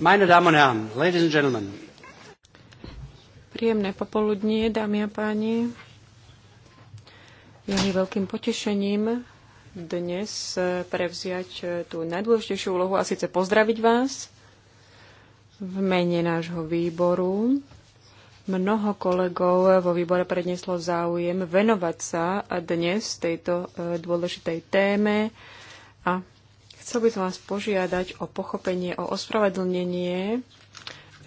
Meine Damen und Herren, ladies and gentlemen. Príjemné popoludnie, dámy a páni. Je mi veľkým potešením dnes eh, prevziať eh, tú najdôležitejšiu úlohu a síce pozdraviť vás v mene nášho výboru. Mnoho kolegov eh, vo výbore prednieslo záujem venovať sa dnes tejto dôležitej téme a Chcel by som vás požiadať o pochopenie, o ospravedlnenie,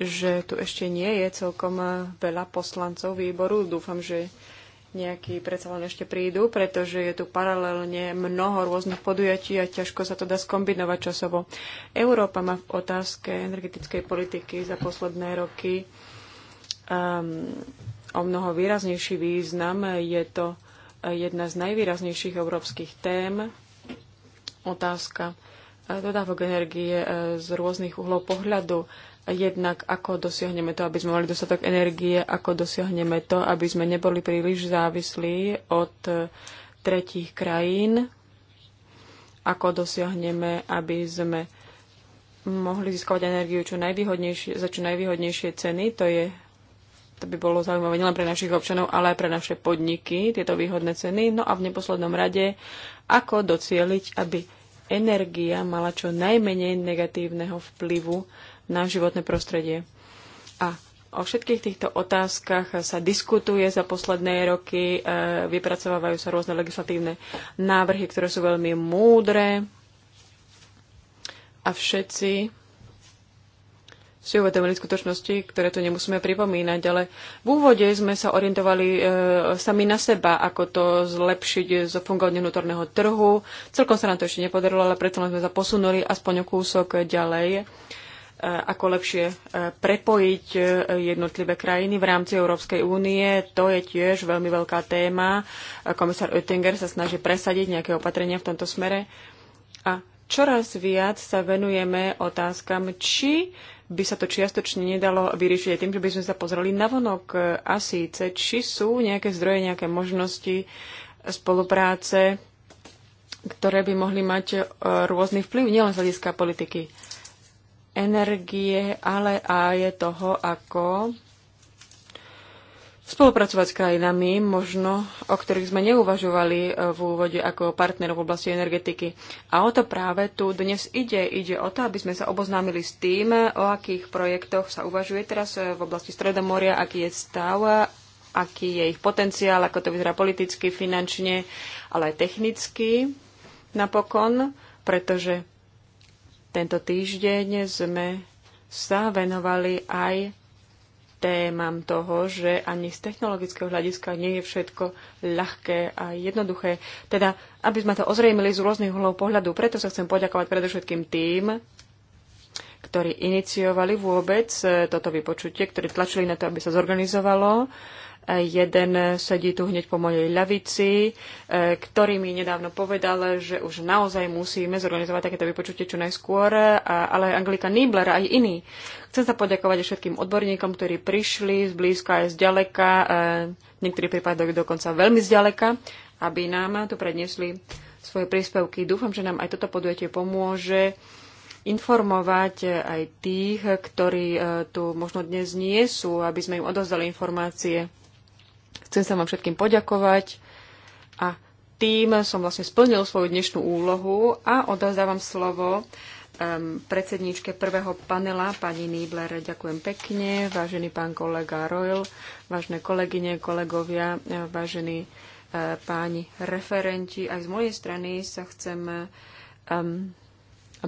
že tu ešte nie je celkom veľa poslancov výboru. Dúfam, že nejakí predsa len ešte prídu, pretože je tu paralelne mnoho rôznych podujatí a ťažko sa to dá skombinovať časovo. Európa má v otázke energetickej politiky za posledné roky um, o mnoho výraznejší význam. Je to jedna z najvýraznejších európskych tém. Otázka dodávok energie e, z rôznych uhlov pohľadu. Jednak ako dosiahneme to, aby sme mali dostatok energie, ako dosiahneme to, aby sme neboli príliš závislí od e, tretích krajín, ako dosiahneme, aby sme mohli získovať energiu čo najvýhodnejšie, za čo najvýhodnejšie ceny. To, je, to by bolo zaujímavé nielen pre našich občanov, ale aj pre naše podniky, tieto výhodné ceny. No a v neposlednom rade, ako docieliť, aby energia mala čo najmenej negatívneho vplyvu na životné prostredie. A o všetkých týchto otázkach sa diskutuje za posledné roky, e, vypracovávajú sa rôzne legislatívne návrhy, ktoré sú veľmi múdre a všetci si uvedomili skutočnosti, ktoré tu nemusíme pripomínať, ale v úvode sme sa orientovali e, sami na seba, ako to zlepšiť zo fungovania vnútorného trhu. Celkom sa nám to ešte nepodarilo, ale predsa sme sa posunuli aspoň o kúsok ďalej, e, ako lepšie e, prepojiť e, jednotlivé krajiny v rámci Európskej únie. To je tiež veľmi veľká téma. E, komisár Oettinger sa snaží presadiť nejaké opatrenia v tomto smere. A čoraz viac sa venujeme otázkam, či by sa to čiastočne nedalo vyriešiť aj tým, že by sme sa pozreli na vonok a síce, či sú nejaké zdroje, nejaké možnosti spolupráce, ktoré by mohli mať e, rôzny vplyv, nielen z hľadiska politiky energie, ale aj toho, ako spolupracovať s krajinami, možno o ktorých sme neuvažovali e, v úvode ako partnerov v oblasti energetiky. A o to práve tu dnes ide. Ide o to, aby sme sa oboznámili s tým, e, o akých projektoch sa uvažuje teraz e, v oblasti Stredomoria, aký je stav, aký je ich potenciál, ako to vyzerá politicky, finančne, ale aj technicky napokon, pretože tento týždeň sme sa venovali aj témam toho, že ani z technologického hľadiska nie je všetko ľahké a jednoduché. Teda, aby sme to ozrejmili z rôznych uhlov pohľadu, preto sa chcem poďakovať predovšetkým tým, ktorí iniciovali vôbec eh, toto vypočutie, ktorí tlačili na to, aby sa zorganizovalo Jeden sedí tu hneď po mojej ľavici, e, ktorý mi nedávno povedal, že už naozaj musíme zorganizovať takéto vypočutie čo najskôr, ale Anglika Nibler aj iní. Chcem sa poďakovať všetkým odborníkom, ktorí prišli z blízka aj z ďaleka, e, v niektorých prípadoch dokonca veľmi z ďaleka, aby nám tu predniesli svoje príspevky. Dúfam, že nám aj toto podujatie pomôže informovať e, aj tých, ktorí tu možno dnes nie sú, aby sme im odozdali informácie. Chcem sa vám všetkým poďakovať a tým som vlastne splnil svoju dnešnú úlohu a odozdávam slovo um, predsedníčke prvého panela, pani Nýbler. Ďakujem pekne, vážený pán kolega Royal, vážne kolegyne, kolegovia, e, vážení uh, páni referenti. Aj z mojej strany sa chcem um,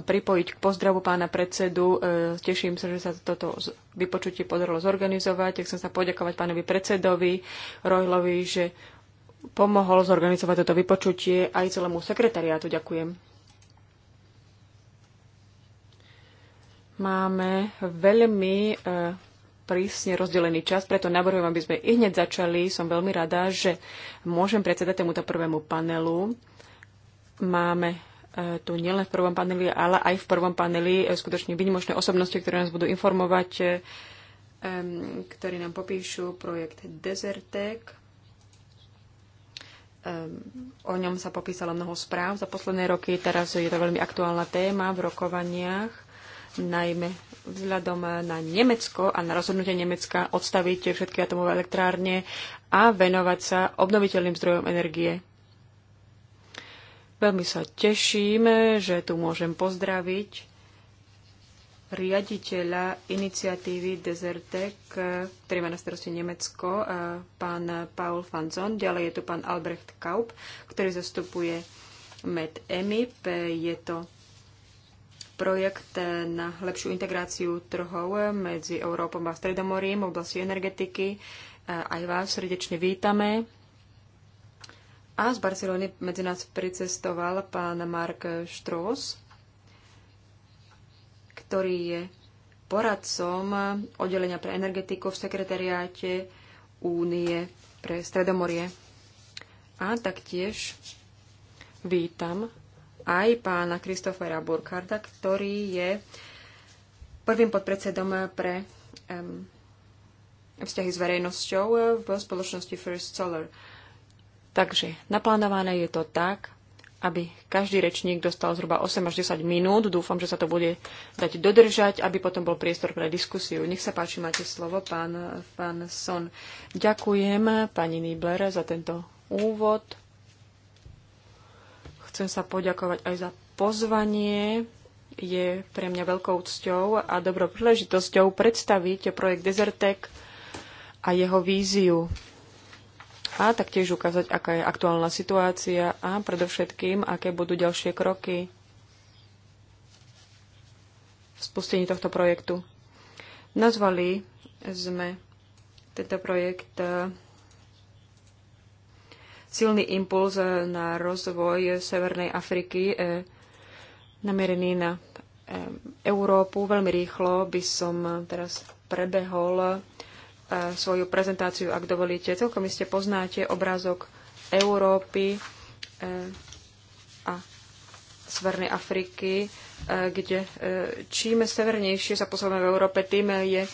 pripojiť k pozdravu pána predsedu. E, teším sa, že sa toto vypočutie podarilo zorganizovať. Chcem sa poďakovať pánovi predsedovi Rojlovi, že pomohol zorganizovať toto vypočutie aj celému sekretariátu. Ďakujem. Máme veľmi e, prísne rozdelený čas, preto navrhujem, aby sme i hneď začali. Som veľmi rada, že môžem predsedať tomuto prvému panelu. Máme E, tu nielen v prvom paneli, ale aj v prvom paneli e, skutočne vynimočné osobnosti, ktoré nás budú informovať, e, ktorí nám popíšu projekt Desertec. O ňom sa popísalo mnoho správ za posledné roky, teraz je to veľmi aktuálna téma v rokovaniach, najmä vzhľadom na Nemecko a na rozhodnutie Nemecka odstaviť všetky atomové elektrárne a venovať sa obnoviteľným zdrojom energie Veľmi sa teším, že tu môžem pozdraviť riaditeľa iniciatívy Desertec, ktorý má na starosti Nemecko, pán Paul Fanzon. Ďalej je tu pán Albrecht Kaup, ktorý zastupuje Med EMIP. Je to projekt na lepšiu integráciu trhov medzi Európom a Stredomorím v oblasti energetiky. Aj vás srdečne vítame. A z Barcelony medzi nás pricestoval pán Mark Štros, ktorý je poradcom oddelenia pre energetiku v sekretariáte Únie pre Stredomorie. A taktiež vítam aj pána Kristofera Burkharda, ktorý je prvým podpredsedom pre um, vzťahy s verejnosťou v spoločnosti First Solar. Takže naplánované je to tak, aby každý rečník dostal zhruba 8 až 10 minút. Dúfam, že sa to bude dať dodržať, aby potom bol priestor pre diskusiu. Nech sa páči, máte slovo, pán, pán Son. Ďakujem pani Nibler za tento úvod. Chcem sa poďakovať aj za pozvanie. Je pre mňa veľkou cťou a dobrou príležitosťou predstaviť projekt Desertec a jeho víziu a taktiež ukázať, aká je aktuálna situácia a predovšetkým, aké budú ďalšie kroky v spustení tohto projektu. Nazvali sme tento projekt eh, silný impuls na rozvoj Severnej Afriky eh, namerený na eh, Európu. Veľmi rýchlo by som teraz prebehol svoju prezentáciu, ak dovolíte. Celkom iste poznáte obrázok Európy e, a Severnej Afriky, e, kde e, čím severnejšie sa posúvame v Európe, tým je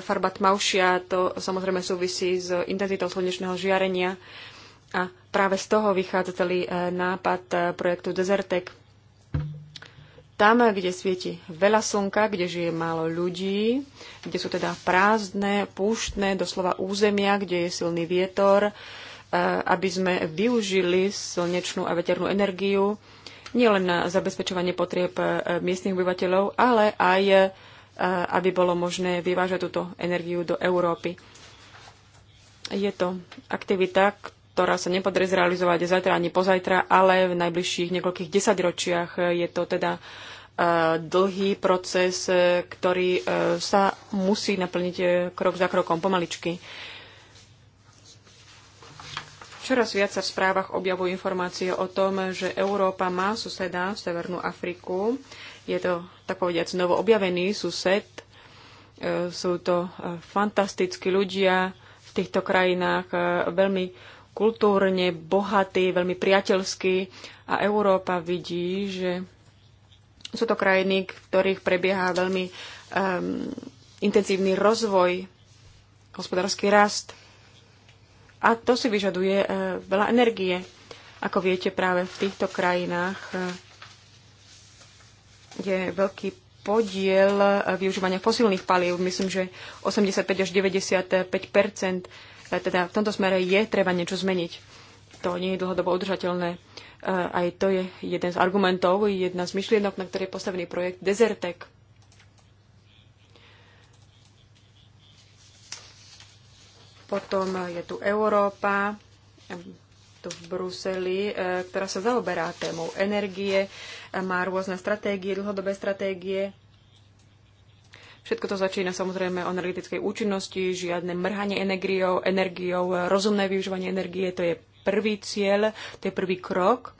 farba tmavšia. To samozrejme súvisí s intenzitou slnečného žiarenia. A práve z toho vychádza celý nápad projektu Desertec tam, kde svieti veľa slnka, kde žije málo ľudí, kde sú teda prázdne, púštne, doslova územia, kde je silný vietor, e, aby sme využili slnečnú a veternú energiu nielen na zabezpečovanie potrieb e, miestnych obyvateľov, ale aj e, aby bolo možné vyvážať túto energiu do Európy. Je to aktivita, ktorá sa nepodarí zrealizovať zajtra ani pozajtra, ale v najbližších niekoľkých desaťročiach je to teda e, dlhý proces, e, ktorý e, sa musí naplniť krok za krokom, pomaličky. Čoraz viac sa v správach objavujú informácie o tom, že Európa má suseda, v Severnú Afriku. Je to, tak povediac, novo objavený sused. Sú to fantastickí ľudia v týchto krajinách, veľmi kultúrne bohatý, veľmi priateľský a Európa vidí, že sú to krajiny, v ktorých prebieha veľmi um, intenzívny rozvoj, hospodársky rast. A to si vyžaduje uh, veľa energie. Ako viete, práve v týchto krajinách uh, je veľký podiel eh, využívania fosílnych palív. Myslím, že 85 až 95 E, teda v tomto smere je treba niečo zmeniť. To nie je dlhodobo udržateľné. E, aj to je jeden z argumentov, jedna z myšlienok, na ktorej je postavený projekt Desertec. Potom je tu Európa, tu v Bruseli, e, ktorá sa zaoberá témou energie, má rôzne stratégie, dlhodobé stratégie Všetko to začína samozrejme o energetickej účinnosti, žiadne mrhanie energiou, energiou, e, rozumné využívanie energie, to je prvý cieľ, to je prvý krok.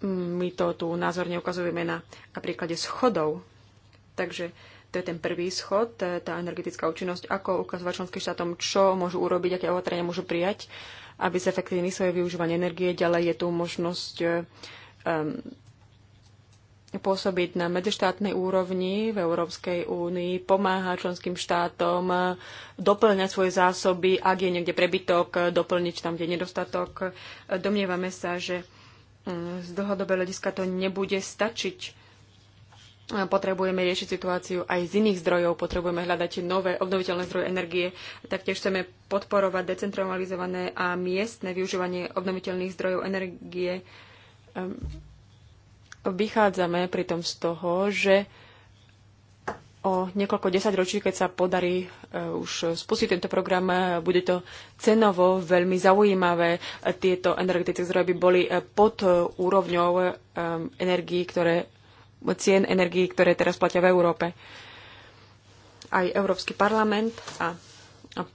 Mm, my to tu názorne ukazujeme na, na príklade schodov. Takže to je ten prvý schod, e, tá energetická účinnosť, ako ukazovať členským štátom, čo môžu urobiť, aké opatrenia môžu prijať, aby zefektívnili svoje využívanie energie. Ďalej je tu možnosť um, pôsobiť na medzištátnej úrovni v Európskej únii, pomáha členským štátom eh, doplňať svoje zásoby, ak je niekde prebytok, eh, doplniť tam, kde je nedostatok. Eh, domnievame sa, že mm, z dlhodobého hľadiska to nebude stačiť. Potrebujeme riešiť situáciu aj z iných zdrojov, potrebujeme hľadať nové obnoviteľné zdroje energie, taktiež chceme podporovať decentralizované a miestne využívanie obnoviteľných zdrojov energie ehm, Vychádzame pritom z toho, že o niekoľko desaťročí, keď sa podarí e, už spustiť tento program, e, bude to cenovo veľmi zaujímavé. E, tieto energetické zdroje by boli pod úrovňou energií, ktoré, cien energií, ktoré teraz platia v Európe. Aj Európsky parlament a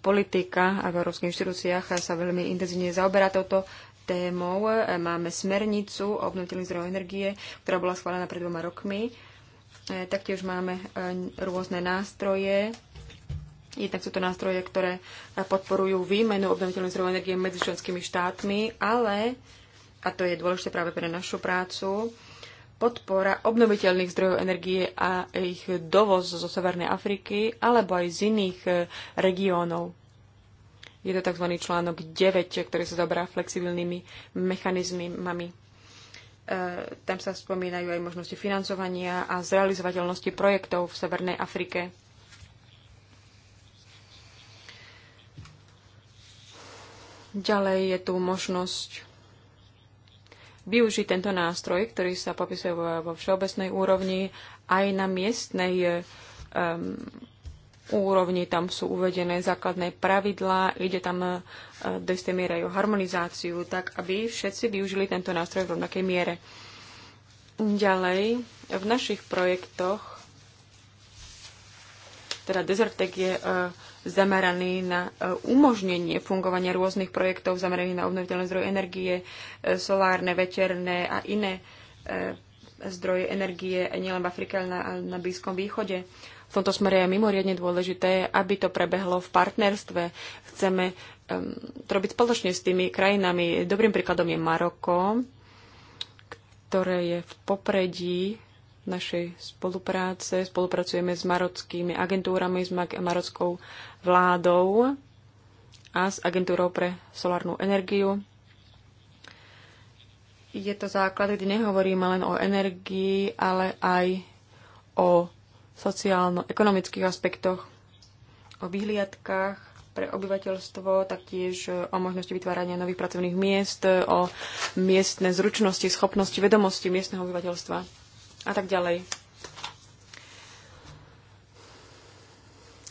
politika a v európskych inštitúciách sa veľmi intenzívne zaoberá touto témou. E, máme smernicu o obnoviteľných zdrojoch energie, ktorá bola schválená pred dvoma rokmi. E, taktiež máme e, rôzne nástroje. Jednak sú to nástroje, ktoré podporujú výmenu obnoviteľných zdrojov energie medzi členskými štátmi, ale, a to je dôležité práve pre našu prácu, podpora obnoviteľných zdrojov energie a ich dovoz zo Severnej Afriky alebo aj z iných regiónov. Je to tzv. článok 9, ktorý sa zabrá flexibilnými mechanizmami. E, tam sa spomínajú aj možnosti financovania a zrealizovateľnosti projektov v Severnej Afrike. Ďalej je tu možnosť využiť tento nástroj, ktorý sa popisuje vo všeobecnej úrovni aj na miestnej um, úrovni, tam sú uvedené základné pravidlá, ide tam e, do istej miery aj o harmonizáciu, tak aby všetci využili tento nástroj v rovnakej miere. Ďalej, v našich projektoch, teda Desertec je e, zameraný na e, umožnenie fungovania rôznych projektov zameraných na obnoviteľné zdroje energie, solárne, veterné a iné zdroje energie nielen v Afrike, ale na, na Blízkom východe v tomto smere je mimoriadne dôležité, aby to prebehlo v partnerstve. Chceme um, to robiť spoločne s tými krajinami. Dobrým príkladom je Maroko, ktoré je v popredí našej spolupráce. Spolupracujeme s marockými agentúrami, s marockou vládou a s agentúrou pre solárnu energiu. Je to základ, kde nehovoríme len o energii, ale aj o sociálno-ekonomických aspektoch, o vyhliadkách pre obyvateľstvo, taktiež e, o možnosti vytvárania nových pracovných miest, e, o miestne zručnosti, schopnosti, vedomosti miestneho obyvateľstva a tak ďalej.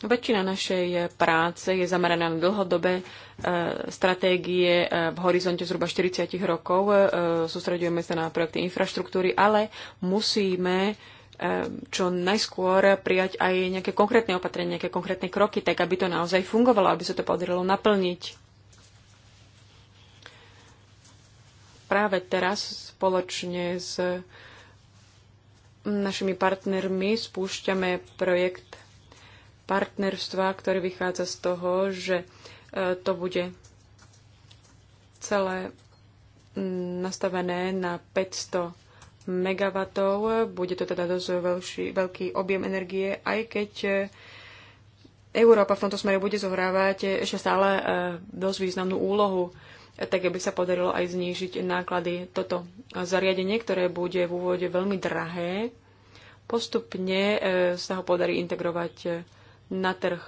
Väčšina našej e, práce je zameraná na dlhodobé stratégie v horizonte zhruba 40 rokov. E, sústredujeme sa na projekty infraštruktúry, ale musíme Ehm, čo najskôr prijať aj nejaké konkrétne opatrenia, nejaké konkrétne kroky, tak aby to naozaj fungovalo, aby sa to podarilo naplniť. Práve teraz spoločne s našimi partnermi spúšťame projekt partnerstva, ktorý vychádza z toho, že e, to bude celé nastavené na 500 megawatov. Bude to teda dosť veľší, veľký objem energie, aj keď e, Európa v tomto smere bude zohrávať ešte stále e, dosť významnú úlohu, e, tak aby sa podarilo aj znížiť náklady. Toto zariadenie, ktoré bude v úvode veľmi drahé, postupne sa ho podarí integrovať na trh.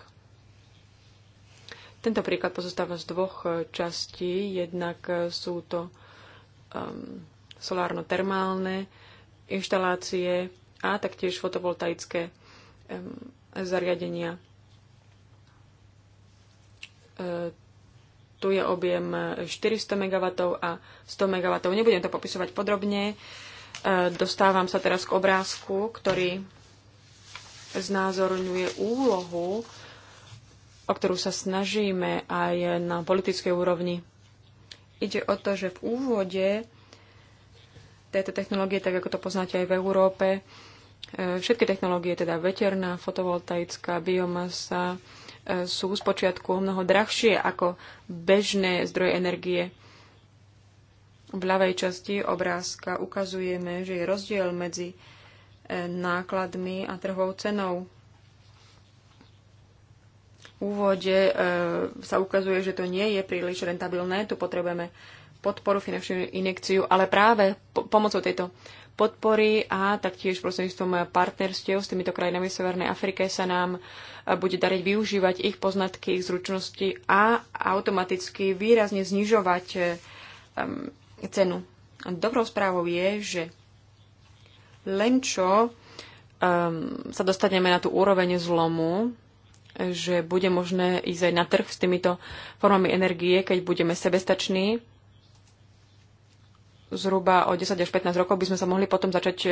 Tento príklad pozostáva z dvoch častí. Jednak sú to um, solárno-termálne inštalácie a taktiež fotovoltaické zariadenia. E, tu je objem 400 MW a 100 MW. Nebudem to popisovať podrobne. E, dostávam sa teraz k obrázku, ktorý znázorňuje úlohu, o ktorú sa snažíme aj na politickej úrovni. Ide o to, že v úvode tejto technológie, tak ako to poznáte aj v Európe. E, všetky technológie, teda veterná, fotovoltaická, biomasa, e, sú z počiatku mnoho drahšie ako bežné zdroje energie. V ľavej časti obrázka ukazujeme, že je rozdiel medzi e, nákladmi a trhovou cenou. V úvode sa ukazuje, že to nie je príliš rentabilné, tu potrebujeme podporu, finančnú injekciu, ale práve po- pomocou tejto podpory a taktiež prostredníctvom partnerstiev s týmito krajinami v Severnej Afrike sa nám e, bude dariť využívať ich poznatky, ich zručnosti a automaticky výrazne znižovať um, cenu. Dobrou správou je, že len čo um, sa dostaneme na tú úroveň zlomu, že bude možné ísť aj na trh s týmito formami energie, keď budeme sebestační, zhruba o 10 až 15 rokov by sme sa mohli potom začať e,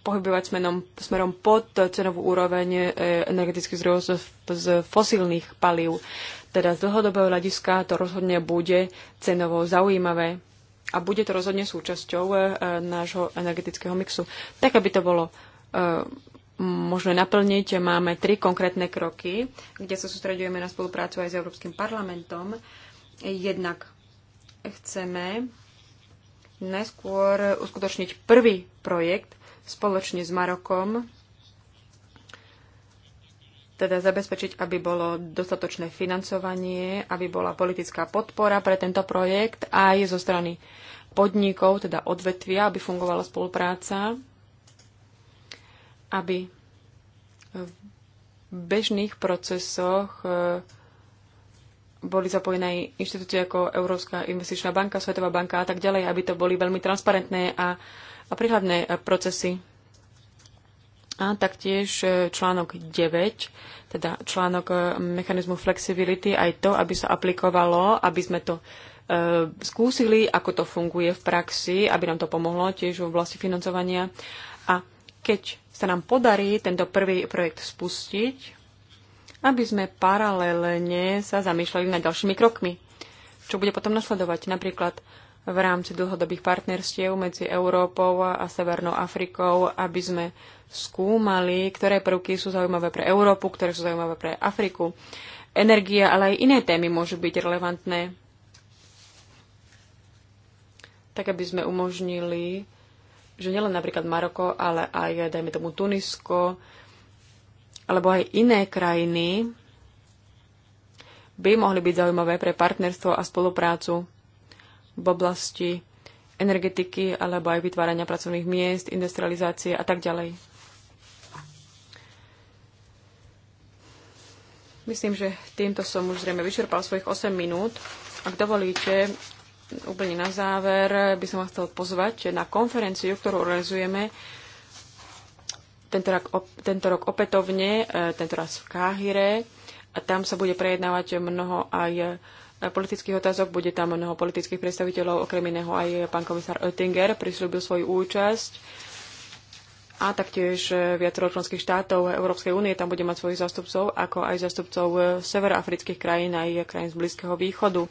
pohybovať smerom, smerom pod cenovú úroveň e, energetických zdrojov z, z fosílnych palív. Teda z dlhodobého hľadiska to rozhodne bude cenovo zaujímavé a bude to rozhodne súčasťou e, nášho energetického mixu. Tak, aby to bolo možné naplniť, máme tri konkrétne kroky, kde sa sústredujeme na spoluprácu aj s Európskym parlamentom. Jednak chceme najskôr uskutočniť prvý projekt spoločne s Marokom, teda zabezpečiť, aby bolo dostatočné financovanie, aby bola politická podpora pre tento projekt aj zo strany podnikov, teda odvetvia, aby fungovala spolupráca, aby v bežných procesoch eh, boli zapojené inštitúcie ako Európska investičná banka, Svetová banka a tak ďalej, aby to boli veľmi transparentné a, a prihľadné procesy. A taktiež e, článok 9, teda článok e, mechanizmu flexibility, aj to, aby sa aplikovalo, aby sme to e, skúsili, ako to funguje v praxi, aby nám to pomohlo tiež v oblasti financovania. A keď sa nám podarí tento prvý projekt spustiť, aby sme paralelne sa zamýšľali nad ďalšími krokmi. Čo bude potom nasledovať? Napríklad v rámci dlhodobých partnerstiev medzi Európou a Severnou Afrikou, aby sme skúmali, ktoré prvky sú zaujímavé pre Európu, ktoré sú zaujímavé pre Afriku. Energia, ale aj iné témy môžu byť relevantné. Tak, aby sme umožnili, že nielen napríklad Maroko, ale aj, dajme tomu, Tunisko, alebo aj iné krajiny by mohli byť zaujímavé pre partnerstvo a spoluprácu v oblasti energetiky alebo aj vytvárania pracovných miest, industrializácie a tak ďalej. Myslím, že týmto som už zrejme vyčerpal svojich 8 minút. Ak dovolíte, úplne na záver by som vás chcel pozvať na konferenciu, ktorú organizujeme tento rok, tento rok opätovne, e, tento raz v Káhire. A tam sa bude prejednávať mnoho aj e, politických otázok, bude tam mnoho politických predstaviteľov, okrem iného aj pán komisár Oettinger prislúbil svoju účasť a taktiež e, viacero členských štátov Európskej únie tam bude mať svojich zastupcov, ako aj zastupcov severoafrických krajín aj krajín z Blízkeho východu.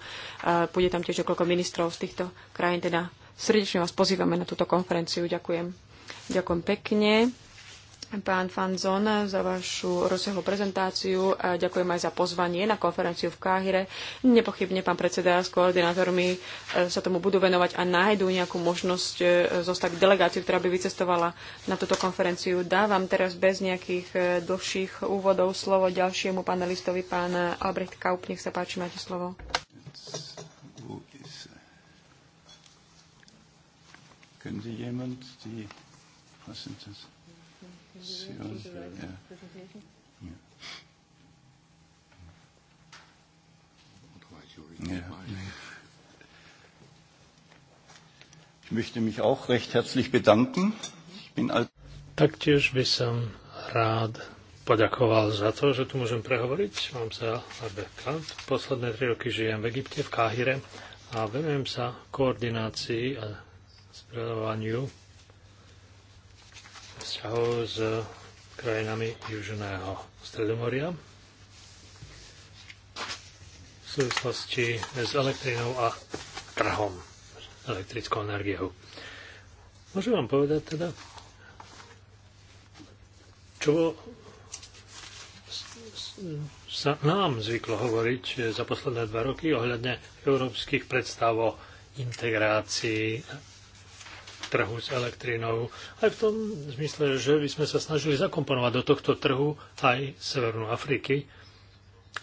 Bude tam tiež niekoľko ministrov z týchto krajín, teda srdečne vás pozývame na túto konferenciu. Ďakujem. Ďakujem pekne pán Fanzon, za vašu rozsiahlu prezentáciu. A ďakujem aj za pozvanie na konferenciu v Káhire. Nepochybne pán predseda s koordinátormi e, sa tomu budú venovať a nájdú nejakú možnosť e, zostaviť delegáciu, ktorá by vycestovala na túto konferenciu. Dávam teraz bez nejakých e, dlhších úvodov slovo ďalšiemu panelistovi, pán Albrecht Kaup. Nech sa páči, máte slovo. Können Sie jemand die, see on yeah. yeah. Ich möchte mich auch recht herzlich bedanken. Ich bin alt Taktiež by som rád poďakoval za to, že tu môžem prehovoriť. Mám sa Albert Kant. Posledné tri roky žijem v Egypte, v Káhire a venujem sa koordinácii a spredovaniu vzťahov s krajinami Južného Stredomoria v súvislosti s elektrinou a trhom elektrickou energiou. Môžem vám povedať teda, čo sa nám zvyklo hovoriť za posledné dva roky ohľadne európskych predstav o integrácii trhu s elektrínou. Aj v tom zmysle, že by sme sa snažili zakomponovať do tohto trhu aj Severnú Afriky,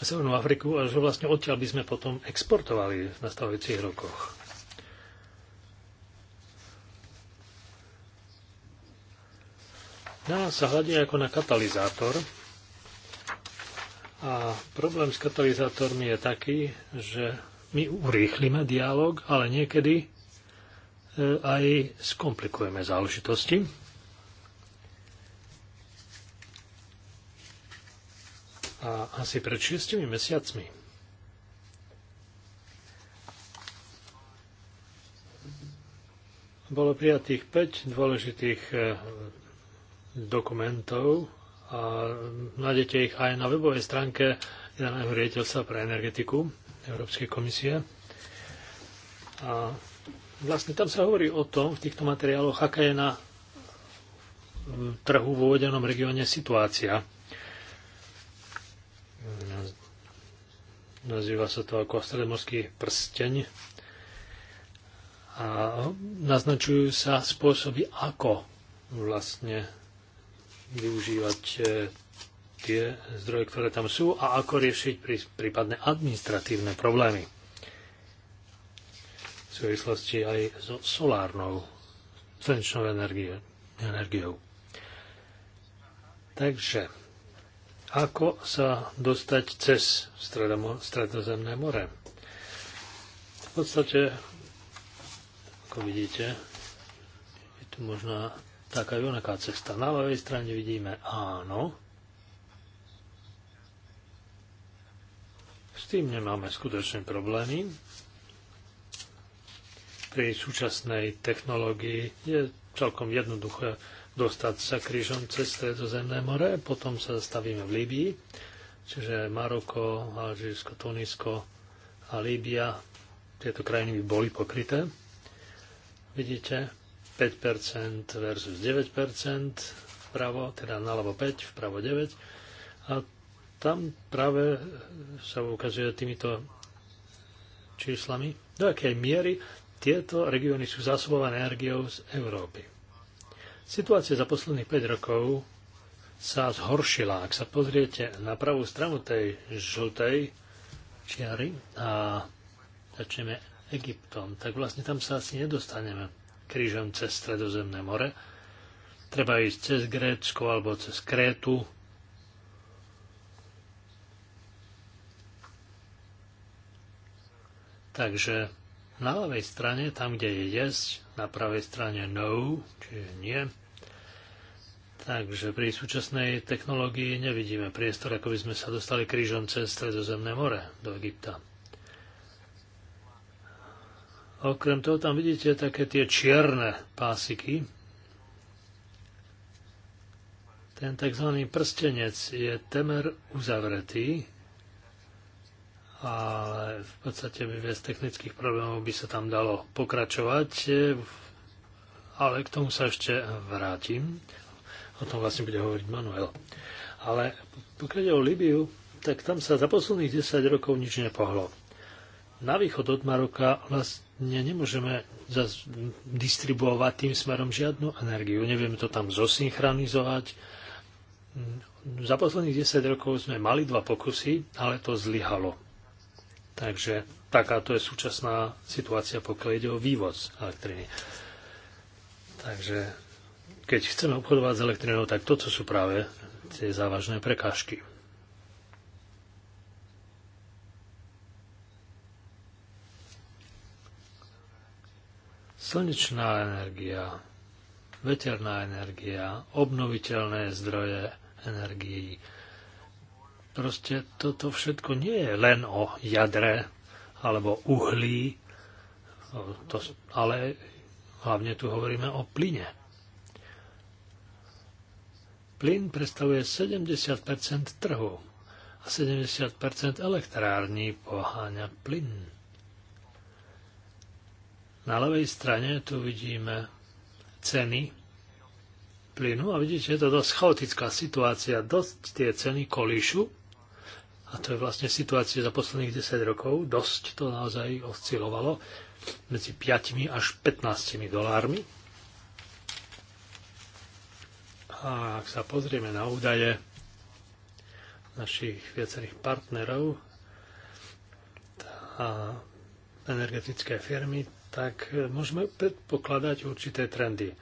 Severnú Afriku a že vlastne odtiaľ by sme potom exportovali v nastavujúcich rokoch. Na nás sa hľadí ako na katalizátor a problém s katalizátormi je taký, že my urýchlime dialog, ale niekedy E, aj skomplikujeme záležitosti. A asi pred šiestimi mesiacmi bolo prijatých 5 dôležitých e, dokumentov a nájdete ich aj na webovej stránke Generálneho riaditeľstva pre energetiku Európskej komisie. A vlastne tam sa hovorí o tom v týchto materiáloch, aká je na mm, trhu v uvedenom regióne situácia. Nazýva sa to ako stredomorský prsteň. A naznačujú sa spôsoby, ako vlastne využívať e, tie zdroje, ktoré tam sú a ako riešiť prípadné administratívne problémy v súvislosti aj so solárnou slnečnou energie, energiou. Takže, ako sa dostať cez Stredozemné more? V podstate, ako vidíte, je tu možná taká junaká cesta. Na ľavej strane vidíme áno. S tým nemáme skutočné problémy pri súčasnej technológii je celkom jednoduché dostať sa krížom cez Stredozemné more, potom sa zastavíme v Líbii, čiže Maroko, Alžírsko, Tunisko a Líbia, tieto krajiny by boli pokryté. Vidíte, 5% versus 9%, vpravo, teda naľavo 5, vpravo 9. A tam práve sa ukazuje týmito číslami, do akej miery tieto regióny sú zásobované energiou z Európy. Situácia za posledných 5 rokov sa zhoršila. Ak sa pozriete na pravú stranu tej žltej čiary a začneme Egyptom, tak vlastne tam sa asi nedostaneme krížom cez Stredozemné more. Treba ísť cez Grécko alebo cez Krétu. Takže na ľavej strane, tam kde je yes, na pravej strane no, čiže nie. Takže pri súčasnej technológii nevidíme priestor, ako by sme sa dostali krížom cez Stredozemné more do Egypta. Okrem toho tam vidíte také tie čierne pásiky. Ten tzv. prstenec je temer uzavretý, a v podstate bez technických problémov by sa tam dalo pokračovať, ale k tomu sa ešte vrátim. O tom vlastne bude hovoriť Manuel. Ale pokiaľ je o Libiu, tak tam sa za posledných 10 rokov nič nepohlo. Na východ od Maroka vlastne nemôžeme distribuovať tým smerom žiadnu energiu. Nevieme to tam zosynchronizovať. Za posledných 10 rokov sme mali dva pokusy, ale to zlyhalo. Takže takáto je súčasná situácia, pokiaľ ide o vývoz elektriny. Takže keď chceme obchodovať s elektrinou, tak toto sú práve tie závažné prekážky. Slnečná energia, veterná energia, obnoviteľné zdroje energií, Proste toto všetko nie je len o jadre alebo uhlí, to, ale hlavne tu hovoríme o plyne. Plyn predstavuje 70 trhu a 70 elektrární poháňa plyn. Na ľavej strane tu vidíme ceny plynu a vidíte, je to dosť chaotická situácia. Dosť tie ceny kolíšu a to je vlastne situácia za posledných 10 rokov, dosť to naozaj oscilovalo medzi 5 až 15 dolármi. A ak sa pozrieme na údaje našich viacerých partnerov a energetické firmy, tak môžeme predpokladať určité trendy.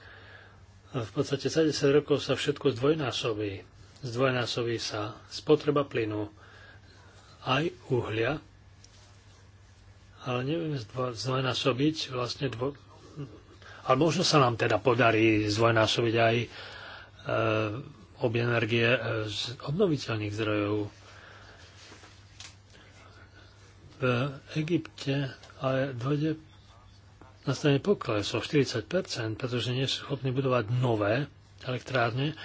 V podstate za 10 rokov sa všetko zdvojnásobí. Zdvojnásobí sa spotreba plynu, aj uhlia, ale neviem zdvojnásobiť vlastne dvo... ale možno sa nám teda podarí zdvojnásobiť aj e, obie energie e, z obnoviteľných zdrojov. V Egypte ale dojde nastane pokles o 40%, pretože nie sú schopní budovať nové elektrárne,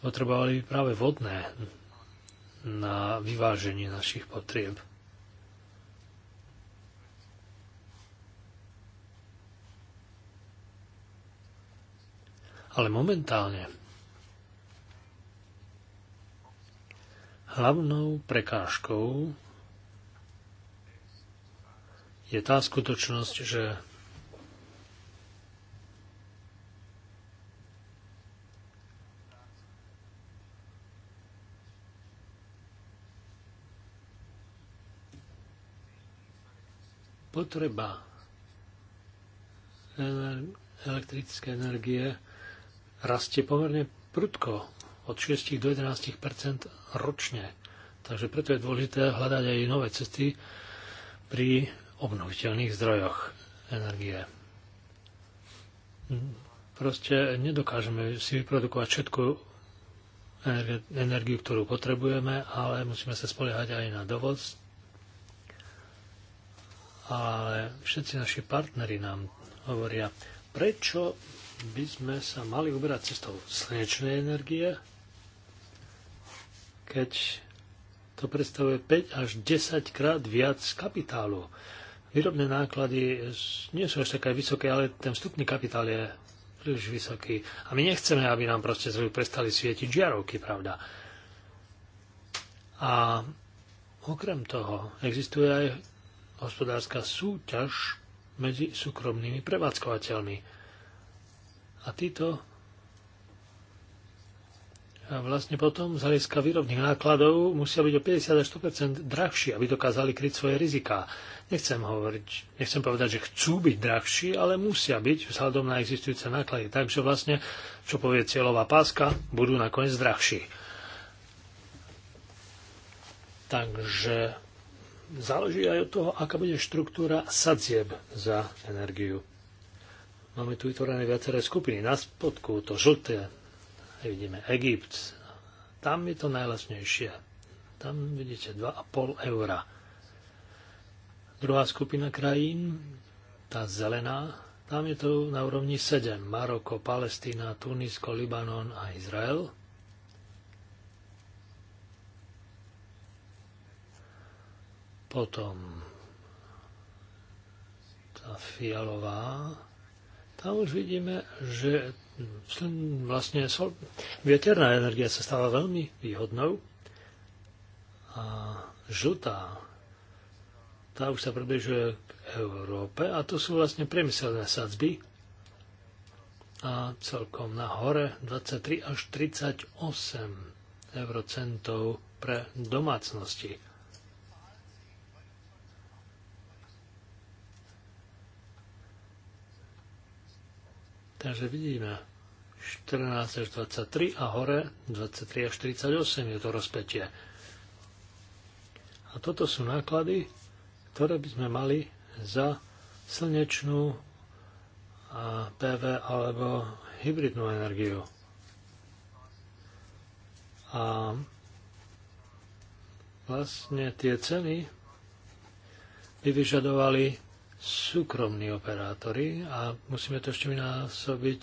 potrebovali práve vodné na vyváženie našich potrieb. Ale momentálne hlavnou prekážkou je tá skutočnosť, že potreba eh, elektrické energie rastie pomerne prudko od 6 do 11 ročne. Takže preto je dôležité hľadať aj nové cesty pri obnoviteľných zdrojoch energie. Mm, proste nedokážeme si vyprodukovať všetku energiu, ktorú potrebujeme, ale musíme sa spoliehať aj na dovoz ale všetci naši partneri nám hovoria, prečo by sme sa mali uberať cestou slnečnej energie, keď to predstavuje 5 až 10 krát viac kapitálu. Výrobné náklady nie sú až také vysoké, ale ten vstupný kapitál je príliš vysoký. A my nechceme, aby nám proste prestali svietiť žiarovky, pravda. A okrem toho existuje aj hospodárska súťaž medzi súkromnými prevádzkovateľmi. A títo vlastne potom z hľadiska výrobných nákladov musia byť o 50 až 100 drahší, aby dokázali kryť svoje riziká. Nechcem, hovoriť, nechcem povedať, že chcú byť drahší, ale musia byť vzhľadom na existujúce náklady. Takže vlastne, čo povie cieľová páska, budú nakoniec drahší. Takže záleží aj od toho, aká bude štruktúra sadzieb za energiu. Máme tu vytvorené viaceré skupiny. Na spodku to žlté, vidíme Egypt, tam je to najlasnejšie. Tam vidíte 2,5 eura. Druhá skupina krajín, tá zelená, tam je to na úrovni 7. Maroko, Palestína, Tunisko, Libanon a Izrael. Potom tá fialová, tam už vidíme, že vlastne vieterná energia sa stáva veľmi výhodnou a žltá, tá už sa približuje k Európe a to sú vlastne priemyselné sadzby a celkom na hore 23 až 38 eurocentov pre domácnosti. Takže vidíme 14 až 23 a hore 23 až 48 je to rozpetie. A toto sú náklady, ktoré by sme mali za slnečnú a PV alebo hybridnú energiu. A vlastne tie ceny by vyžadovali súkromní operátori a musíme to ešte vynásobiť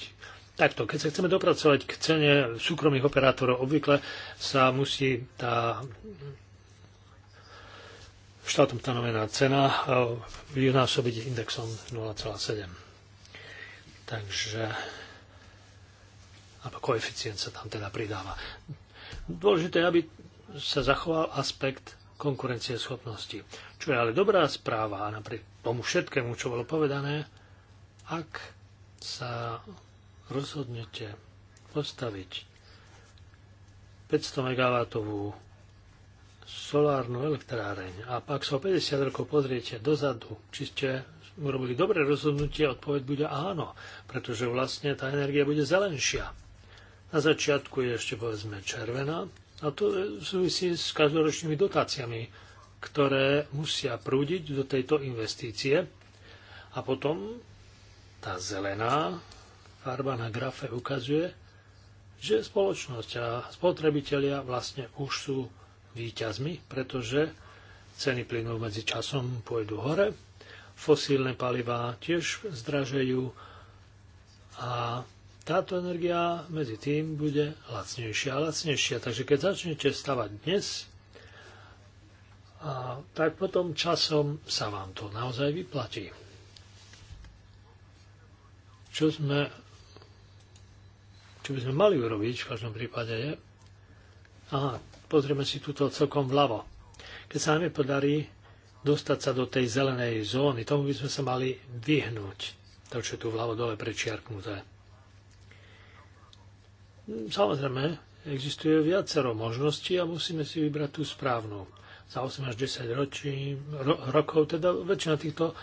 takto. Keď sa chceme dopracovať k cene súkromných operátorov, obvykle sa musí tá štátom stanovená cena eh, vynásobiť indexom 0,7. Takže alebo koeficient sa tam teda pridáva. Dôležité je, aby sa zachoval aspekt konkurencie schopnosti. Čo je ale dobrá správa, napríklad tomu všetkému, čo bolo povedané, ak sa rozhodnete postaviť 500 MW solárnu elektráreň a ak sa o 50 rokov pozriete dozadu, či ste urobili dobré rozhodnutie, odpoveď bude áno, pretože vlastne tá energia bude zelenšia. Na začiatku je ešte povedzme červená a to súvisí s každoročnými dotáciami ktoré musia prúdiť do tejto investície. A potom tá zelená farba na grafe ukazuje, že spoločnosť a spotrebitelia vlastne už sú výťazmi, pretože ceny plynu medzi časom pôjdu hore, fosílne palivá tiež zdražejú a táto energia medzi tým bude lacnejšia a lacnejšia. Takže keď začnete stavať dnes, a tak potom časom sa vám to naozaj vyplatí. Čo sme čo by sme mali urobiť v každom prípade je a pozrieme si túto celkom vľavo. Keď sa nám podarí dostať sa do tej zelenej zóny, tomu by sme sa mali vyhnúť. To, čo je tu vľavo dole prečiarknuté. Samozrejme, existuje viacero možností a musíme si vybrať tú správnu za 8 až 10 ročí, ro, rokov, teda väčšina týchto eh,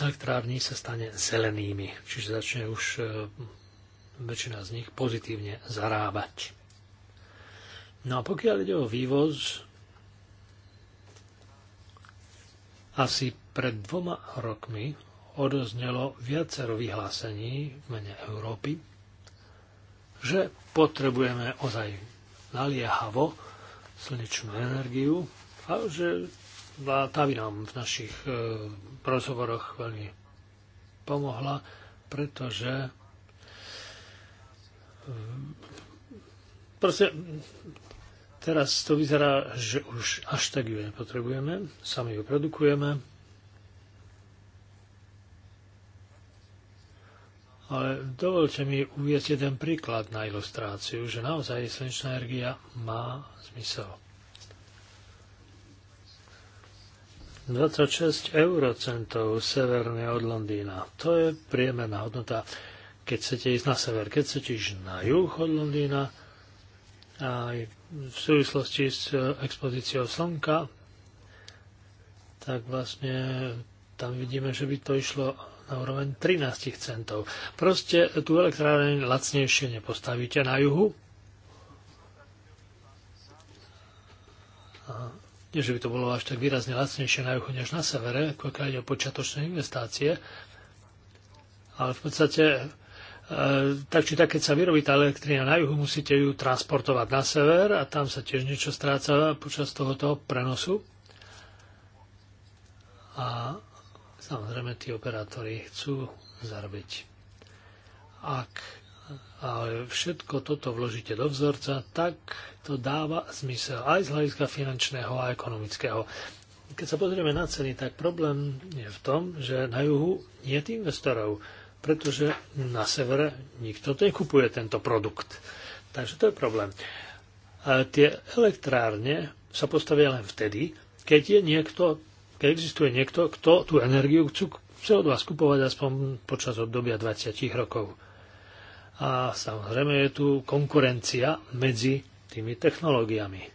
elektrární sa stane zelenými, čiže začne už eh, väčšina z nich pozitívne zarábať. No a pokiaľ ide o vývoz, asi pred dvoma rokmi odoznelo viacero vyhlásení v mene Európy, že potrebujeme ozaj naliehavo slnečnú energiu a že tá by nám v našich e, rozhovoroch veľmi pomohla, pretože e, proste teraz to vyzerá, že už až tak ju nepotrebujeme, sami ju produkujeme Ale dovolte mi uvieť jeden príklad na ilustráciu, že naozaj slnečná energia má zmysel. 26 eurocentov severne od Londýna. To je priemerná hodnota, keď chcete ísť na sever. Keď chcete ísť na juh od Londýna, aj v súvislosti s e, expozíciou slnka, tak vlastne tam vidíme, že by to išlo na úroveň 13 centov. Proste tú elektráreň lacnejšie nepostavíte na juhu. Nie, že by to bolo až tak výrazne lacnejšie na juhu než na severe, pokiaľ ide o počiatočné investácie. Ale v podstate e, tak či tak, keď sa vyrobí tá elektrina na juhu, musíte ju transportovať na sever a tam sa tiež niečo stráca počas tohoto prenosu. A Samozrejme, tí operátori chcú zarobiť. Ak ale všetko toto vložíte do vzorca, tak to dáva zmysel aj z hľadiska finančného a ekonomického. Keď sa pozrieme na ceny, tak problém je v tom, že na juhu nie je investorov, pretože na severe nikto nekupuje tento produkt. Takže to je problém. A tie elektrárne sa postavia len vtedy, keď je niekto existuje niekto, kto tú energiu chcú od vás skupovať aspoň počas obdobia 20 rokov. A samozrejme je tu konkurencia medzi tými technológiami.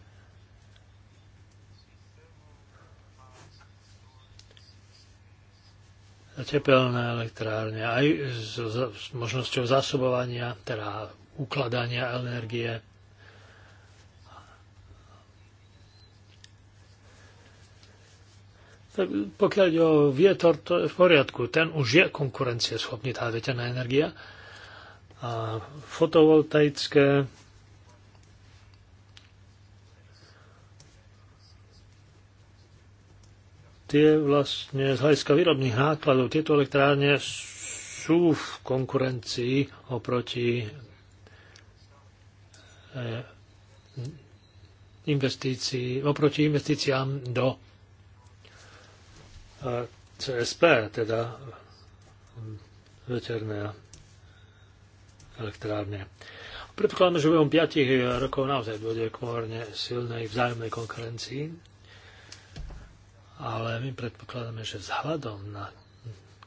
tepelné elektrárne aj s, s možnosťou zásobovania, teda ukladania energie Pokiaľ o vietor, to je v poriadku. Ten už je konkurencieschopný, tá vetená energia. A fotovoltaické tie vlastne z hľadiska výrobných nákladov, tieto elektrárne sú v konkurencii oproti eh, investícií, oproti investíciám do CSP, teda veterné elektrárne. Predpokladáme, že v 5 rokov naozaj dôjde k pomerne silnej vzájomnej konkurencii, ale my predpokladáme, že vzhľadom na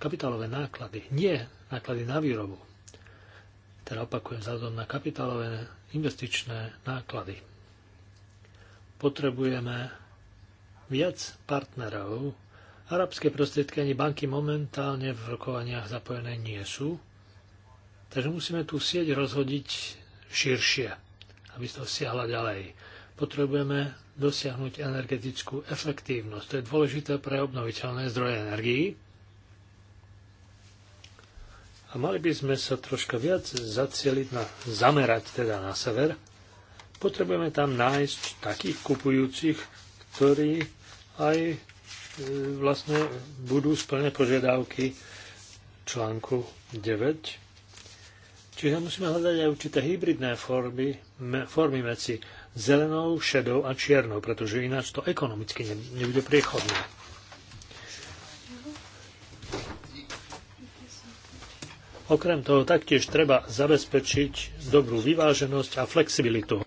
kapitálové náklady, nie náklady na výrobu, teda opakujem vzhľadom na kapitálové investičné náklady, potrebujeme viac partnerov, Arabské prostriedky ani banky momentálne v rokovaniach zapojené nie sú, takže musíme tú sieť rozhodiť širšie, aby to siahla ďalej. Potrebujeme dosiahnuť energetickú efektívnosť. To je dôležité pre obnoviteľné zdroje energii. A mali by sme sa troška viac zacieliť na, zamerať teda na sever. Potrebujeme tam nájsť takých kupujúcich, ktorí aj E, vlastne budú splne požiadavky článku 9. Čiže musíme hľadať aj určité hybridné formy, me, formy medzi zelenou, šedou a čiernou, pretože ináč to ekonomicky ne, nebude priechodné. Okrem toho taktiež treba zabezpečiť dobrú vyváženosť a flexibilitu.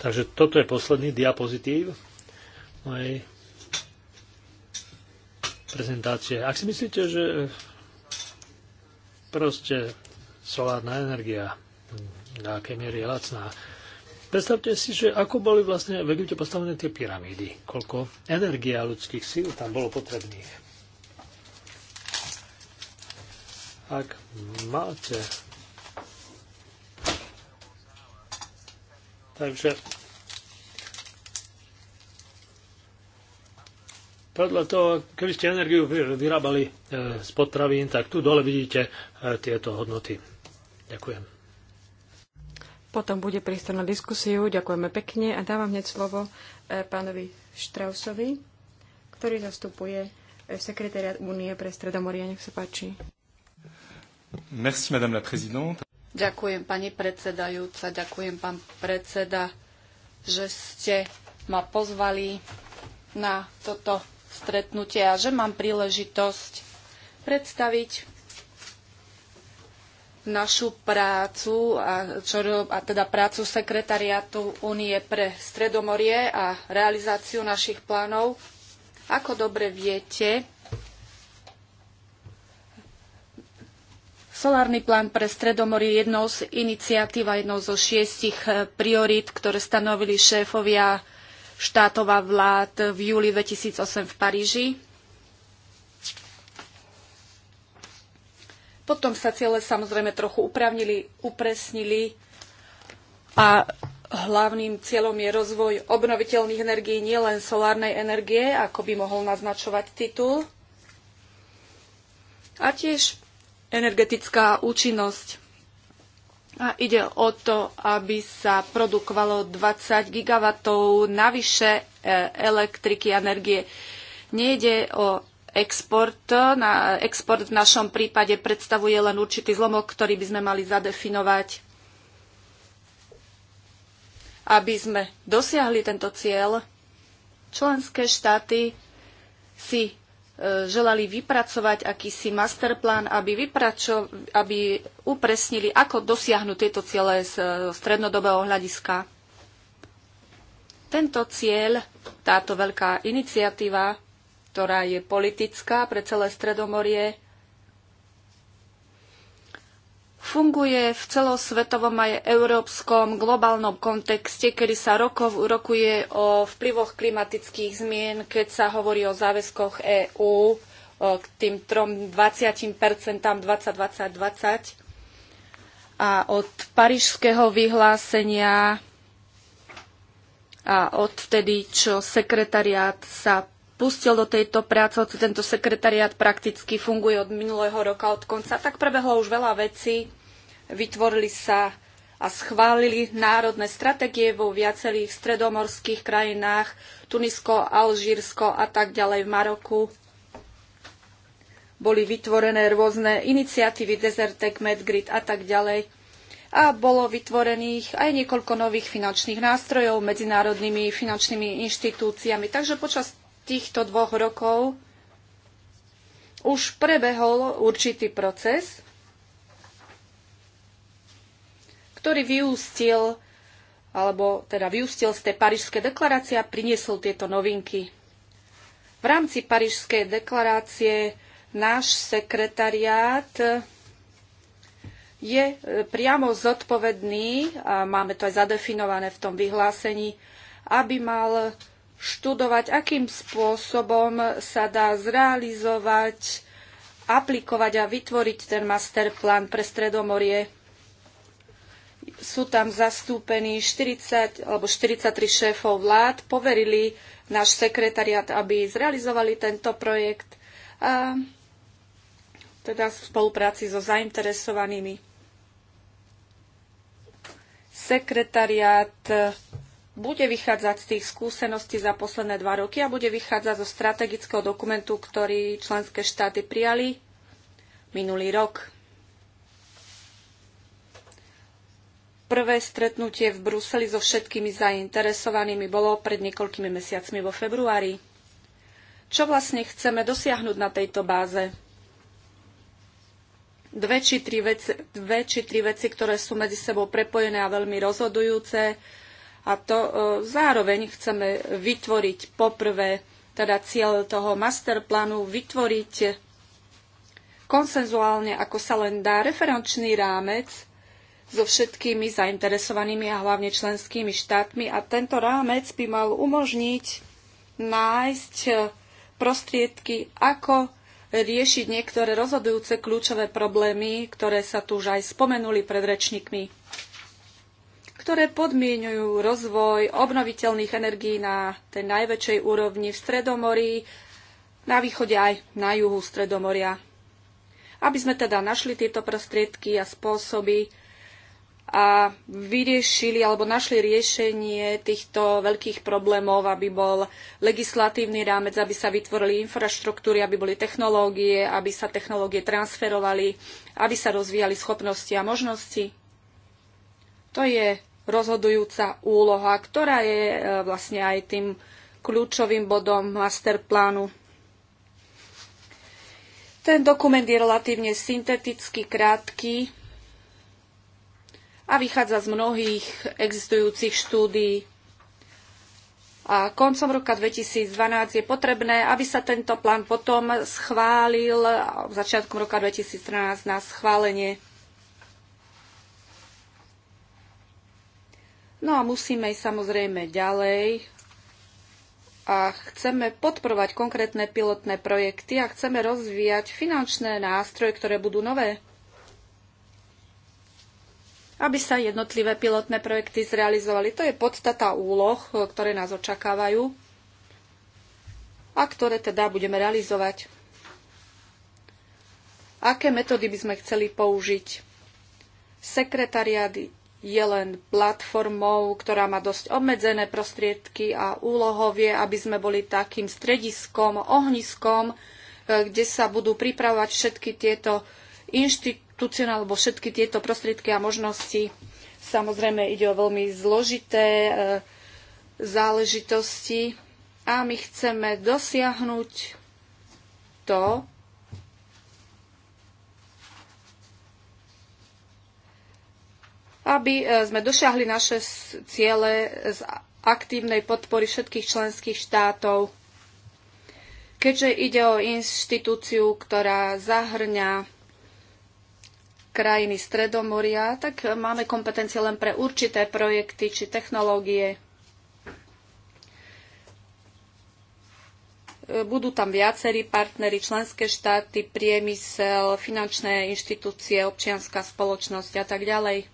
Takže toto je posledný diapozitív mojej prezentácie. Ak si myslíte, že proste solárna energia na akej miery je lacná, predstavte si, že ako boli vlastne v Egypte postavené tie pyramídy, koľko energia ľudských síl tam bolo potrebných. Ak máte Takže Podľa toho, keby ste energiu vyrábali e, z potravín, tak tu dole vidíte e, tieto hodnoty. Ďakujem. Potom bude priestor na diskusiu. Ďakujeme pekne a dávam hneď slovo e, pánovi Štrausovi, ktorý zastupuje sekretariat Únie pre Stredomoria. Nech sa páči. Merci, madame la présidente. Ďakujem, pani predsedajúca, ďakujem, pán predseda, že ste ma pozvali na toto stretnutie a že mám príležitosť predstaviť našu prácu, a, čo, a teda prácu sekretariátu Únie pre Stredomorie a realizáciu našich plánov. Ako dobre viete, Solárny plán pre Stredomorie je jednou z iniciatív a jednou zo šiestich eh, priorít, ktoré stanovili šéfovia štátov a vlád v júli 2008 v Paríži. Potom sa ciele samozrejme trochu upravnili, upresnili a hlavným cieľom je rozvoj obnoviteľných energií, nielen solárnej energie, ako by mohol naznačovať titul, a tiež energetická účinnosť. A ide o to, aby sa produkovalo 20 gigawatov navyše e, elektriky a energie. Nejde o export. Na, export v našom prípade predstavuje len určitý zlomok, ktorý by sme mali zadefinovať, aby sme dosiahli tento cieľ. Členské štáty si želali vypracovať akýsi masterplán, aby, vypračo, aby upresnili, ako dosiahnuť tieto ciele z e, strednodobého hľadiska. Tento cieľ, táto veľká iniciatíva, ktorá je politická pre celé Stredomorie, funguje v celosvetovom aj európskom globálnom kontexte, kedy sa rokov rokuje o vplyvoch klimatických zmien, keď sa hovorí o záväzkoch EÚ k tým trom 20 2020 20 a od parížského vyhlásenia a odtedy čo sekretariát sa pustil do tejto práce, hoci tento sekretariát prakticky funguje od minulého roka, od konca, tak prebehlo už veľa vecí. Vytvorili sa a schválili národné stratégie vo viacerých stredomorských krajinách, Tunisko, Alžírsko a tak ďalej v Maroku. Boli vytvorené rôzne iniciatívy Desertec, Medgrid a tak ďalej. A bolo vytvorených aj niekoľko nových finančných nástrojov medzinárodnými finančnými inštitúciami. Takže počas týchto dvoch rokov už prebehol určitý proces, ktorý vyústil alebo teda vyústil z tej Parížskej deklarácie a priniesol tieto novinky. V rámci Parížskej deklarácie náš sekretariát je e, priamo zodpovedný, a máme to aj zadefinované v tom vyhlásení, aby mal študovať, akým spôsobom sa dá zrealizovať, aplikovať a vytvoriť ten masterplán pre Stredomorie. Sú tam zastúpení 40 alebo 43 šéfov vlád, poverili náš sekretariat, aby zrealizovali tento projekt a teda v spolupráci so zainteresovanými. Sekretariát bude vychádzať z tých skúseností za posledné dva roky a bude vychádzať zo strategického dokumentu, ktorý členské štáty prijali minulý rok. Prvé stretnutie v Bruseli so všetkými zainteresovanými bolo pred niekoľkými mesiacmi vo februári. Čo vlastne chceme dosiahnuť na tejto báze? dve či, tri veci, dve či tri veci, ktoré sú medzi sebou prepojené a veľmi rozhodujúce a to e, zároveň chceme vytvoriť poprvé, teda cieľ toho masterplánu, vytvoriť konsenzuálne, ako sa len dá, referenčný rámec so všetkými zainteresovanými a hlavne členskými štátmi a tento rámec by mal umožniť nájsť e, prostriedky, ako riešiť niektoré rozhodujúce kľúčové problémy, ktoré sa tu už aj spomenuli pred rečníkmi ktoré podmienujú rozvoj obnoviteľných energií na tej najväčšej úrovni v Stredomorí, na východe aj na juhu Stredomoria. Aby sme teda našli tieto prostriedky a spôsoby a vyriešili alebo našli riešenie týchto veľkých problémov, aby bol legislatívny rámec, aby sa vytvorili infraštruktúry, aby boli technológie, aby sa technológie transferovali, aby sa rozvíjali schopnosti a možnosti. To je rozhodujúca úloha, ktorá je e, vlastne aj tým kľúčovým bodom masterplánu. Ten dokument je relatívne synteticky krátky a vychádza z mnohých existujúcich štúdií. A koncom roka 2012 je potrebné, aby sa tento plán potom schválil začiatkom roka 2013 na schválenie No a musíme ísť samozrejme ďalej a chceme podporovať konkrétne pilotné projekty a chceme rozvíjať finančné nástroje, ktoré budú nové, aby sa jednotlivé pilotné projekty zrealizovali. To je podstata úloh, e, ktoré nás očakávajú a ktoré teda budeme realizovať. Aké metódy by sme chceli použiť? Sekretariáty je len platformou, ktorá má dosť obmedzené prostriedky a úlohovie, aby sme boli takým strediskom, ohniskom, e, kde sa budú pripravovať všetky tieto inštitúcie alebo všetky tieto prostriedky a možnosti. Samozrejme ide o veľmi zložité e, záležitosti a my chceme dosiahnuť to, aby e, sme dosiahli naše ciele z aktívnej podpory všetkých členských štátov. Keďže ide o inštitúciu, ktorá zahrňa krajiny Stredomoria, tak máme kompetencie len pre určité projekty či technológie. budú tam viacerí partnery, členské štáty, priemysel, finančné inštitúcie, občianská spoločnosť a tak ďalej.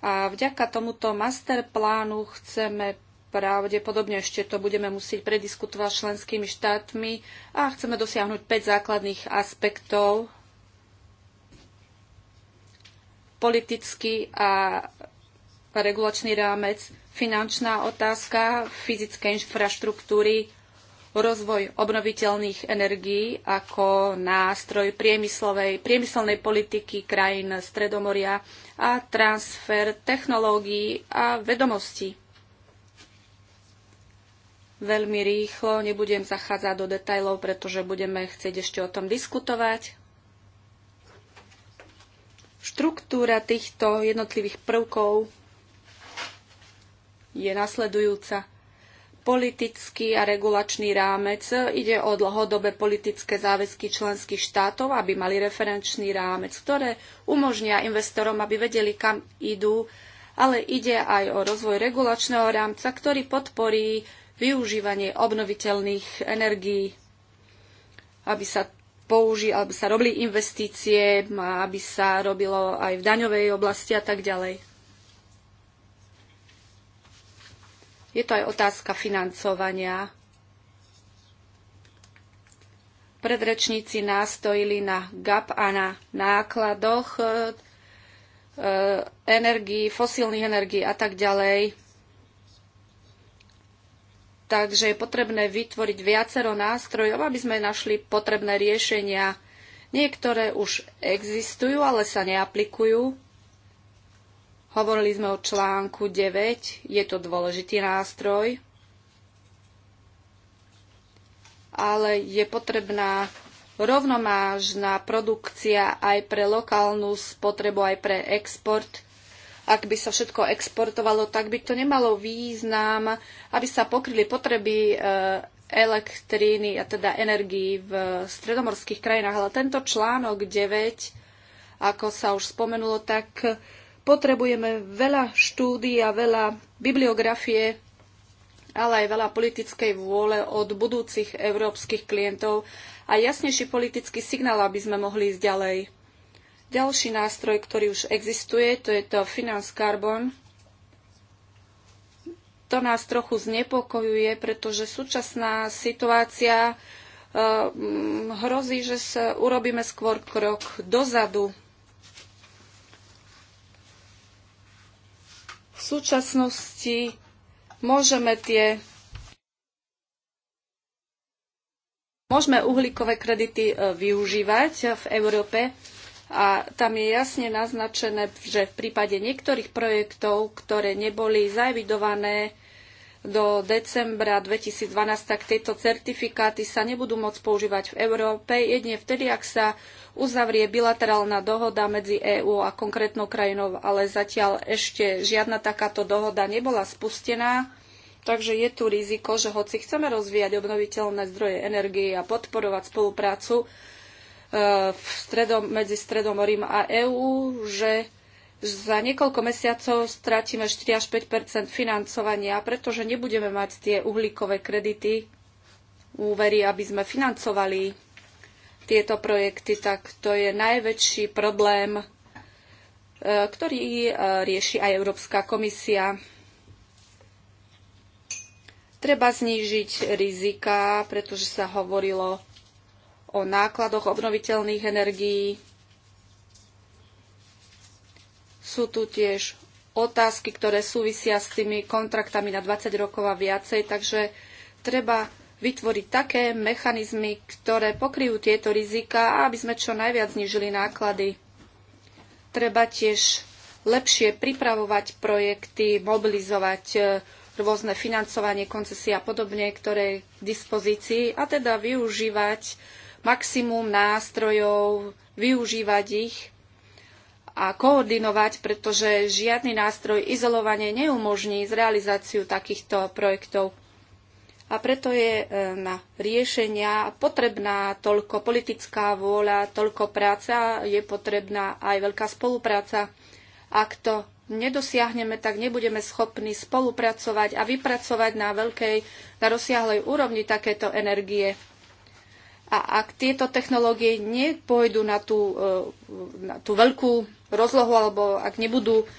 A vďaka tomuto masterplánu chceme pravdepodobne ešte to budeme musieť prediskutovať s členskými štátmi a chceme dosiahnuť 5 základných aspektov politický a regulačný rámec, finančná otázka, fyzické infraštruktúry, rozvoj obnoviteľných energií ako nástroj priemyselnej politiky krajín Stredomoria a transfer technológií a vedomostí. Veľmi rýchlo, nebudem zachádzať do detajlov, pretože budeme chcieť ešte o tom diskutovať. Štruktúra týchto jednotlivých prvkov je nasledujúca politický a regulačný rámec. Ide o dlhodobé politické záväzky členských štátov, aby mali referenčný rámec, ktoré umožnia investorom, aby vedeli, kam idú, ale ide aj o rozvoj regulačného rámca, ktorý podporí využívanie obnoviteľných energií, aby sa použi- aby sa robili investície, aby sa robilo aj v daňovej oblasti a tak ďalej. Je to aj otázka financovania. Predrečníci nástojili na GAP a na nákladoch e, e, energii, fosílnych energií a tak ďalej. Takže je potrebné vytvoriť viacero nástrojov, aby sme našli potrebné riešenia. Niektoré už existujú, ale sa neaplikujú. Hovorili sme o článku 9, je to dôležitý nástroj, ale je potrebná rovnomážna produkcia aj pre lokálnu spotrebu, aj pre export. Ak by sa všetko exportovalo, tak by to nemalo význam, aby sa pokryli potreby e, elektríny a teda energii v stredomorských krajinách. Ale tento článok 9, ako sa už spomenulo, tak Potrebujeme veľa štúdí a veľa bibliografie, ale aj veľa politickej vôle od budúcich európskych klientov a jasnejší politický signál, aby sme mohli ísť ďalej. Ďalší nástroj, ktorý už existuje, to je to Finance Carbon. To nás trochu znepokojuje, pretože súčasná situácia eh, hrozí, že sa urobíme skôr krok dozadu. súčasnosti môžeme tie Môžeme uhlíkové kredity e, využívať e, v Európe a tam je jasne naznačené, že v prípade niektorých projektov, ktoré neboli zaevidované do decembra 2012, tak tieto certifikáty sa nebudú môcť používať v Európe, jedine vtedy, ak sa uzavrie bilaterálna dohoda medzi EÚ a konkrétnou krajinou, ale zatiaľ ešte žiadna takáto dohoda nebola spustená. Takže je tu riziko, že hoci chceme rozvíjať obnoviteľné zdroje energie a podporovať spoluprácu eh, v stredom, medzi Stredomorím a EÚ, že za niekoľko mesiacov stratíme 4 až 5 financovania, pretože nebudeme mať tie uhlíkové kredity, úvery, aby sme financovali tieto projekty, tak to je najväčší problém, e, ktorý e, rieši aj Európska komisia. Treba znížiť rizika, pretože sa hovorilo o nákladoch obnoviteľných energií sú tu tiež otázky, ktoré súvisia s tými kontraktami na 20 rokov a viacej, takže treba vytvoriť také mechanizmy, ktoré pokryjú tieto rizika, aby sme čo najviac znižili náklady. Treba tiež lepšie pripravovať projekty, mobilizovať e, rôzne financovanie, koncesie a podobne, ktoré je k dispozícii a teda využívať maximum nástrojov, využívať ich a koordinovať, pretože žiadny nástroj izolovanie neumožní z realizáciu takýchto projektov. A preto je e, na riešenia potrebná toľko politická vôľa, toľko práca, je potrebná aj veľká spolupráca. Ak to nedosiahneme, tak nebudeme schopní spolupracovať a vypracovať na veľkej, na rozsiahlej úrovni takéto energie. A ak tieto technológie nepôjdu na tú, e, na tú veľkú rozlohu alebo ak nebudú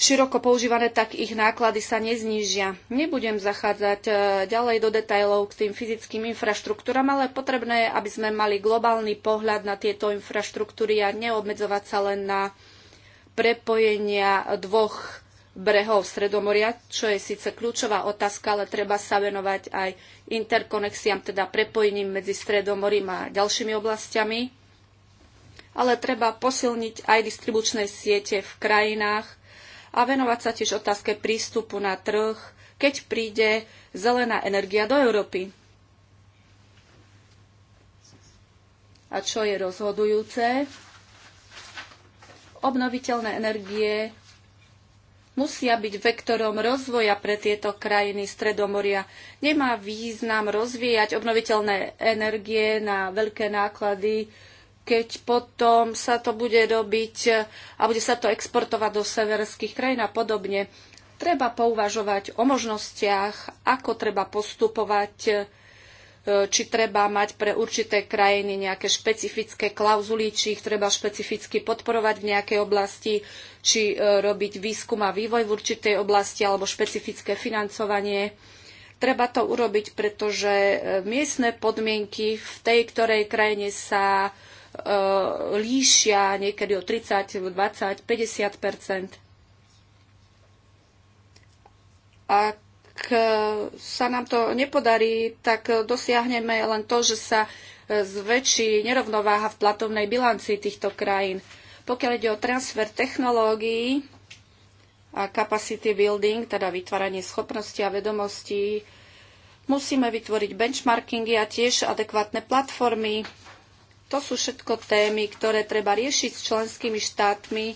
široko používané, tak ich náklady sa neznížia. Nebudem zachádzať e, ďalej do detajlov k tým fyzickým infraštruktúram, ale potrebné je, aby sme mali globálny pohľad na tieto infraštruktúry a neobmedzovať sa len na prepojenia dvoch brehov Stredomoria, čo je síce kľúčová otázka, ale treba sa venovať aj interkonexiám, teda prepojením medzi Stredomorím a ďalšími oblastiami. Ale treba posilniť aj distribučné siete v krajinách a venovať sa tiež otázke prístupu na trh, keď príde zelená energia do Európy. A čo je rozhodujúce? Obnoviteľné energie musia byť vektorom rozvoja pre tieto krajiny Stredomoria. Nemá význam rozvíjať obnoviteľné energie na veľké náklady, keď potom sa to bude robiť eh, a bude sa to exportovať do severských krajín a podobne. Treba pouvažovať o možnostiach, ako treba postupovať eh, E, či treba mať pre určité krajiny nejaké špecifické klauzuly, či ich treba špecificky podporovať v nejakej oblasti, či e, robiť výskum a vývoj v určitej oblasti alebo špecifické financovanie. Treba to urobiť, pretože e, miestne podmienky v tej ktorej krajine sa líšia niekedy o 30, 20, 50 A ak e, sa nám to nepodarí, tak dosiahneme len to, že sa e, zväčší nerovnováha v platovnej bilanci týchto krajín. Pokiaľ ide o transfer technológií a capacity building, teda vytváranie schopností a vedomostí, musíme vytvoriť benchmarkingy a tiež adekvátne platformy. To sú všetko témy, ktoré treba riešiť s členskými štátmi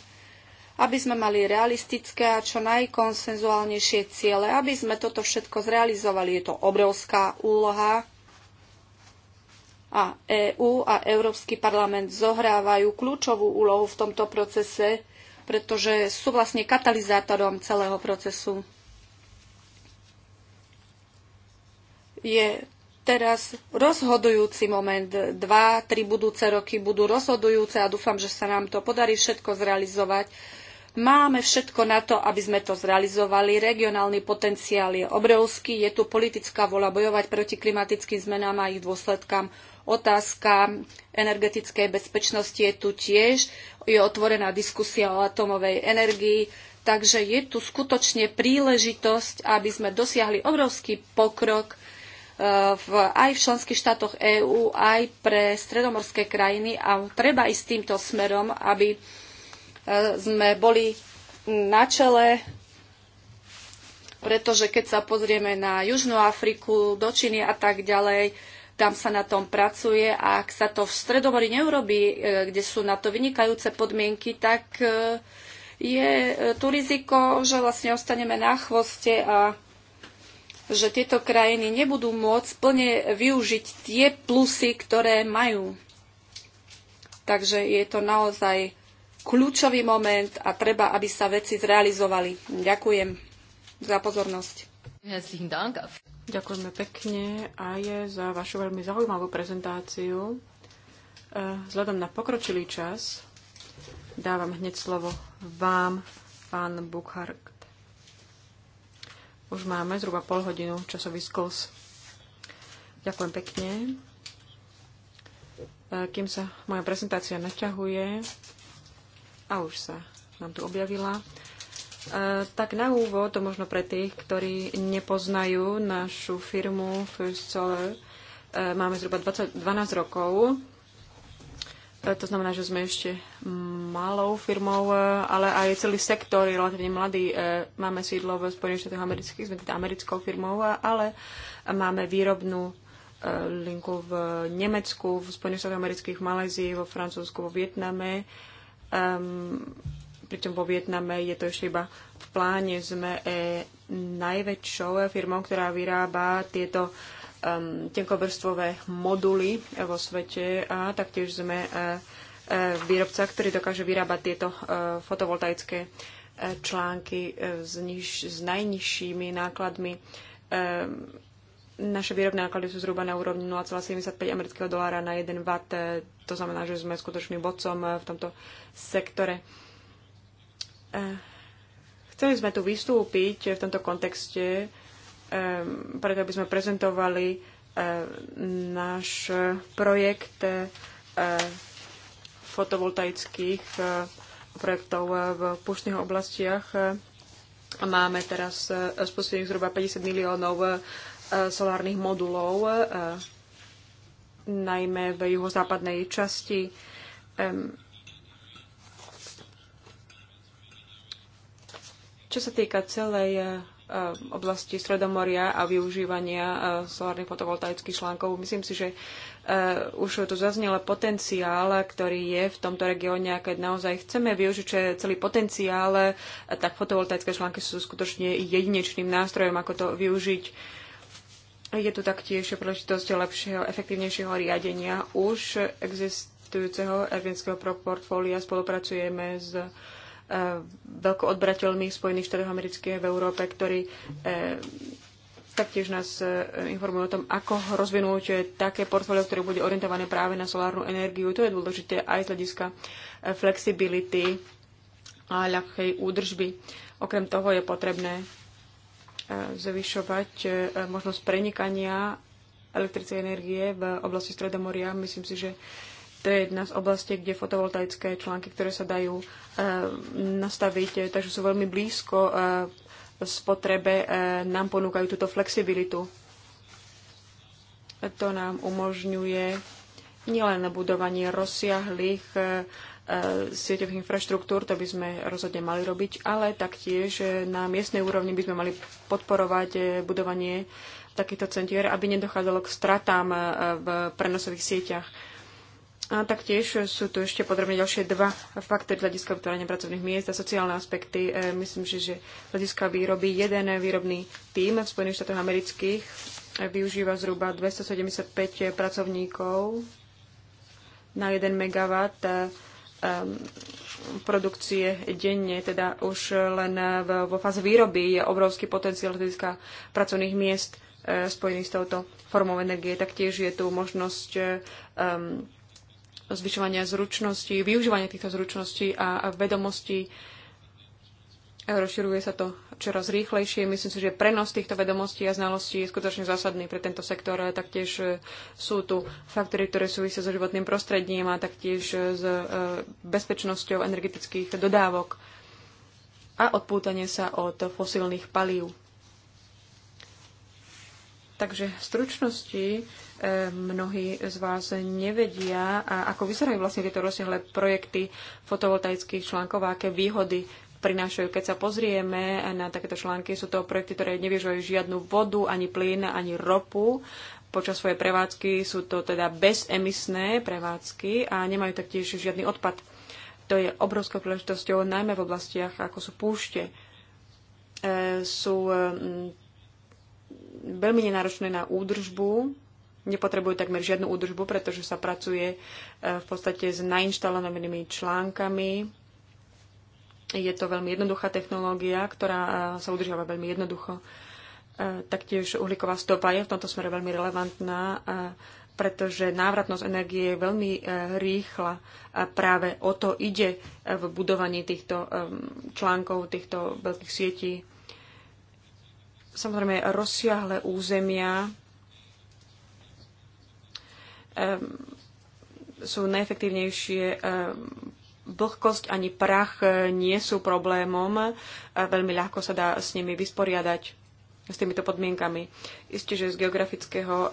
aby sme mali realistické a čo najkonsenzuálnejšie ciele, aby sme toto všetko zrealizovali. Je to obrovská úloha a EÚ a Európsky parlament zohrávajú kľúčovú úlohu v tomto procese, pretože sú vlastne katalizátorom celého procesu. Je teraz rozhodujúci moment. Dva, tri budúce roky budú rozhodujúce a dúfam, že sa nám to podarí všetko zrealizovať Máme všetko na to, aby sme to zrealizovali. Regionálny potenciál je obrovský. Je tu politická vola bojovať proti klimatickým zmenám a ich dôsledkám. Otázka energetickej bezpečnosti je tu tiež. Je otvorená diskusia o atomovej energii. Takže je tu skutočne príležitosť, aby sme dosiahli obrovský pokrok e, v, aj v členských štátoch EÚ, aj pre stredomorské krajiny a treba ísť týmto smerom, aby sme boli na čele, pretože keď sa pozrieme na Južnú Afriku, do Číny a tak ďalej, tam sa na tom pracuje a ak sa to v Stredomori neurobí, e, kde sú na to vynikajúce podmienky, tak e, je e, tu riziko, že vlastne ostaneme na chvoste a že tieto krajiny nebudú môcť plne využiť tie plusy, ktoré majú. Takže je to naozaj kľúčový moment a treba, aby sa veci zrealizovali. Ďakujem za pozornosť. Ďakujeme pekne aj za vašu veľmi zaujímavú prezentáciu. E, vzhľadom na pokročilý čas dávam hneď slovo vám, pán Bukhart. Už máme zhruba pol hodinu časový skos. Ďakujem pekne. E, kým sa moja prezentácia naťahuje, a už sa nám tu objavila. E, tak na úvod, to možno pre tých, ktorí nepoznajú našu firmu First Solar, e, máme zhruba 20, 12 rokov. E, to znamená, že sme ešte malou firmou, ale aj celý sektor je relatívne mladý. Máme sídlo v Spojených štátoch amerických, sme teda americkou firmou, ale máme výrobnú linku v Nemecku, v Spojených amerických, v Malézii, vo Francúzsku, vo Vietname Um, pričom vo Vietname je to ešte iba v pláne. Sme e, najväčšou firmou, ktorá vyrába tieto um, tenkovrstvové moduly vo svete a taktiež sme e, e, výrobca, ktorý dokáže vyrábať tieto e, fotovoltaické e, články e, z, niž, s najnižšími nákladmi. E, naše výrobné náklady sú zhruba na úrovni 0,75 amerického dolára na 1 W. E, to znamená, že sme skutočným vodcom e, v tomto sektore. E, chceli sme tu vystúpiť v tomto kontexte, preto aby sme prezentovali náš projekt fotovoltaických projektov v púštnych oblastiach. Máme teraz spustených zhruba 50 miliónov solárnych modulov, e, najmä v juhozápadnej časti. Čo sa týka celej e, oblasti Stredomoria a využívania e, solárnych fotovoltaických článkov. Myslím si, že už tu zaznel potenciál, ktorý je v tomto regióne a keď naozaj chceme využiť celý potenciál, tak fotovoltaické články sú skutočne jedinečným nástrojom, ako to využiť je tu taktiež príležitosť lepšieho, efektívnejšieho riadenia. Už existujúceho evgenského portfólia spolupracujeme s e, odbrateľmi Spojených štátov amerických v Európe, ktorí e, taktiež nás e, informujú o tom, ako rozvinúť také portfólio, ktoré bude orientované práve na solárnu energiu. To je dôležité aj z hľadiska flexibility a ľahkej údržby. Okrem toho je potrebné zvyšovať e, možnosť prenikania elektrickej energie v oblasti Stredomoria. Myslím si, že to je jedna z oblastí, kde fotovoltaické články, ktoré sa dajú e, nastaviť, e, takže sú veľmi blízko spotrebe, nám ponúkajú túto flexibilitu. To nám umožňuje nielen budovanie rozsiahlých E, sieťových infraštruktúr, to by sme rozhodne mali robiť, ale taktiež e, na miestnej úrovni by sme mali podporovať e, budovanie takýchto centier, aby nedochádzalo k stratám v prenosových sieťach. A taktiež sú tu ešte podrobne ďalšie dva faktory z hľadiska vytvárania pracovných miest a sociálne aspekty. Myslím, že, že z hľadiska výroby jeden výrobný tím v Spojených štátoch amerických využíva zhruba 275 pracovníkov na 1 megawatt Um, produkcie denne, teda už len vo fáze výroby je obrovský potenciál hľadiska pracovných miest e, spojených s touto formou energie. Taktiež je tu možnosť e, um, zvyšovania zručností, využívania týchto zručností a vedomostí Rozširuje sa to čoraz rýchlejšie. Myslím si, že prenos týchto vedomostí a znalostí je skutočne zásadný pre tento sektor. ale Taktiež e, sú tu faktory, ktoré súvisia so životným prostredím a taktiež e, s e, bezpečnosťou energetických dodávok a odpútanie sa od fosílnych palív. Takže v stručnosti mnohí z vás nevedia, a ako vyzerajú vlastne tieto rozsiahle projekty fotovoltaických článkov a aké výhody prinášajú. Keď sa pozrieme na takéto články, sú to projekty, ktoré nevyžujú žiadnu vodu, ani plyn, ani ropu. Počas svojej prevádzky sú to teda bezemisné prevádzky a nemajú taktiež žiadny odpad. To je obrovskou príležitosťou, najmä v oblastiach, ako sú púšte. E, sú e, veľmi nenáročné na údržbu, nepotrebujú takmer žiadnu údržbu, pretože sa pracuje e, v podstate s nainštalovanými článkami, je to veľmi jednoduchá technológia, ktorá e, sa udržiava veľmi jednoducho. E, taktiež uhlíková stopa je v tomto smere veľmi relevantná, e, pretože návratnosť energie je veľmi rýchla a práve o to ide v budovaní týchto článkov, týchto veľkých sietí. Samozrejme, rozsiahle územia sú najefektívnejšie Vlhkosť ani prach e, nie sú problémom. Veľmi ľahko sa dá s nimi vysporiadať, s týmito podmienkami. Isté, že z geografického e,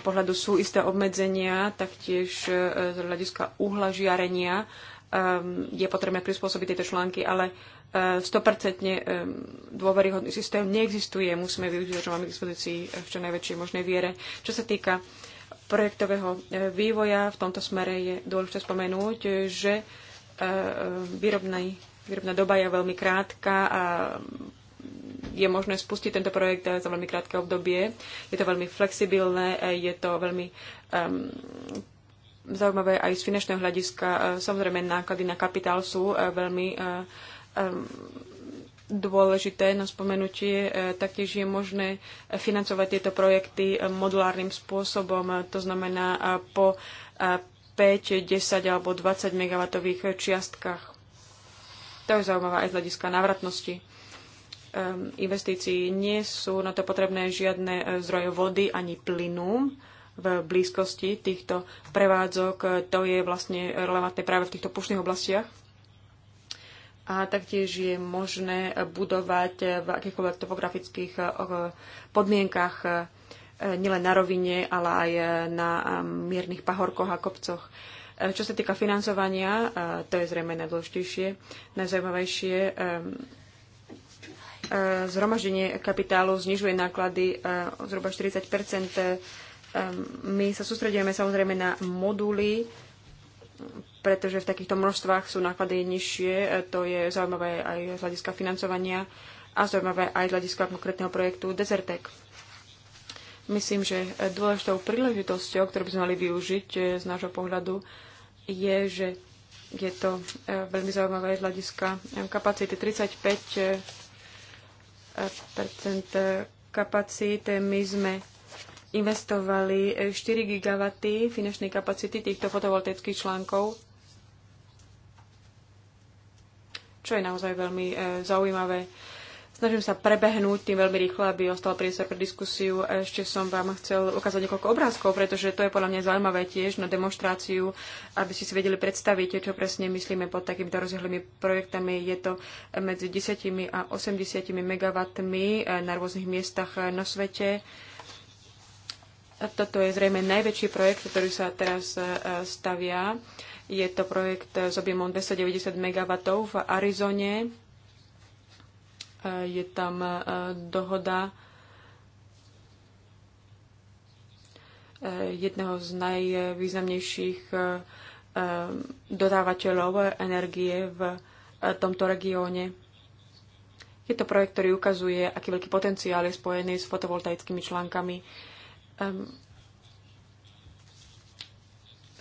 pohľadu sú isté obmedzenia, taktiež e, z hľadiska uhla žiarenia ehm, je potrebné prispôsobiť tieto články, ale 100% dôveryhodný systém neexistuje. Musíme využiť, čo máme k dispozícii v čo najväčšej možnej viere. Čo sa týka projektového vývoja. V tomto smere je dôležité spomenúť, že E, výrobnej, výrobná doba je veľmi krátka a je možné spustiť tento projekt e, za veľmi krátke obdobie. Je to veľmi flexibilné, e, je to veľmi um, zaujímavé aj z finančného hľadiska. Samozrejme, náklady na kapitál sú veľmi um, dôležité na spomenutie. Taktiež je možné financovať tieto projekty modulárnym spôsobom, to znamená po 5, 10 alebo 20 MW čiastkách. To je zaujímavé aj z hľadiska návratnosti ehm, investícií. Nie sú na to potrebné žiadne e, zdroje vody ani plynu v blízkosti týchto prevádzok. To je vlastne relevantné práve v týchto pušných oblastiach. A taktiež je možné budovať v akýchkoľvek topografických e, podmienkach e, E, nielen na rovine, ale aj e, na e, miernych pahorkoch a kopcoch. Čo sa týka financovania, to je zrejme najdôležitejšie, najzaujímavejšie. Zhromaždenie kapitálu znižuje náklady zhruba 40 My sa sústredujeme samozrejme na moduly, pretože v takýchto množstvách sú náklady nižšie. To je zaujímavé aj z hľadiska financovania a zaujímavé aj z hľadiska konkrétneho projektu Desertec Myslím, že dôležitou príležitosťou, ktorú by sme mali využiť eh, z nášho pohľadu, je, že je to eh, veľmi zaujímavé z hľadiska eh, kapacity. 35 kapacity my sme investovali 4 gigawaty finančnej kapacity týchto fotovoltaických článkov, čo je naozaj veľmi zaujímavé. Snažím sa prebehnúť tým veľmi rýchlo, aby ostal priestor pre diskusiu. Ešte som vám chcel ukázať niekoľko obrázkov, pretože to je podľa mňa zaujímavé tiež na demonstráciu, aby ste si vedeli predstaviť, čo presne myslíme pod takýmito rozhľadnými projektami. Je to medzi 10 a 80 megawattmi eh, na rôznych miestach eh, na svete. Toto je zrejme najväčší projekt, ktorý sa teraz eh, stavia. Je to projekt s objemom 290 MW v Arizone je tam e, dohoda e, jedného z najvýznamnejších e, dodávateľov energie v tomto regióne. Je to projekt, ktorý ukazuje, aký veľký potenciál je spojený s fotovoltaickými článkami.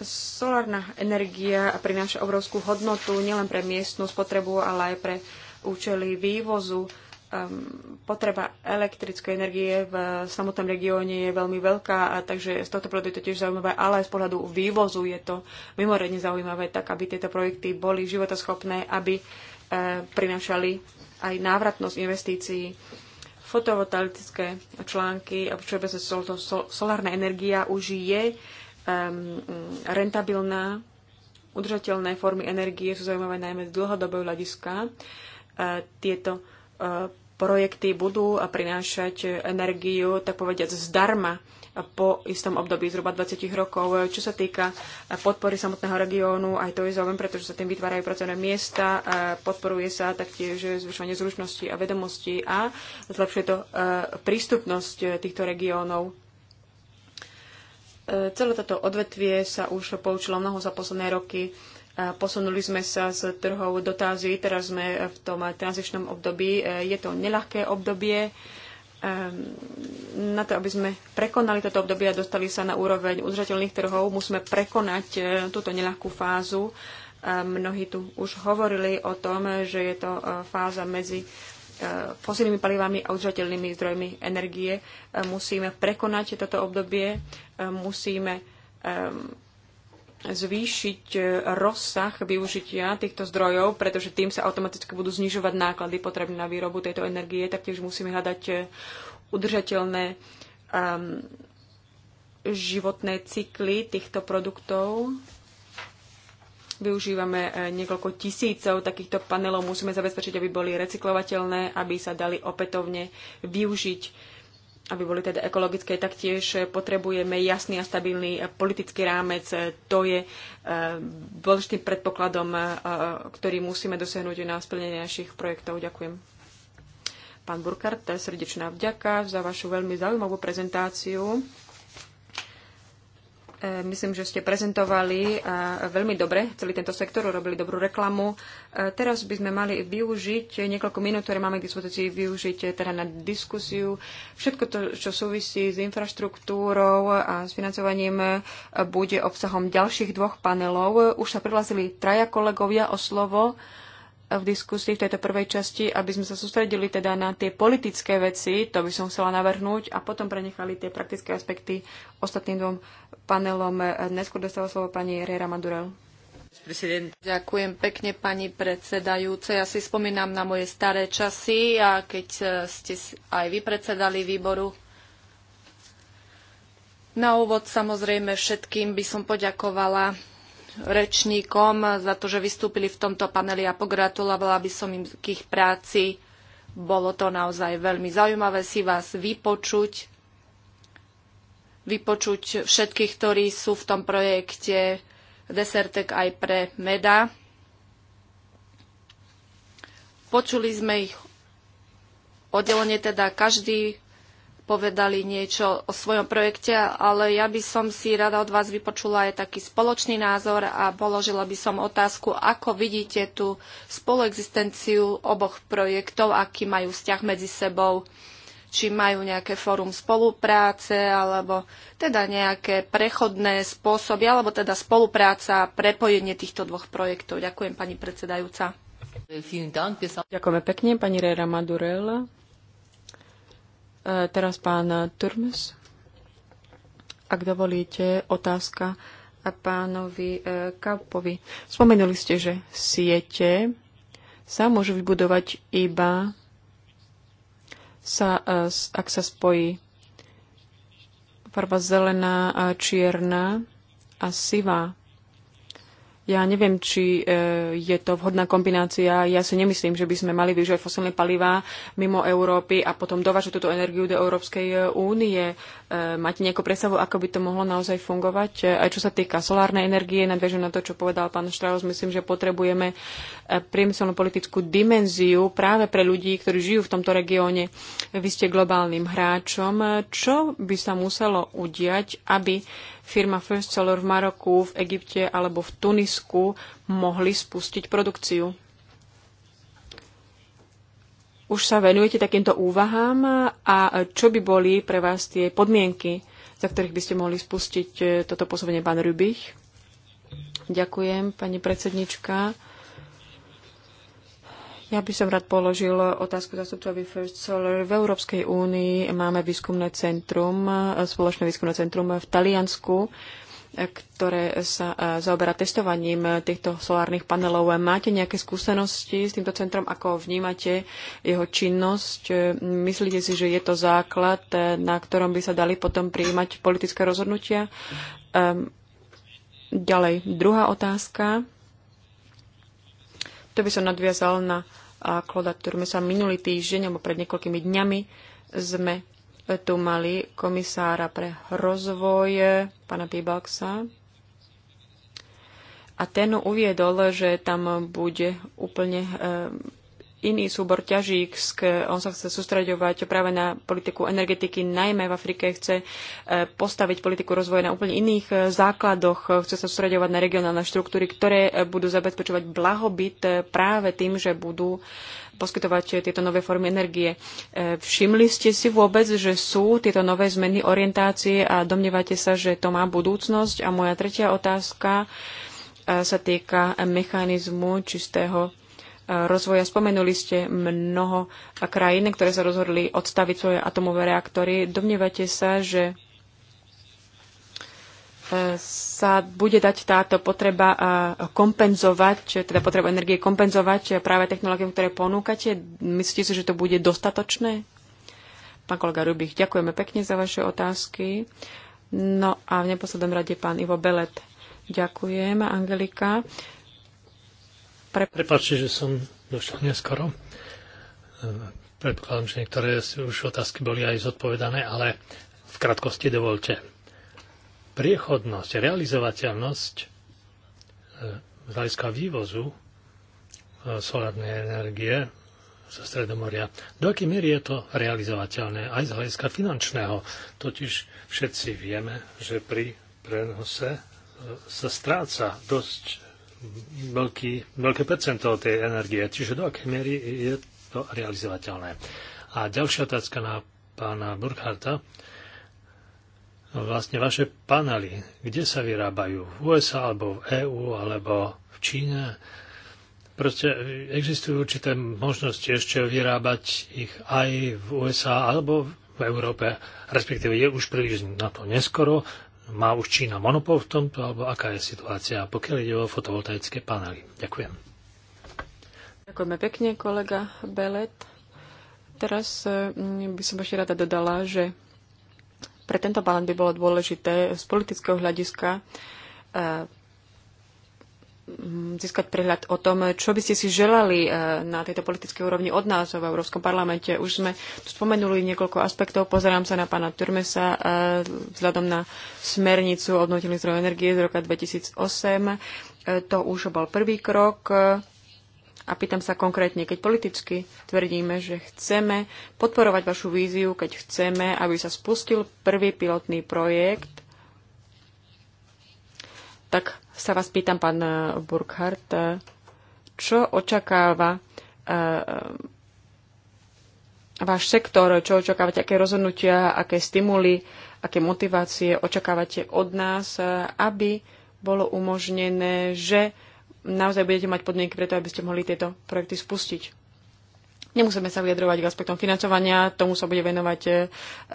Solárna energia prináša obrovskú hodnotu nielen pre miestnu spotrebu, ale aj pre uh, účely vývozu. Um, potreba elektrickej energie v samotnom regióne je veľmi veľká, a takže z tohto projektu je to tiež zaujímavé, ale aj z pohľadu vývozu je to mimoriadne zaujímavé, tak aby tieto projekty boli životoschopné, aby eh, prinášali aj návratnosť investícií fotovoltaické články a všeobecne sol, sol, solárna energia už je um, rentabilná. Udržateľné formy energie sú zaujímavé najmä z dlhodobého hľadiska tieto projekty budú prinášať energiu, tak povediať, zdarma po istom období zhruba 20 rokov. Čo sa týka podpory samotného regiónu, aj to je zaujímavé, pretože sa tým vytvárajú pracovné miesta, podporuje sa taktiež zvyšovanie zručnosti a vedomostí a zlepšuje to prístupnosť týchto regiónov. Celé toto odvetvie sa už poučilo mnoho za posledné roky Posunuli sme sa z trhov dotázy, teraz sme v tom tranzičnom období. E, je to neľahké obdobie e, na to, aby sme prekonali toto obdobie a dostali sa na úroveň udržateľných trhov, musíme prekonať e, túto neľahkú fázu. Mnohí tu už hovorili o tom, že je to fáza medzi fosilnými palivami a udržateľnými zdrojmi energie. Musíme prekonať toto obdobie, musíme zvýšiť e, rozsah využitia týchto zdrojov, pretože tým sa automaticky budú znižovať náklady potrebné na výrobu tejto energie. Taktiež musíme hľadať e, udržateľné um, životné cykly týchto produktov. Využívame e, niekoľko tisícov takýchto panelov. Musíme zabezpečiť, aby boli recyklovateľné, aby sa dali opätovne využiť aby boli teda ekologické, taktiež potrebujeme jasný a stabilný politický rámec. To je e, dôležitým predpokladom, e, e, ktorý musíme dosiahnuť na splnenie našich projektov. Ďakujem. Pán Burkart, srdečná vďaka za vašu veľmi zaujímavú prezentáciu. E, myslím, že ste prezentovali e, veľmi dobre celý tento sektor, robili dobrú reklamu. E, teraz by sme mali využiť niekoľko minút, ktoré máme k dispozícii, využiť teda na diskusiu. Všetko to, čo súvisí s infraštruktúrou a s financovaním, bude obsahom ďalších dvoch panelov. Už sa prihlásili traja kolegovia o slovo v diskusii v tejto prvej časti, aby sme sa sústredili teda na tie politické veci, to by som chcela navrhnúť, a potom prenechali tie praktické aspekty ostatným dvom panelom. Neskôr dostáva slovo pani Riera Madurel. Ďakujem pekne, pani predsedajúce. Ja si spomínam na moje staré časy a keď eh, ste aj vy predsedali výboru na úvod samozrejme všetkým by som poďakovala rečníkom za to, že vystúpili v tomto paneli a pogratulovala by som im k ich práci. Bolo to naozaj veľmi zaujímavé si vás vypočuť, vypočuť všetkých, ktorí sú v tom projekte Desertek aj pre Meda. Počuli sme ich oddelenie, teda každý povedali niečo o svojom projekte, ale ja by som si rada od vás vypočula aj taký spoločný názor a položila by som otázku, ako vidíte tú spoluexistenciu oboch projektov, aký majú vzťah medzi sebou, či majú nejaké fórum spolupráce, alebo teda nejaké prechodné spôsoby, alebo teda spolupráca a prepojenie týchto dvoch projektov. Ďakujem, pani predsedajúca. Ďakujeme pekne, pani Rera Madurela. Eh, teraz pán Turmes. Ak dovolíte, otázka a pánovi eh, Kaupovi. Spomenuli ste, že siete sa môžu vybudovať iba sa, eh, ak sa spojí farba zelená, čierna a sivá. Ja neviem, či e, je to vhodná kombinácia. Ja si nemyslím, že by sme mali využívať fosilné palivá mimo Európy a potom dovažať túto energiu do Európskej e, únie. E, máte nejakú predstavu, ako by to mohlo naozaj fungovať? Aj čo sa týka solárnej energie, nadviažujem na to, čo povedal pán Štraus, myslím, že potrebujeme priemyselnú politickú dimenziu práve pre ľudí, ktorí žijú v tomto regióne. Vy ste globálnym hráčom. Čo by sa muselo udiať, aby firma First Solar v Maroku, v Egypte alebo v Tunisku mohli spustiť produkciu. Už sa venujete takýmto úvahám a čo by boli pre vás tie podmienky, za ktorých by ste mohli spustiť toto posobenie, pán Rubich? Ďakujem, pani predsednička. Ja by som rád položil otázku zastupcovi First Solar. V Európskej únii máme výskumné centrum, spoločné výskumné centrum v Taliansku, ktoré sa e, zaoberá testovaním týchto solárnych panelov. Máte nejaké skúsenosti s týmto centrom? Ako vnímate jeho činnosť? Myslíte si, že je to základ, e, na ktorom by sa dali potom prijímať politické rozhodnutia? Ehm, ďalej, druhá otázka to by som nadviazal na Kloda sa Minulý týždeň, alebo pred niekoľkými dňami, sme tu mali komisára pre rozvoj, pana Pibaxa. A ten uviedol, že tam bude úplne iný súbor ťažík, On sa chce sústraďovať práve na politiku energetiky, najmä v Afrike. Chce e, postaviť politiku rozvoja na úplne iných e, základoch. Chce sa sústraďovať na regionálne štruktúry, ktoré e, budú zabezpečovať blahobyt práve tým, že budú poskytovať tieto nové formy energie. Všimli ste si vôbec, že sú tieto nové zmeny orientácie a domnievate sa, že to má budúcnosť? A moja tretia otázka sa týka mechanizmu čistého rozvoja. Spomenuli ste mnoho krajín, ktoré sa rozhodli odstaviť svoje atomové reaktory. Domnievate sa, že e, sa bude dať táto potreba e, kompenzovať, teda potreba energie kompenzovať práve technológiou, ktoré ponúkate? Myslíte si, že to bude dostatočné? Pán kolega Rubich, ďakujeme pekne za vaše otázky. No a v neposlednom rade pán Ivo Belet. Ďakujem, Angelika. Pre... Prepačte, že som došiel neskoro. E, predpokladám, že niektoré už otázky boli aj zodpovedané, ale v krátkosti dovolte. Priechodnosť, realizovateľnosť e, z hľadiska vývozu e, solárnej energie zo Stredomoria. Do akej miery je to realizovateľné aj z hľadiska finančného? Totiž všetci vieme, že pri prenose sa stráca dosť veľký, veľké percento tej energie. Čiže do akej miery je to realizovateľné. A ďalšia otázka na pána Burkharta. Vlastne vaše panely, kde sa vyrábajú? V USA alebo v EÚ alebo v Číne? Proste existujú určité možnosti ešte vyrábať ich aj v USA alebo v Európe, respektíve je už príliš na to neskoro, má už Čína monopol v tomto, alebo aká je situácia, pokiaľ ide o fotovoltaické panely? Ďakujem. Ďakujeme pekne, kolega Belet. Teraz e, by som ešte rada dodala, že pre tento balán by bolo dôležité z politického hľadiska e, Mm, získať prehľad o tom, čo by ste si želali e, na tejto politickej úrovni od nás v Európskom parlamente. Už sme tu spomenuli niekoľko aspektov. Pozerám sa na pána Turmesa e, vzhľadom na smernicu obnoviteľných zdrojov energie z roka 2008. E, to už bol prvý krok. A pýtam sa konkrétne, keď politicky tvrdíme, že chceme podporovať vašu víziu, keď chceme, aby sa spustil prvý pilotný projekt tak sa vás pýtam, pán eh, Burkhardt, eh, čo očakáva eh, váš sektor, čo očakávate, aké rozhodnutia, aké stimuly, aké motivácie očakávate od nás, aby bolo umožnené, že naozaj budete mať podmienky preto, aby ste mohli tieto projekty spustiť. Nemusíme sa vyjadrovať k aspektom financovania, tomu sa bude venovať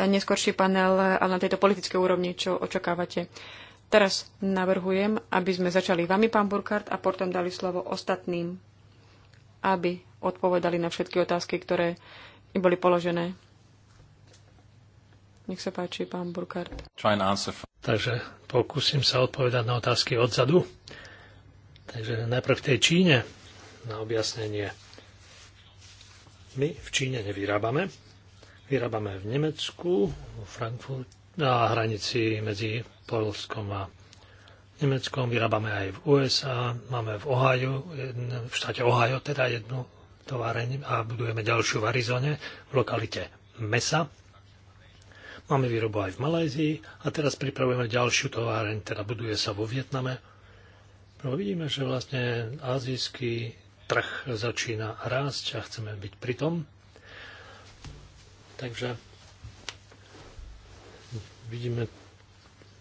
neskôrší panel, ale na tejto politickej úrovni, čo očakávate. Uh, Teraz navrhujem, aby sme začali vami, pán Burkart, a potom dali slovo ostatným, aby odpovedali na všetky otázky, ktoré im boli položené. Nech sa páči, pán Burkart. Takže pokúsim sa odpovedať na otázky odzadu. Takže najprv v tej Číne na objasnenie. My v Číne nevyrábame. Vyrábame v Nemecku, v Frankfurt, na hranici medzi polskom a Nemeckom vyrábame aj v USA, máme v Ohio, v štáte Ohio teda jednu továreň a budujeme ďalšiu v Arizone, v lokalite Mesa. Máme výrobu aj v Malajzii a teraz pripravujeme ďalšiu továreň, teda buduje sa vo Vietname. No vidíme, že vlastne azijský trh začína rásť a chceme byť pri tom. Takže vidíme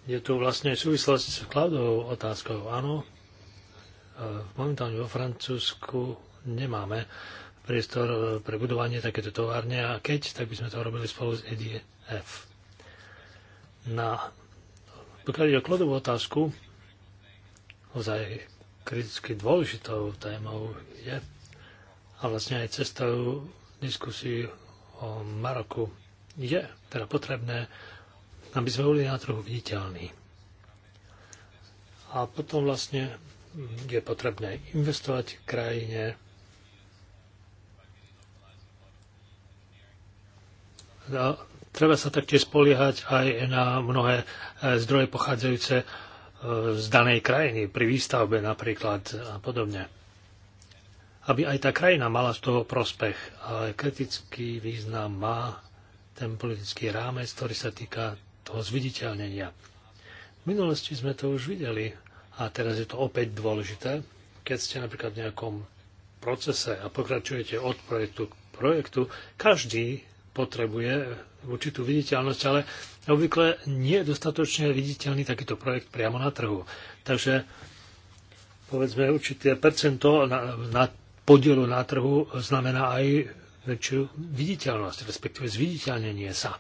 je tu vlastne v súvislosti s kladovou otázkou. Áno, e, momentálne vo Francúzsku nemáme priestor e, pre budovanie takéto továrne a keď, tak by sme to robili spolu s EDF. Na, pokiaľ ide o kladovú otázku, ozaj kriticky dôležitou témou je a vlastne aj cestou diskusí o Maroku je teda potrebné aby sme boli na trhu viditeľní. A potom vlastne je potrebné investovať v krajine, A treba sa taktiež spoliehať aj na mnohé e, zdroje pochádzajúce e, z danej krajiny, pri výstavbe napríklad a podobne. Aby aj tá krajina mala z toho prospech. Ale kritický význam má ten politický rámec, ktorý sa týka toho zviditeľnenia. V minulosti sme to už videli a teraz je to opäť dôležité, keď ste napríklad v nejakom procese a pokračujete od projektu k projektu, každý potrebuje určitú viditeľnosť, ale obvykle nie je dostatočne viditeľný takýto projekt priamo na trhu. Takže povedzme určité percento na, na podielu na trhu znamená aj väčšiu viditeľnosť, respektíve zviditeľnenie sa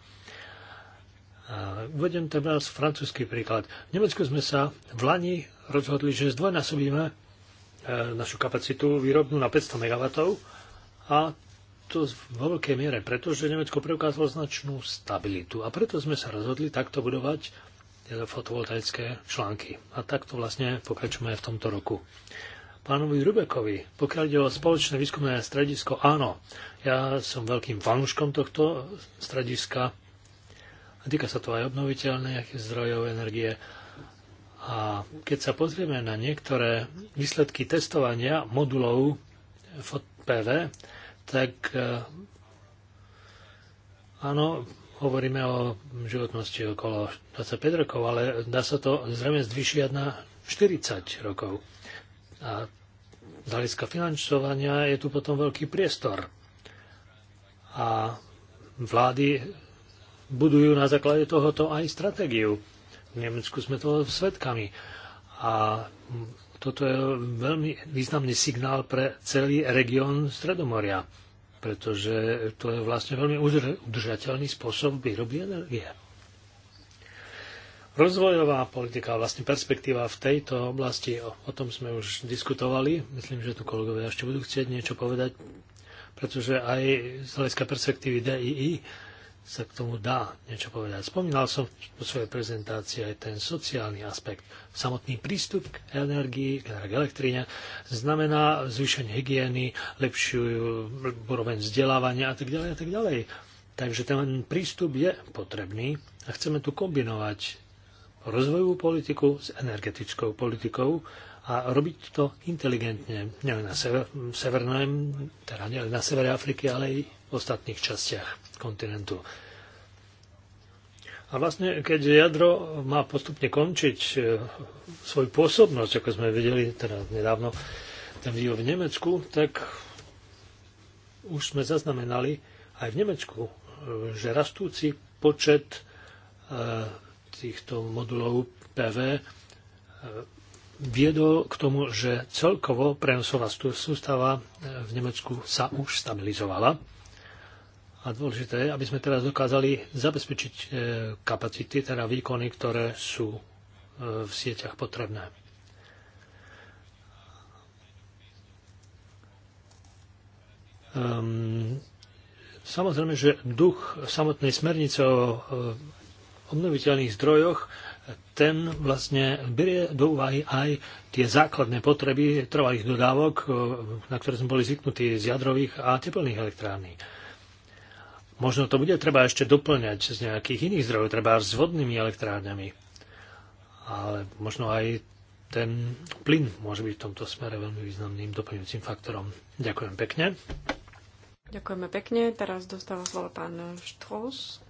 uvedem teraz francúzsky príklad. V Nemecku sme sa v Lani rozhodli, že zdvojnásobíme e, našu kapacitu výrobnú na 500 MW a to vo veľkej miere, pretože Nemecko preukázalo značnú stabilitu a preto sme sa rozhodli takto budovať e, fotovoltaické články. A takto vlastne pokračujeme v tomto roku. Pánovi Rubekovi, pokiaľ ide o spoločné výskumné stredisko, áno, ja som veľkým fanúškom tohto strediska, týka sa to aj obnoviteľných zdrojov energie. A keď sa pozrieme na niektoré výsledky testovania modulov PV, tak e, áno, hovoríme o životnosti okolo 25 rokov, ale dá sa to zrejme zvyšiať na 40 rokov. A z hľadiska financovania je tu potom veľký priestor. A vlády budujú na základe tohoto aj stratégiu. V Nemecku sme toho svedkami. A toto je veľmi významný signál pre celý región Stredomoria, pretože to je vlastne veľmi udržateľný spôsob výroby energie. Rozvojová politika, vlastne perspektíva v tejto oblasti, o tom sme už diskutovali. Myslím, že tu kolegovia ešte budú chcieť niečo povedať, pretože aj z hľadiska perspektívy DII sa k tomu dá niečo povedať. Spomínal som vo svojej prezentácii aj ten sociálny aspekt. Samotný prístup k energii, k elektrine znamená zvýšenie hygieny, lepšiu úroveň vzdelávania a tak ďalej a tak ďalej. Takže ten prístup je potrebný a chceme tu kombinovať rozvojovú politiku s energetickou politikou a robiť to inteligentne, nielen na sever, severném, teda nielen na severe Afriky, ale aj v ostatných častiach kontinentu. A vlastne, keď jadro má postupne končiť e, svoju pôsobnosť, ako sme videli teda nedávno ten vývoj v Nemecku, tak už sme zaznamenali aj v Nemecku, e, že rastúci počet e, týchto modulov PV viedol k tomu, že celkovo prenosová sústava e, v Nemecku sa už stabilizovala. A dôležité je, aby sme teraz dokázali zabezpečiť e, kapacity, teda výkony, ktoré sú e, v sieťach potrebné. Um, samozrejme, že duch samotnej smernice o obnoviteľných zdrojoch ten vlastne berie do úvahy aj tie základné potreby trvalých dodávok, na ktoré sme boli zvyknutí z jadrových a teplných elektrární. Možno to bude treba ešte doplňať z nejakých iných zdrojov, treba s vodnými elektrárňami. Ale možno aj ten plyn môže byť v tomto smere veľmi významným doplňujúcim faktorom. Ďakujem pekne. Ďakujeme pekne. Teraz dostáva slovo pán Štrous.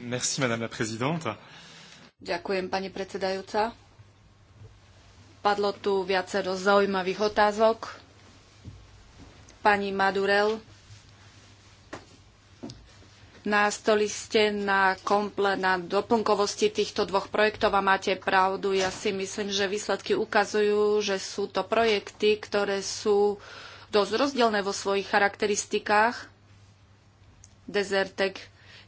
Merci, madame la présidente. Ďakujem, pani predsedajúca. Padlo tu viacero zaujímavých otázok. Pani Madurel, nástoli ste na, komple, na doplnkovosti týchto dvoch projektov a máte pravdu. Ja si myslím, že výsledky ukazujú, že sú to projekty, ktoré sú dosť rozdielne vo svojich charakteristikách. Desertec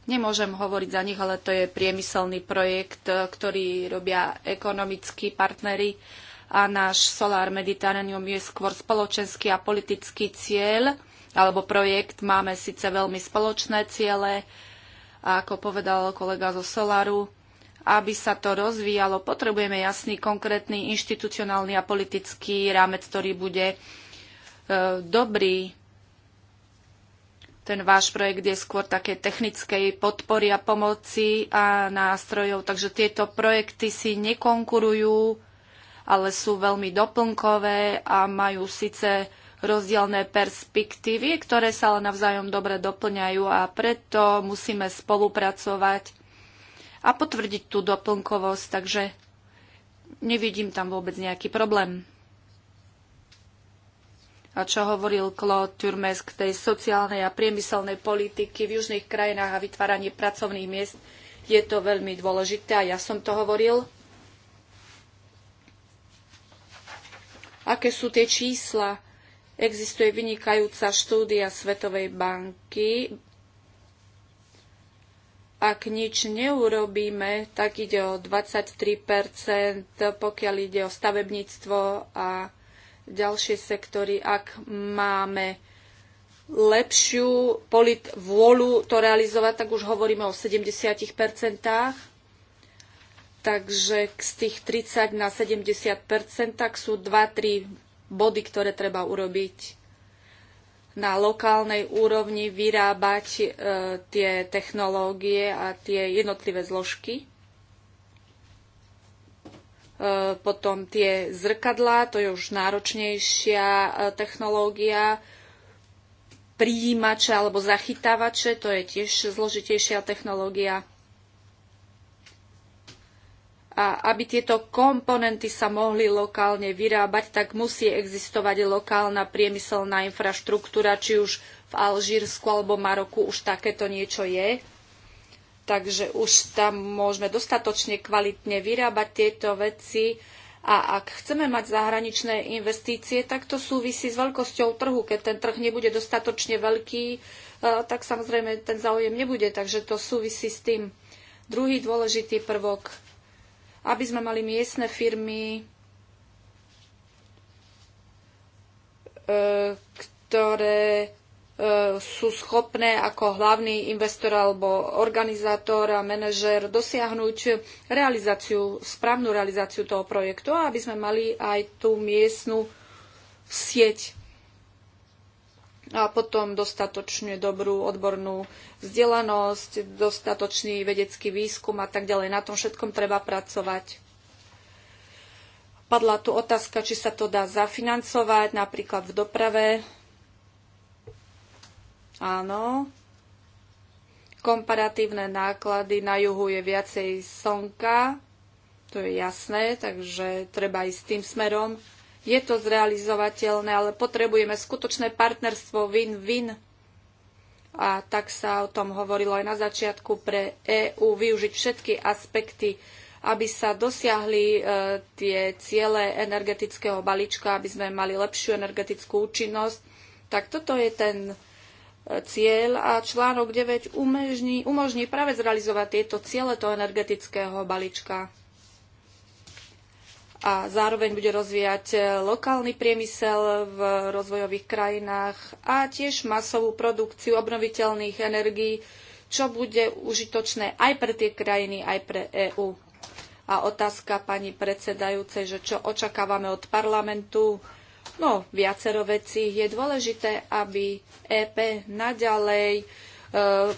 Nemôžem hovoriť za nich, ale to je priemyselný projekt, e, ktorý robia ekonomickí partnery a náš Solar Mediterranium je skôr spoločenský a politický cieľ alebo projekt. Máme síce veľmi spoločné ciele, ako povedal kolega zo Solaru, aby sa to rozvíjalo, potrebujeme jasný, konkrétny inštitucionálny a politický rámec, ktorý bude e, dobrý ten váš projekt je skôr také technickej podpory a pomoci a nástrojov, takže tieto projekty si nekonkurujú, ale sú veľmi doplnkové a majú síce rozdielne perspektívy, ktoré sa ale navzájom dobre doplňajú a preto musíme spolupracovať a potvrdiť tú doplnkovosť, takže nevidím tam vôbec nejaký problém. A čo hovoril Claude Turmes k tej sociálnej a priemyselnej politiky v južných krajinách a vytváranie pracovných miest, je to veľmi dôležité a ja som to hovoril. Aké sú tie čísla? Existuje vynikajúca štúdia Svetovej banky. Ak nič neurobíme, tak ide o 23%, pokiaľ ide o stavebníctvo a ďalšie sektory, ak máme lepšiu polit vôľu to realizovať, tak už hovoríme o 70 Takže z tých 30 na 70 sú 2-3 body, ktoré treba urobiť na lokálnej úrovni, vyrábať e, tie technológie a tie jednotlivé zložky. E, potom tie zrkadlá, to je už náročnejšia e, technológia, príjimače alebo zachytávače, to je tiež zložitejšia technológia. A aby tieto komponenty sa mohli lokálne vyrábať, tak musí existovať lokálna priemyselná infraštruktúra, či už v Alžírsku alebo Maroku už takéto niečo je takže už tam môžeme dostatočne kvalitne vyrábať tieto veci. A ak chceme mať zahraničné investície, tak to súvisí s veľkosťou trhu. Keď ten trh nebude dostatočne veľký, e, tak samozrejme ten záujem nebude. Takže to súvisí s tým. Druhý dôležitý prvok, aby sme mali miestne firmy, e, ktoré sú schopné ako hlavný investor alebo organizátor a manažer dosiahnuť realizáciu, správnu realizáciu toho projektu aby sme mali aj tú miestnu sieť a potom dostatočne dobrú odbornú vzdelanosť, dostatočný vedecký výskum a tak ďalej. Na tom všetkom treba pracovať. Padla tu otázka, či sa to dá zafinancovať napríklad v doprave Áno. Komparatívne náklady na juhu je viacej slnka, to je jasné, takže treba ísť tým smerom. Je to zrealizovateľné, ale potrebujeme skutočné partnerstvo win-win. A tak sa o tom hovorilo aj na začiatku pre EÚ, využiť všetky aspekty, aby sa dosiahli e, tie ciele energetického balíčka, aby sme mali lepšiu energetickú účinnosť. Tak toto je ten cieľ a článok 9 umožní, umožní práve zrealizovať tieto ciele toho energetického balíčka. A zároveň bude rozvíjať lokálny priemysel v rozvojových krajinách a tiež masovú produkciu obnoviteľných energií, čo bude užitočné aj pre tie krajiny, aj pre EÚ. A otázka pani predsedajúcej, že čo očakávame od parlamentu No, viacero vecí je dôležité, aby EP naďalej e,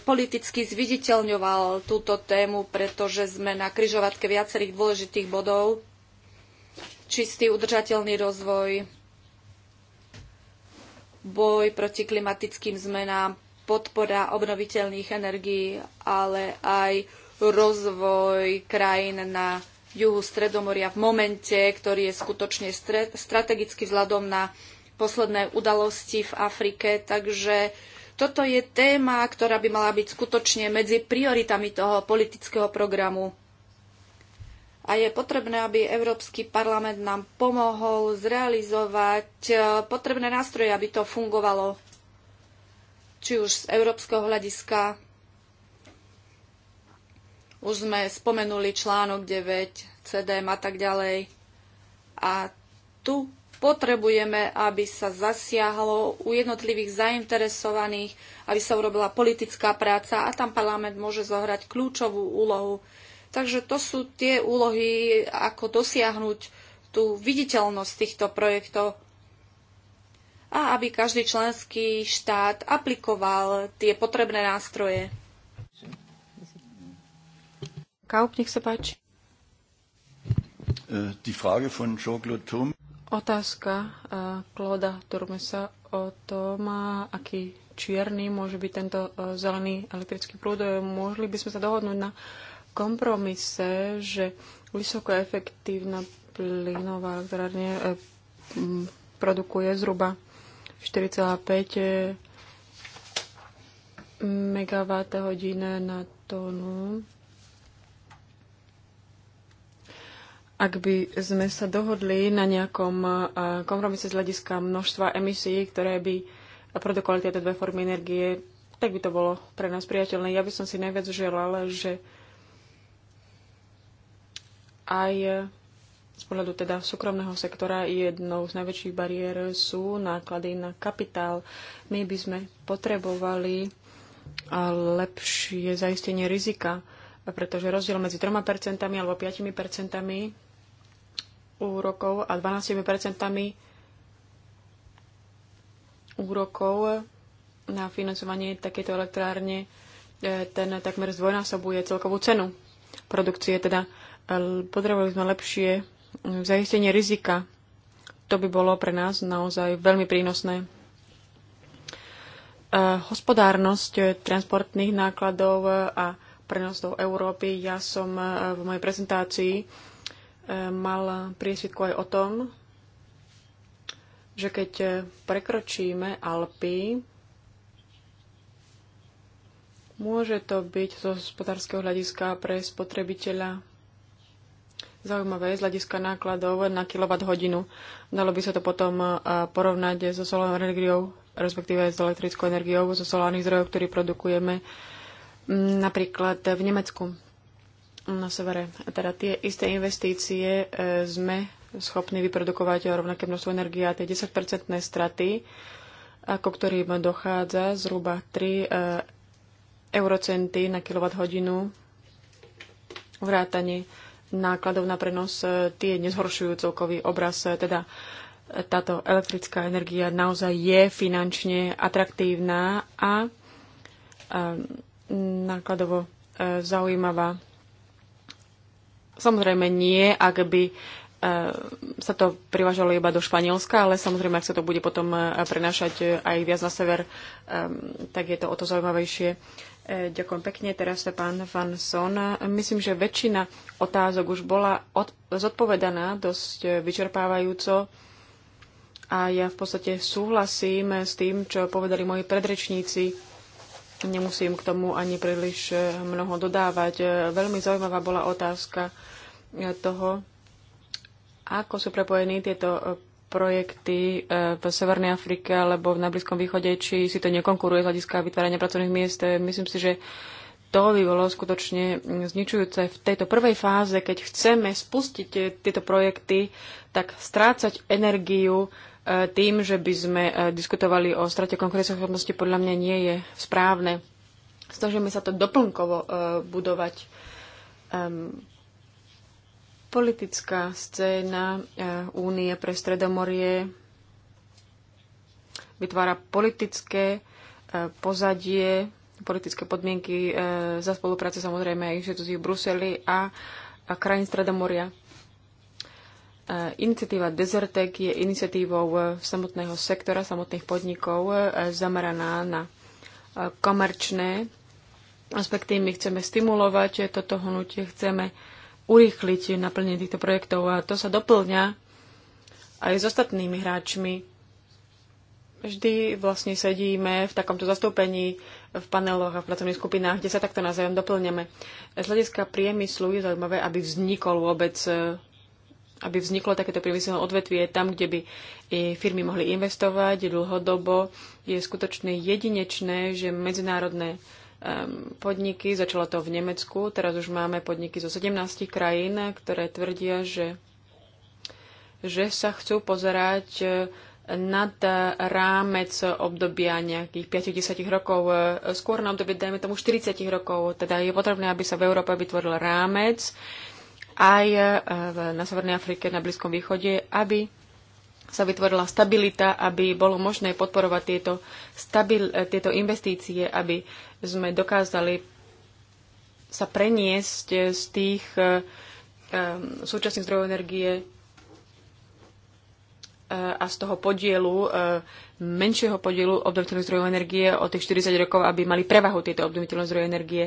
politicky zviditeľňoval túto tému, pretože sme na kryžovatke viacerých dôležitých bodov. Čistý udržateľný rozvoj, boj proti klimatickým zmenám, podpora obnoviteľných energií, ale aj rozvoj krajín na juhu Stredomoria v momente, ktorý je skutočne strategicky vzhľadom na posledné udalosti v Afrike. Takže toto je téma, ktorá by mala byť skutočne medzi prioritami toho politického programu. A je potrebné, aby Európsky parlament nám pomohol zrealizovať e, potrebné nástroje, aby to fungovalo či už z európskeho hľadiska už sme spomenuli článok 9, CDM a tak ďalej. A tu potrebujeme, aby sa zasiahlo u jednotlivých zainteresovaných, aby sa urobila politická práca a tam parlament môže zohrať kľúčovú úlohu. Takže to sú tie úlohy, ako dosiahnuť tú viditeľnosť týchto projektov a aby každý členský štát aplikoval tie potrebné nástroje. Kaup, nech sa páči. Äh, die Frage von Jean-Claude Turm. Otázka Klóda äh, Turmesa o tom, äh, aký čierny môže byť tento zelený elektrický prúd. Môžli by sme sa dohodnúť na kompromise, že vysokoefektívna plynová elektrárne produkuje zhruba 4,5 MWh na tónu ak by sme sa dohodli na nejakom kompromise z hľadiska množstva emisí, ktoré by produkovali tieto dve formy energie, tak by to bolo pre nás priateľné. Ja by som si najviac želala, že aj z pohľadu teda súkromného sektora jednou z najväčších bariér sú náklady na kapitál. My by sme potrebovali lepšie zaistenie rizika, pretože rozdiel medzi 3% alebo 5% úrokov a 12 úrokov na financovanie takéto elektrárne e, ten takmer zdvojnásobuje celkovú cenu produkcie. Teda e, potrebovali sme lepšie zajistenie rizika. To by bolo pre nás naozaj veľmi prínosné. E, hospodárnosť transportných nákladov a prenos do Európy. Ja som v mojej prezentácii E, mal priesvitku aj o tom, že keď e, prekročíme Alpy, môže to byť zo hospodárskeho hľadiska pre spotrebiteľa zaujímavé z hľadiska nákladov na kWh. Dalo by sa to potom e, porovnať so solárnou energiou, respektíve s elektrickou energiou, so solárnych zdrojov, ktorý produkujeme napríklad v Nemecku na severe. A teda tie isté investície e, sme schopní vyprodukovať rovnaké množstvo energie a tie 10-percentné straty, ako ktorým dochádza zhruba 3 e, eurocenty na kWh vrátanie nákladov na prenos, e, tie nezhoršujú celkový obraz. Teda táto elektrická energia naozaj je finančne atraktívna a nákladovo zaujímavá. Samozrejme nie, ak by e, sa to privažalo iba do Španielska, ale samozrejme, ak sa to bude potom e, prenášať e, aj viac na sever, ehm, tak je to o to zaujímavejšie. Ďakujem pekne. Teraz sa pán Van Son. Myslím, že väčšina otázok už bola od, zodpovedaná dosť vyčerpávajúco a ja v podstate súhlasím s tým, čo povedali moji predrečníci Nemusím k tomu ani príliš e, mnoho dodávať. E, veľmi zaujímavá bola otázka e, toho, ako sú prepojení tieto projekty v Severnej Afrike alebo na Blízkom východe, či si to nekonkuruje z hľadiska vytvárania pracovných miest. Myslím si, že to by bolo skutočne zničujúce. V tejto prvej fáze, keď chceme spustiť tieto projekty, tak strácať energiu tým, že by sme e, diskutovali o strate konkurencieschopnosti, podľa mňa nie je správne. Snažíme sa to doplnkovo e, budovať. Politická scéna e, Únie pre Stredomorie vytvára politické pozadie, politické podmienky za spolupráce samozrejme aj inštitúcií v Bruseli a krajín Stredomoria. Iniciatíva Desertec je iniciatívou e, samotného sektora, samotných podnikov e, zameraná na e, komerčné aspekty. My chceme stimulovať toto hnutie, chceme urýchliť naplnenie týchto projektov a to sa doplňa aj s ostatnými hráčmi. Vždy vlastne sedíme v takomto zastúpení v paneloch a v pracovných skupinách, kde sa takto navzájom doplňame. Z hľadiska priemyslu je zaujímavé, aby vznikol vôbec aby vzniklo takéto priemyselné odvetvie tam, kde by firmy mohli investovať dlhodobo, je skutočne jedinečné, že medzinárodné podniky, začalo to v Nemecku, teraz už máme podniky zo 17 krajín, ktoré tvrdia, že, že sa chcú pozerať e, nad rámec obdobia nejakých 5-10 rokov, e, skôr na obdobie, dajme tomu, 40 rokov. Teda je potrebné, aby sa v Európe vytvoril rámec, aj e, na Severnej Afrike, na Blízkom východe, aby sa vytvorila stabilita, aby bolo možné podporovať tieto, stabil, e, tieto investície, aby sme dokázali sa preniesť e, z tých súčasných zdrojov energie a z toho podielu, menšieho podielu obnoviteľných zdrojov energie od tých 40 rokov, aby mali prevahu tieto obnoviteľné zdroje energie.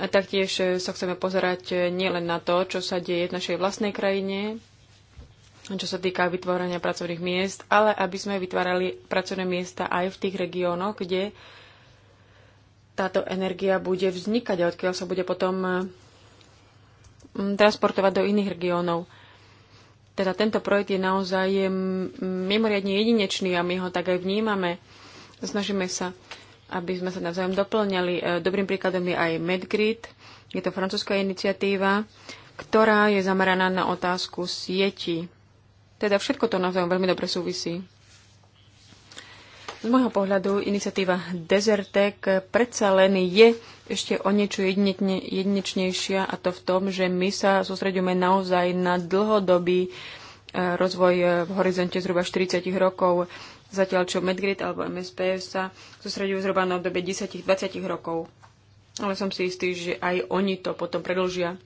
A taktiež e, sa chceme pozerať e, nielen na to, čo sa deje v našej vlastnej krajine, čo sa týka vytvorenia pracovných miest, ale aby sme vytvárali pracovné miesta aj v tých regiónoch, kde táto energia bude vznikať a odkiaľ sa bude potom e, transportovať do iných regiónov. Teda tento projekt je naozaj mimoriadne jedinečný a my ho tak aj vnímame. Snažíme sa aby sme sa navzájom doplňali. E, dobrým príkladom je aj Medgrid. Je to francúzska iniciatíva, ktorá je zameraná na otázku sieti. Teda všetko to navzájom veľmi dobre súvisí. Z môjho pohľadu iniciatíva Desertec predsa len je ešte o niečo jedinečnejšia a to v tom, že my sa sústredíme naozaj na dlhodobý e, rozvoj e, v horizonte zhruba 40 rokov zatiaľ čo Medgrid alebo MSP sa sústredujú zhruba na obdobie 10-20 rokov. Ale som si istý, že aj oni to potom predlžia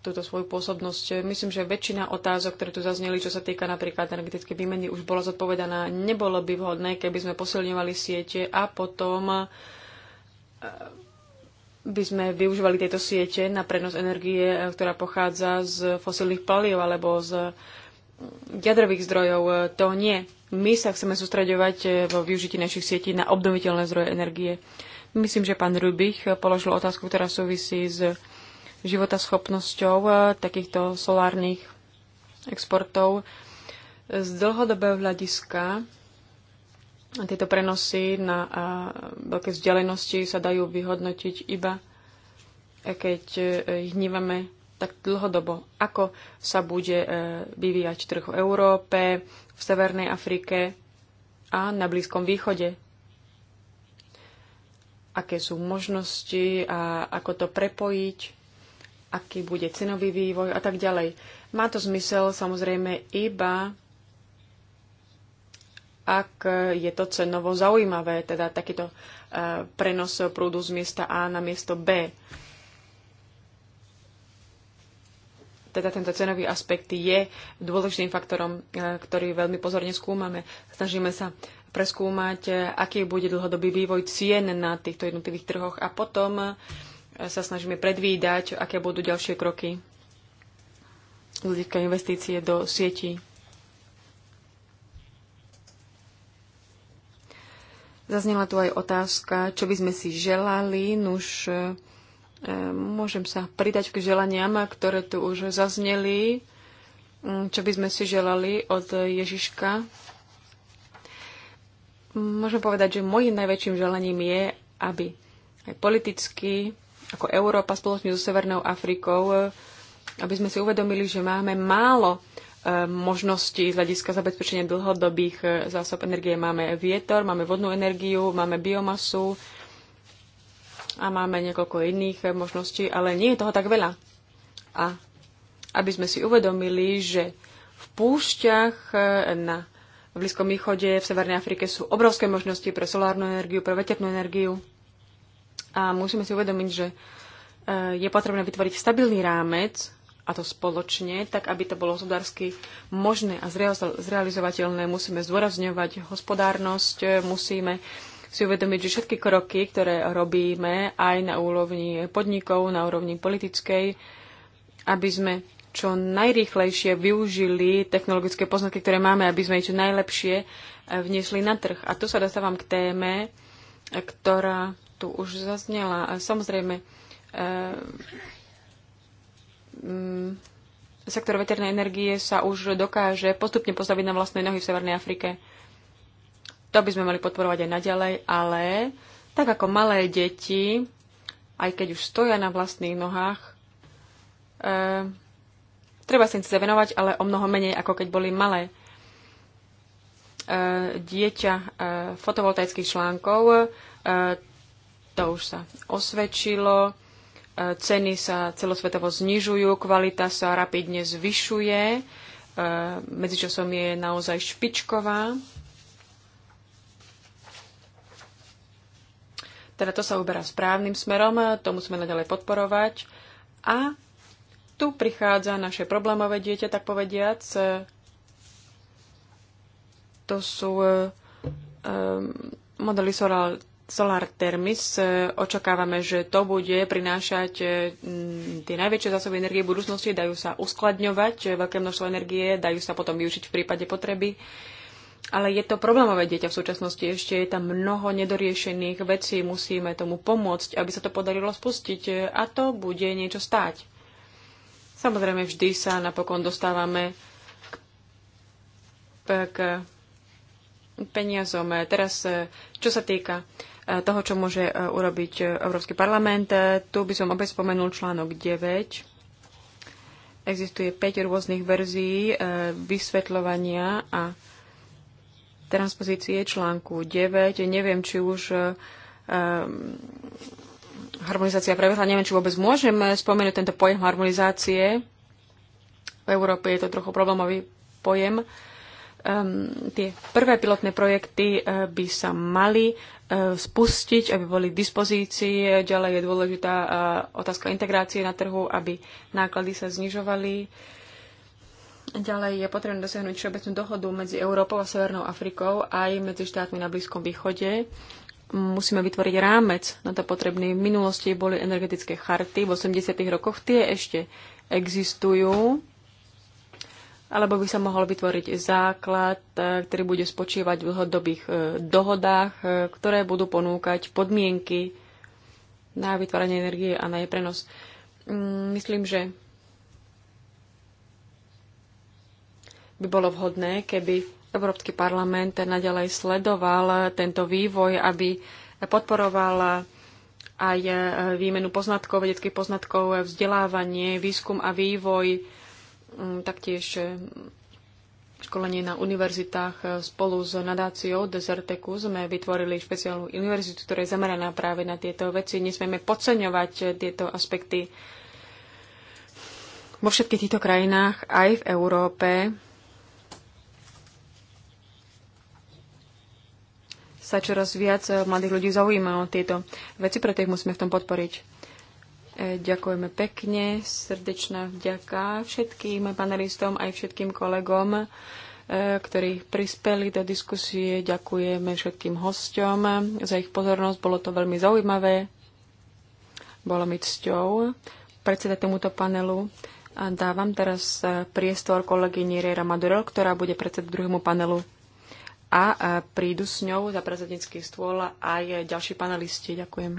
túto svoju pôsobnosť. Myslím, že väčšina otázok, ktoré tu zazneli, čo sa týka napríklad energetické výmeny, už bola zodpovedaná. Nebolo by vhodné, keby sme posilňovali siete a potom eh, by sme využívali tieto siete na prenos energie, eh, ktorá pochádza z fosílnych palív alebo z jadrových zdrojov. E, to nie. My sa chceme sústreďovať e, vo využití našich sietí na obnoviteľné zdroje energie. Myslím, že pán Rubich e, položil otázku, ktorá súvisí s životaschopnosťou takýchto solárnych exportov. Z dlhodobého hľadiska tieto prenosy na veľké vzdialenosti sa dajú vyhodnotiť iba keď ich vnívame tak dlhodobo, ako sa bude e, vyvíjať trh v Európe, v Severnej Afrike a na Blízkom východe. Aké sú možnosti a ako to prepojiť, aký bude cenový vývoj a tak ďalej. Má to zmysel samozrejme iba ak je to cenovo zaujímavé, teda takýto e, prenos prúdu z miesta A na miesto B. teda tento cenový aspekt je dôležitým faktorom, e, ktorý veľmi pozorne skúmame. Snažíme sa preskúmať, e, aký bude dlhodobý vývoj cien na týchto jednotlivých trhoch a potom e, sa snažíme predvídať, aké budú ďalšie kroky z hľadiska investície do sietí. Zaznela tu aj otázka, čo by sme si želali, nuž Môžem sa pridať k želaniam, ktoré tu už zazneli, mm, čo by sme si želali od Ježiška. Môžem povedať, že mojim najväčším želaním je, aby aj politicky, ako Európa spoločne so Severnou Afrikou, aby sme si uvedomili, že máme málo e, možností z hľadiska zabezpečenia dlhodobých e, zásob energie. Máme vietor, máme vodnú energiu, máme biomasu, a máme niekoľko iných možností, ale nie je toho tak veľa. A aby sme si uvedomili, že v púšťach eh, na Blízkom východe, v Severnej Afrike sú obrovské možnosti pre solárnu energiu, pre veternú energiu. A musíme si uvedomiť, že eh, je potrebné vytvoriť stabilný rámec, a to spoločne, tak aby to bolo hospodársky možné a zrealizovateľné. Musíme zdôrazňovať hospodárnosť, eh, musíme si uvedomiť, že všetky kroky, ktoré robíme aj na úrovni podnikov, na úrovni politickej, aby sme čo najrýchlejšie využili technologické poznatky, ktoré máme, aby sme ich čo najlepšie eh, vniesli na trh. A tu sa dostávam k téme, eh, ktorá tu už zaznela. A samozrejme, eh, mm, sektor veternej energie sa už dokáže postupne postaviť na vlastnej nohy v Severnej Afrike. To by sme mali podporovať aj naďalej, ale tak ako malé deti, aj keď už stoja na vlastných nohách, e, treba sa im venovať, ale o mnoho menej, ako keď boli malé. E, dieťa e, fotovoltaických článkov, e, to už sa osvedčilo, e, ceny sa celosvetovo znižujú, kvalita sa rapidne zvyšuje, e, medzičasom je naozaj špičková. Teda to sa uberá správnym smerom, to musíme naďalej podporovať. A tu prichádza naše problémové dieťa, tak povediac. To sú um, modely solar, solar thermis. Očakávame, že to bude prinášať um, tie najväčšie zásoby energie v budúcnosti, dajú sa uskladňovať e, veľké množstvo energie, dajú sa potom využiť v prípade potreby. Uh, ale je to problémové dieťa v súčasnosti. Ešte je tam mnoho nedoriešených vecí. Musíme tomu pomôcť, aby sa to podarilo spustiť. E, a to bude niečo stáť. Samozrejme, vždy sa napokon dostávame k, k peniazom. E, teraz, e, čo sa týka toho, čo môže urobiť Európsky parlament, tu by som opäť spomenul článok 9 existuje 5 rôznych verzií vysvetľovania a transpozície článku 9. Neviem, či už um, harmonizácia prebehla, neviem, či vôbec môžem eh, spomenúť tento pojem harmonizácie. V Európe je to trochu problémový pojem. Um, tie prvé pilotné projekty uh, by sa mali uh, spustiť, aby boli v dispozícii. Ďalej je dôležitá uh, otázka integrácie na trhu, aby náklady sa znižovali. Uh, Ďalej je potrebné dosiahnuť všeobecnú dohodu medzi Európou a Severnou Afrikou aj medzi štátmi na Blízkom východe. Musíme vytvoriť rámec na to potrebný. V minulosti boli energetické charty, v 80. rokoch tie ešte existujú, alebo by sa mohol vytvoriť základ, e, ktorý bude spočívať v dlhodobých e, dohodách, e, ktoré budú ponúkať podmienky na vytváranie energie a na jej prenos. Mm, myslím, že by bolo vhodné, keby Európsky parlament naďalej sledoval tento vývoj, aby podporoval aj výmenu poznatkov, vedeckých poznatkov, vzdelávanie, výskum a vývoj, mm, taktiež mm, školenie na univerzitách e, spolu s nadáciou Desertecu sme vytvorili špeciálnu univerzitu, ktorá je zameraná práve na tieto veci. Nesmieme podceňovať tieto aspekty. Vo všetkých týchto krajinách, aj v Európe, sa čoraz viac eh, mladých ľudí zaujíma o tieto veci, preto ich musíme v tom podporiť. Eh, ďakujeme pekne, srdečná vďaka všetkým panelistom aj všetkým kolegom, eh, ktorí prispeli do diskusie. Ďakujeme všetkým hosťom za ich pozornosť. Bolo to veľmi zaujímavé. Bolo mi cťou predseda tomuto panelu. A dávam teraz priestor kolegyni Riera Madurel, ktorá bude predseda druhému panelu a prídu s ňou za prezidentský stôl aj ďalší panelisti. Ďakujem.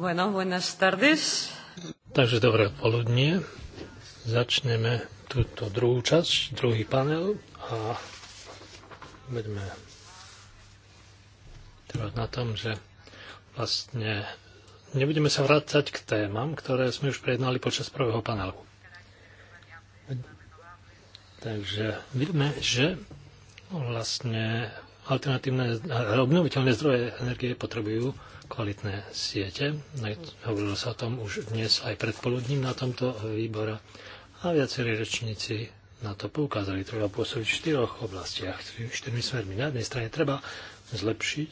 Bueno, buenas tardes. Takže dobré poludnie. Začneme túto druhú časť, druhý panel a budeme trvať na tom, že vlastne nebudeme sa vrácať k témam, ktoré sme už prejednali počas prvého panelu. Takže vidíme, že vlastne alternatívne obnoviteľné zdroje energie potrebujú kvalitné siete. Hovorilo sa o tom už dnes aj predpoludním na tomto výbore a viacerí rečníci na to poukázali. Treba pôsobiť v štyroch oblastiach, štyrmi smermi. Na jednej strane treba zlepšiť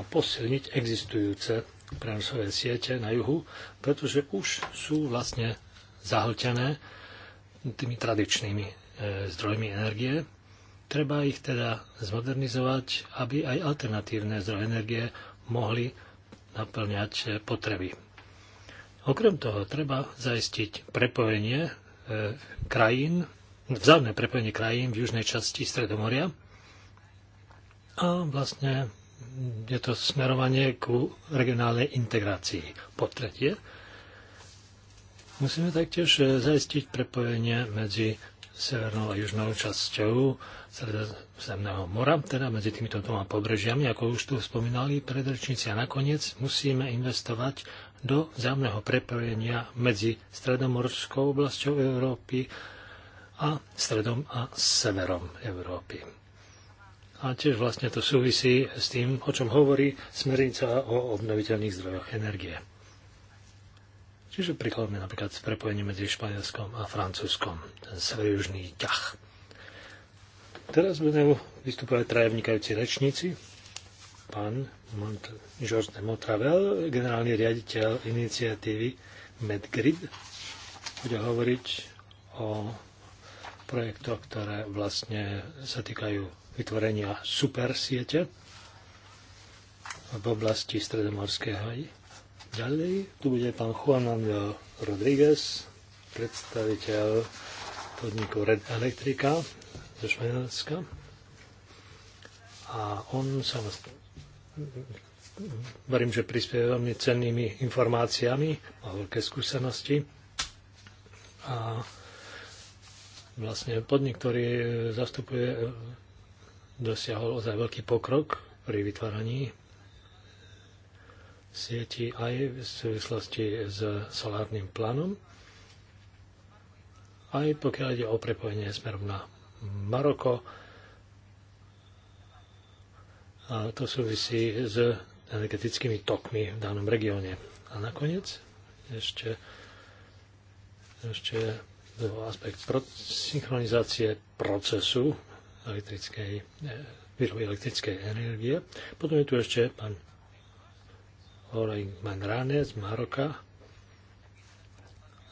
a posilniť existujúce prenosové siete na juhu, pretože už sú vlastne zahltené tými tradičnými e, zdrojmi energie. Treba ich teda zmodernizovať, aby aj alternatívne zdroje energie mohli naplňať eh, potreby. Okrem toho treba zaistiť prepojenie eh, krajín, vzájomné prepojenie krajín v južnej časti Stredomoria a vlastne je to smerovanie ku regionálnej integrácii. Po tretie, musíme taktiež eh, zaistiť prepojenie medzi severnou a južnou časťou Sredozemného mora, teda medzi týmito dvoma pobrežiami, ako už tu spomínali predrečníci. A nakoniec musíme investovať do vzájomného prepojenia medzi stredomorskou oblasťou Európy a stredom a severom Európy a tiež vlastne to súvisí s tým, o čom hovorí smernica o obnoviteľných zdrojoch energie. Čiže je napríklad prepojenie medzi Španielskom a Francúzskom, ten severojužný ťah. Teraz budú vystupovať traje vnikajúci rečníci. Pán Mont- Georges de Montravel, generálny riaditeľ iniciatívy Medgrid, bude hovoriť o projektoch, ktoré vlastne sa týkajú vytvorenia supersiete v oblasti stredomorského Ďalej tu bude pán Juan Manuel Rodríguez, predstaviteľ podniku Red Electrica zo Španielska. A on sa vás... verím, že prispieva veľmi cennými informáciami, a veľké skúsenosti. A vlastne podnik, ktorý zastupuje, dosiahol ozaj veľký pokrok pri vytváraní sieti aj v súvislosti s solárnym plánom, aj pokiaľ ide o prepojenie smerom na Maroko. A to súvisí s energetickými tokmi v danom regióne. A nakoniec ešte, ešte aspekt pro- synchronizácie procesu elektrickej, eh, výroby elektrickej energie. Potom je tu ešte pán Lorain Mangrane z Maroka.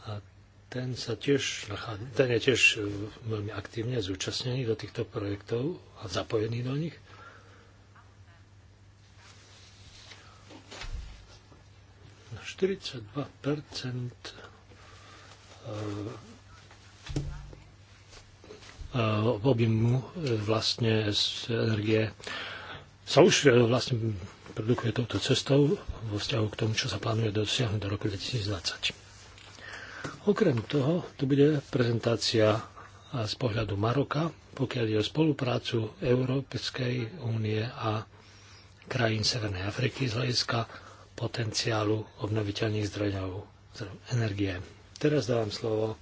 A ten, sa tiež, ten je tiež e, veľmi aktívne zúčastnený do týchto projektov a zapojený do nich. Na 42 e, e, objemu vlastne z energie sa už vlastne produkuje touto cestou vo vzťahu k tomu, čo sa plánuje dosiahnuť do roku 2020. Okrem toho, tu bude prezentácia z pohľadu Maroka, pokiaľ je o spoluprácu Európskej únie a krajín Severnej Afriky z hľadiska potenciálu obnoviteľných zdrojov energie. Teraz dávam slovo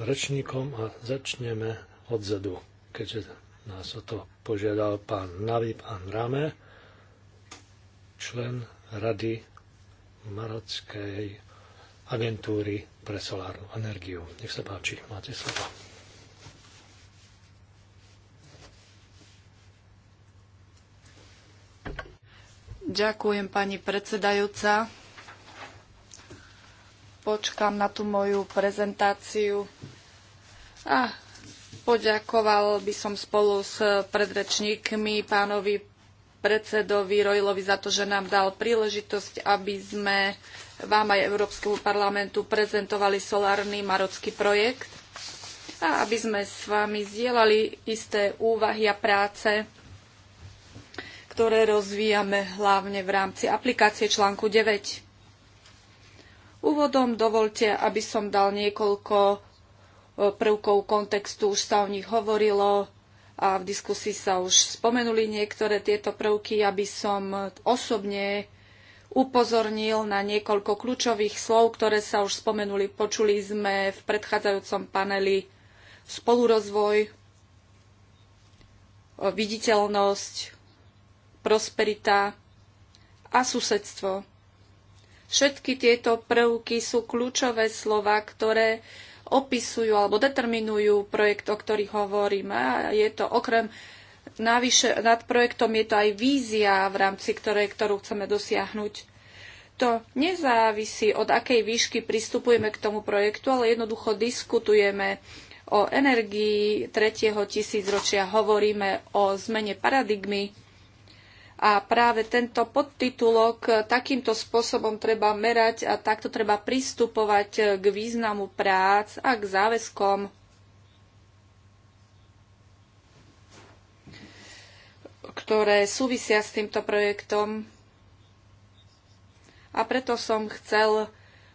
rečníkom a začneme odzadu, keďže nás o to požiadal pán Navib Andrame, člen rady Marockej agentúry pre solárnu energiu. Nech sa páči, máte slovo. Ďakujem, pani predsedajúca. Počkám na tú moju prezentáciu. A ah, Poďakoval by som spolu s predrečníkmi pánovi predsedovi Rojlovi za to, že nám dal príležitosť, aby sme vám aj Európskemu parlamentu prezentovali solárny marocký projekt a aby sme s vami zdieľali isté úvahy a práce, ktoré rozvíjame hlavne v rámci aplikácie článku 9. Úvodom dovolte, aby som dal niekoľko prvkov kontextu, už sa o nich hovorilo a v diskusii sa už spomenuli niektoré tieto prvky, aby som osobne upozornil na niekoľko kľúčových slov, ktoré sa už spomenuli. Počuli sme v predchádzajúcom paneli spolurozvoj, viditeľnosť, prosperita a susedstvo. Všetky tieto prvky sú kľúčové slova, ktoré opisujú alebo determinujú projekt, o ktorých hovoríme. A je to okrem navyše, nad projektom je to aj vízia, v rámci ktorej, ktorú chceme dosiahnuť. To nezávisí od akej výšky pristupujeme k tomu projektu, ale jednoducho diskutujeme o energii tretieho tisícročia, hovoríme o zmene paradigmy a práve tento podtitulok e, takýmto spôsobom treba merať a takto treba pristupovať e, k významu prác a k záväzkom. ktoré súvisia s týmto projektom. A preto som chcel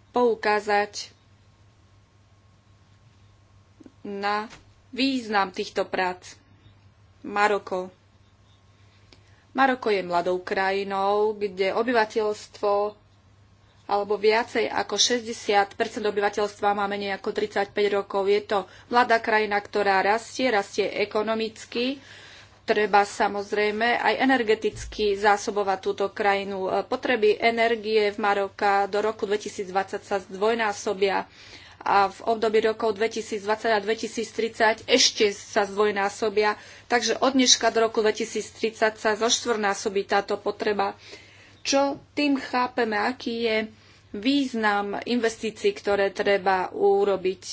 poukázať na význam týchto prác. Maroko. Maroko je mladou krajinou, kde obyvateľstvo alebo viacej ako 60 obyvateľstva má menej ako 35 rokov. Je to mladá krajina, ktorá rastie, rastie ekonomicky. Treba samozrejme aj energeticky zásobovať túto krajinu. Potreby energie v Maroka do roku 2020 sa zdvojnásobia a v období rokov 2020 a 2030 ešte sa zdvojnásobia. Takže od dneška do roku 2030 sa zoštvornásobí táto potreba. Čo tým chápeme, aký je význam investícií, ktoré treba urobiť.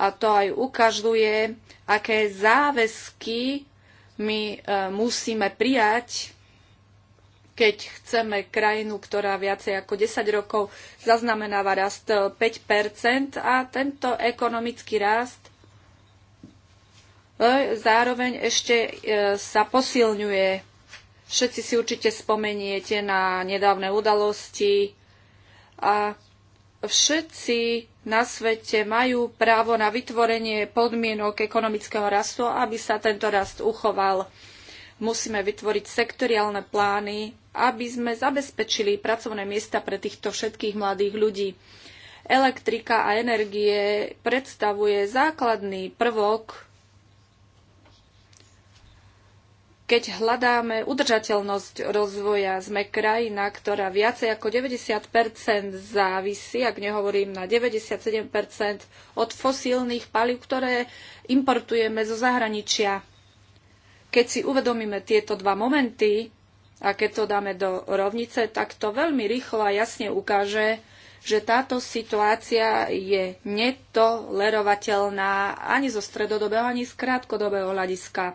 A to aj ukazuje, aké záväzky my e, musíme prijať keď chceme krajinu, ktorá viacej ako 10 rokov zaznamenáva rast 5 eh, a tento ekonomický rast eh, zároveň ešte eh, sa posilňuje. Všetci si určite spomeniete na nedávne udalosti a všetci na svete majú právo na vytvorenie podmienok ekonomického rastu, aby sa tento rast uchoval. Musíme vytvoriť sektoriálne plány aby sme zabezpečili pracovné miesta pre týchto všetkých mladých ľudí. Elektrika a energie predstavuje základný prvok, keď hľadáme udržateľnosť rozvoja. Sme krajina, ktorá viacej ako 90 závisí, ak nehovorím na 97 od fosílnych palív, ktoré importujeme zo zahraničia. Keď si uvedomíme tieto dva momenty, a keď to dáme do rovnice, tak to veľmi rýchlo a jasne ukáže, že táto situácia je netolerovateľná ani zo stredodobého, ani z krátkodobého hľadiska.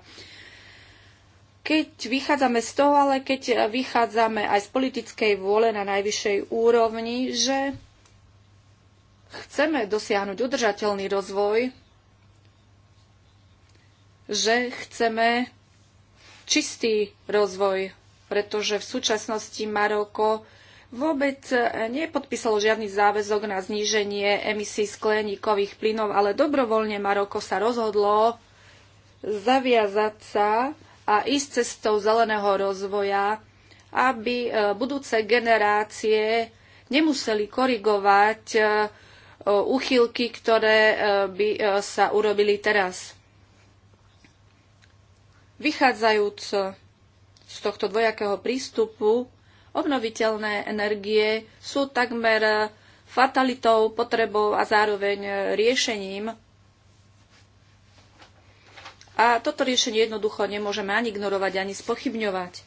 Keď vychádzame z toho, ale keď vychádzame aj z politickej vôle na najvyššej úrovni, že chceme dosiahnuť udržateľný rozvoj, že chceme čistý rozvoj pretože v súčasnosti Maroko vôbec e, nepodpísalo žiadny záväzok na zníženie emisí skleníkových plynov, ale dobrovoľne Maroko sa rozhodlo zaviazať sa a ísť cestou zeleného rozvoja, aby e, budúce generácie nemuseli korigovať úchylky, e, ktoré by sa urobili teraz. Vychádzajúc z tohto dvojakého prístupu obnoviteľné energie sú takmer fatalitou, potrebou a zároveň riešením. A toto riešenie jednoducho nemôžeme ani ignorovať, ani spochybňovať.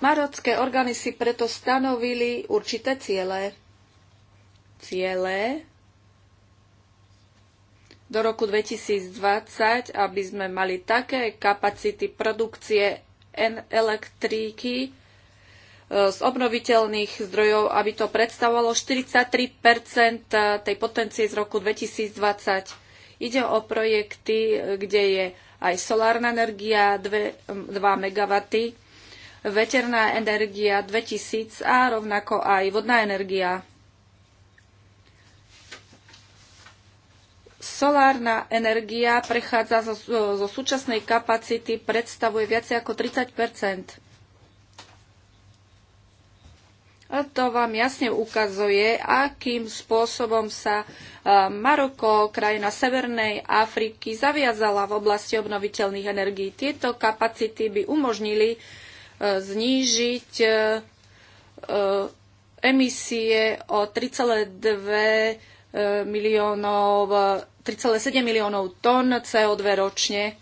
Marocké orgány si preto stanovili určité ciele. Ciele, do roku 2020, aby sme mali také kapacity produkcie elektríky e, z obnoviteľných zdrojov, aby to predstavovalo 43 e, tej potencie z roku 2020. Ide o projekty, e, kde je aj solárna energia 2, MW, veterná energia 2000 a rovnako aj vodná energia Solárna energia prechádza zo, zo súčasnej kapacity, predstavuje viac ako 30 A to vám jasne ukazuje, akým spôsobom sa Maroko, krajina Severnej Afriky, zaviazala v oblasti obnoviteľných energií. Tieto kapacity by umožnili e, znížiť e, e, emisie o 3,2 miliónov 3,7 miliónov tón CO2 ročne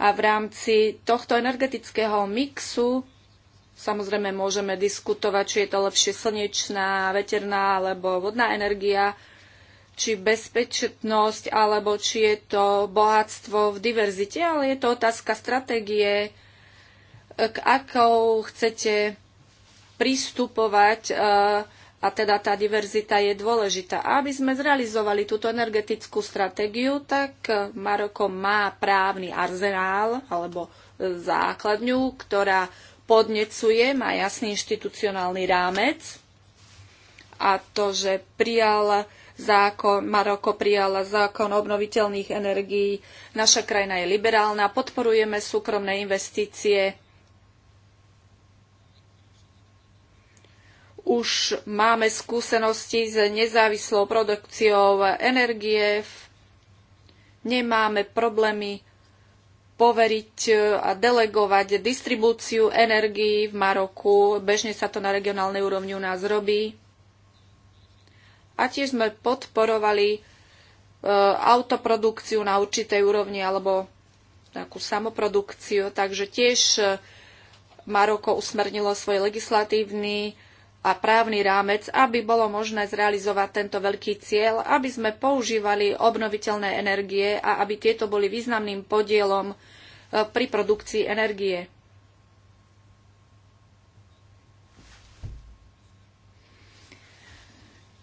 a v rámci tohto energetického mixu samozrejme môžeme diskutovať, či je to lepšie slnečná, veterná alebo vodná energia, či bezpečnosť, alebo či je to bohatstvo v diverzite, ale je to otázka stratégie, k akou chcete pristupovať uh, a teda tá diverzita je dôležitá. A aby sme zrealizovali túto energetickú stratégiu, tak e, Maroko má právny arzenál alebo e, základňu, ktorá podnecuje, má jasný inštitucionálny rámec a to, že prijal zákon, Maroko prijala zákon obnoviteľných energií. Naša krajina je liberálna, podporujeme súkromné investície už máme skúsenosti s nezávislou produkciou energie, nemáme problémy poveriť e, a delegovať distribúciu energií v Maroku. Bežne sa to na regionálnej úrovni u nás robí. A tiež sme podporovali e, autoprodukciu na určitej úrovni alebo takú samoprodukciu. Takže tiež e, Maroko usmernilo svoj legislatívny a právny rámec, aby bolo možné zrealizovať tento veľký cieľ, aby sme používali obnoviteľné energie a aby tieto boli významným podielom e, pri produkcii energie.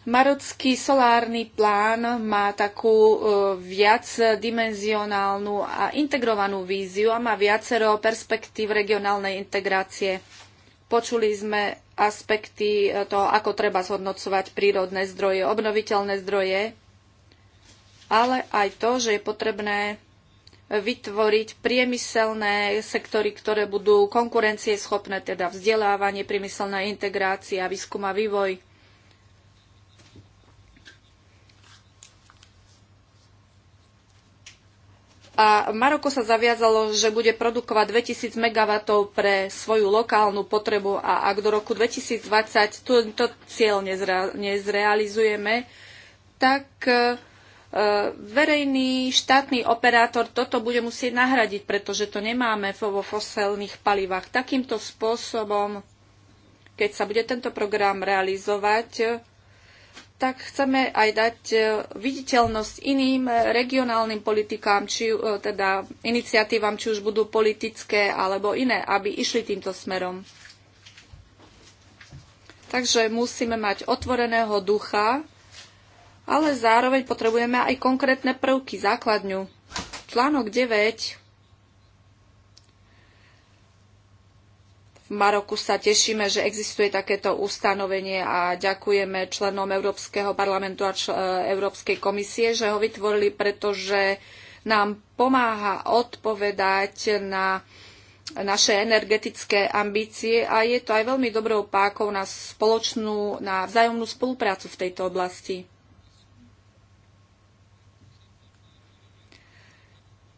Marocký solárny plán má takú e, viac dimenzionálnu a integrovanú víziu a má viacero perspektív regionálnej integrácie. Počuli sme aspekty e, toho, ako treba zhodnocovať prírodné zdroje, obnoviteľné zdroje, ale aj to, že je potrebné vytvoriť priemyselné sektory, ktoré budú konkurencieschopné, teda vzdelávanie, priemyselná integrácia, výskum a vývoj. A Maroko sa zaviazalo, že bude produkovať 2000 MW pre svoju lokálnu potrebu a ak do roku 2020 tento cieľ nezrealizujeme, tak e, e, verejný štátny operátor toto bude musieť nahradiť, pretože to nemáme vo fosilných palivách. Takýmto spôsobom, keď sa bude tento program realizovať, tak chceme aj dať e, viditeľnosť iným e, regionálnym politikám, či e, teda iniciatívam, či už budú politické alebo iné, aby išli týmto smerom. Takže musíme mať otvoreného ducha, ale zároveň potrebujeme aj konkrétne prvky, základňu. Článok 9 Maroku sa tešíme, že existuje takéto ustanovenie a ďakujeme členom Európskeho parlamentu a e, Európskej komisie, že ho vytvorili, pretože nám pomáha odpovedať na naše energetické ambície a je to aj veľmi dobrou pákou na spoločnú, na vzájomnú spoluprácu v tejto oblasti.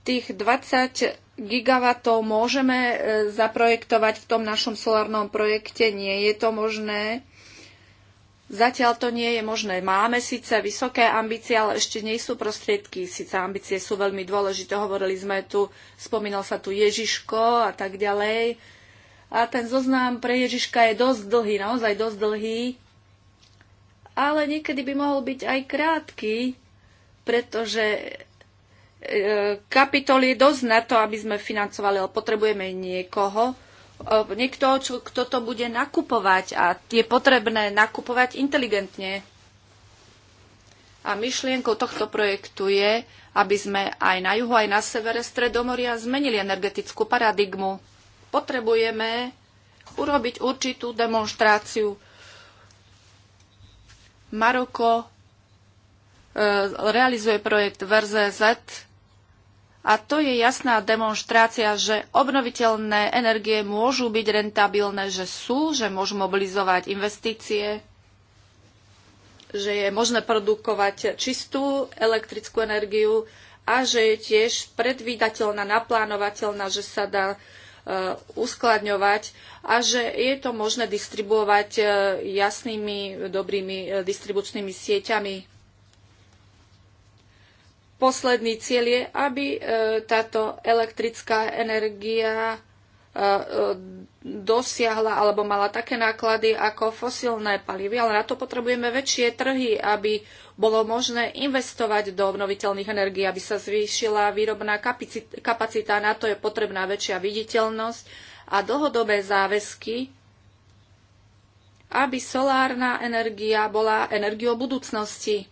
Tých 20 gigawatov môžeme e, zaprojektovať v tom našom solárnom projekte. Nie je to možné. Zatiaľ to nie je možné. Máme síce vysoké ambície, ale ešte nie sú prostriedky. Síce ambície sú veľmi dôležité. Hovorili sme tu, spomínal sa tu Ježiško a tak ďalej. A ten zoznam pre Ježiška je dosť dlhý, naozaj dosť dlhý. Ale niekedy by mohol byť aj krátky, pretože Kapitol je dosť na to, aby sme financovali, ale potrebujeme niekoho, e, niekto, čo, kto to bude nakupovať a je potrebné nakupovať inteligentne. A myšlienkou tohto projektu je, aby sme aj na juhu, aj na severe Stredomoria zmenili energetickú paradigmu. Potrebujeme urobiť určitú demonstráciu. Maroko e, realizuje projekt VRZZ, a to je jasná demonstrácia, že obnoviteľné energie môžu byť rentabilné, že sú, že môžu mobilizovať investície, že je možné produkovať čistú elektrickú energiu a že je tiež predvídateľná, naplánovateľná, že sa dá e, uskladňovať a že je to možné distribuovať e, jasnými, dobrými e, distribučnými sieťami posledný cieľ je, aby e, táto elektrická energia e, e, dosiahla alebo mala také náklady ako fosilné palivy, ale na to potrebujeme väčšie trhy, aby bolo možné investovať do obnoviteľných energií, aby sa zvýšila výrobná kapacita. Na to je potrebná väčšia viditeľnosť a dlhodobé záväzky, aby solárna energia bola energiou budúcnosti.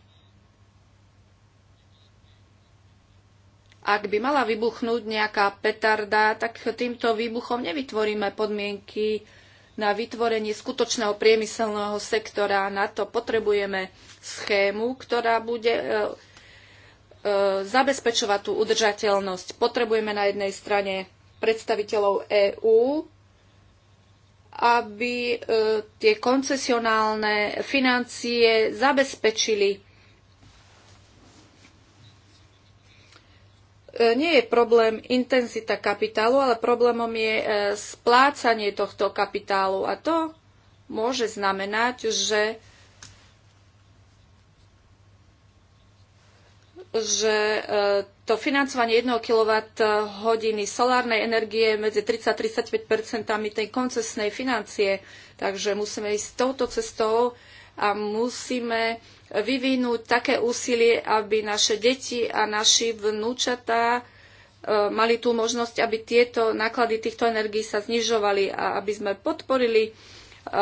Ak by mala vybuchnúť nejaká petarda, tak týmto výbuchom nevytvoríme podmienky na vytvorenie skutočného priemyselného sektora. Na to potrebujeme schému, ktorá bude e, e, zabezpečovať tú udržateľnosť. Potrebujeme na jednej strane predstaviteľov EÚ, aby e, tie koncesionálne financie zabezpečili E, nie je problém intenzita kapitálu, ale problémom je e, splácanie tohto kapitálu. A to môže znamenať, že že e, to financovanie 1 kWh solárnej energie medzi 30-35 tej koncesnej financie. Takže musíme ísť touto cestou a musíme vyvinúť také úsilie, aby naše deti a naši vnúčatá e, mali tú možnosť, aby tieto náklady týchto energií sa znižovali a aby sme podporili e, e,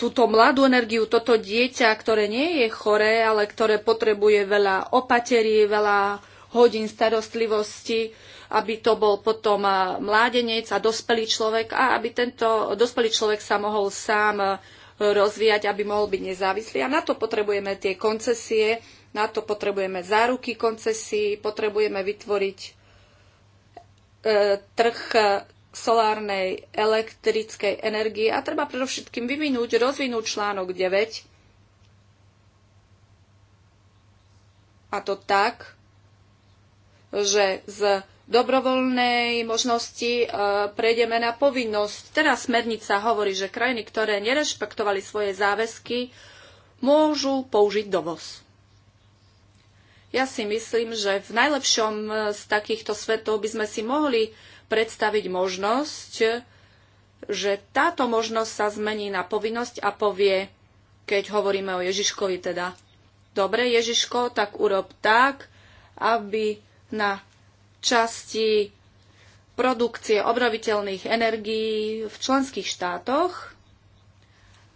túto mladú energiu, toto dieťa, ktoré nie je choré, ale ktoré potrebuje veľa opaterí, veľa hodín starostlivosti, aby to bol potom mládenec a dospelý človek a aby tento dospelý človek sa mohol sám rozvíjať, aby mohol byť nezávislý. A na to potrebujeme tie koncesie, na to potrebujeme záruky koncesí, potrebujeme vytvoriť e, trh solárnej elektrickej energie a treba predovšetkým vyvinúť, rozvinúť článok 9. A to tak, že z dobrovoľnej možnosti e, prejdeme na povinnosť. Teraz smernica hovorí, že krajiny, ktoré nerešpektovali svoje záväzky, môžu použiť dovoz. Ja si myslím, že v najlepšom z takýchto svetov by sme si mohli predstaviť možnosť, že táto možnosť sa zmení na povinnosť a povie, keď hovoríme o Ježiškovi teda, dobre Ježiško, tak urob tak, aby na časti produkcie obnoviteľných energií v členských štátoch,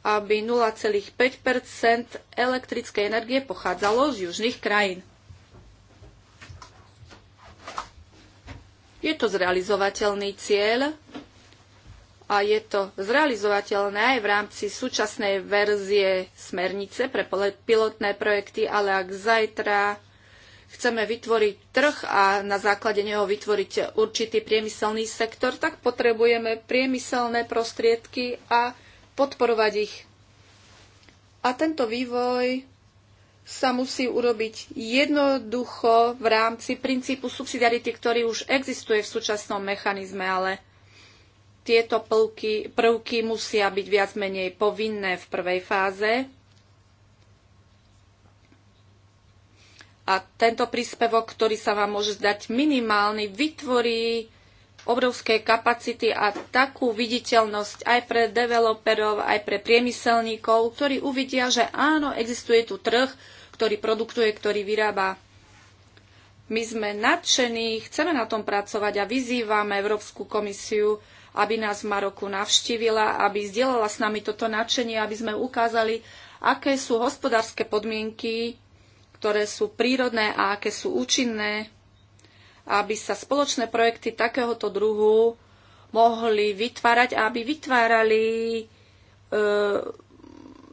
aby 0,5 elektrickej energie pochádzalo z južných krajín. Je to zrealizovateľný cieľ a je to zrealizovateľné aj v rámci súčasnej verzie smernice pre pilotné projekty, ale ak zajtra chceme vytvoriť trh a na základe neho vytvoriť určitý priemyselný sektor, tak potrebujeme priemyselné prostriedky a podporovať ich. A tento vývoj sa musí urobiť jednoducho v rámci princípu subsidiarity, ktorý už existuje v súčasnom mechanizme, ale tieto prvky, prvky musia byť viac menej povinné v prvej fáze A tento príspevok, ktorý sa vám môže zdať minimálny, vytvorí obrovské kapacity a takú viditeľnosť aj pre developerov, aj pre priemyselníkov, ktorí uvidia, že áno, existuje tu trh, ktorý produktuje, ktorý vyrába. My sme nadšení, chceme na tom pracovať a vyzývame Európsku komisiu, aby nás v Maroku navštívila, aby zdieľala s nami toto nadšenie, aby sme ukázali, aké sú hospodárske podmienky ktoré sú prírodné a aké sú účinné, aby sa spoločné projekty takéhoto druhu mohli vytvárať a aby vytvárali e,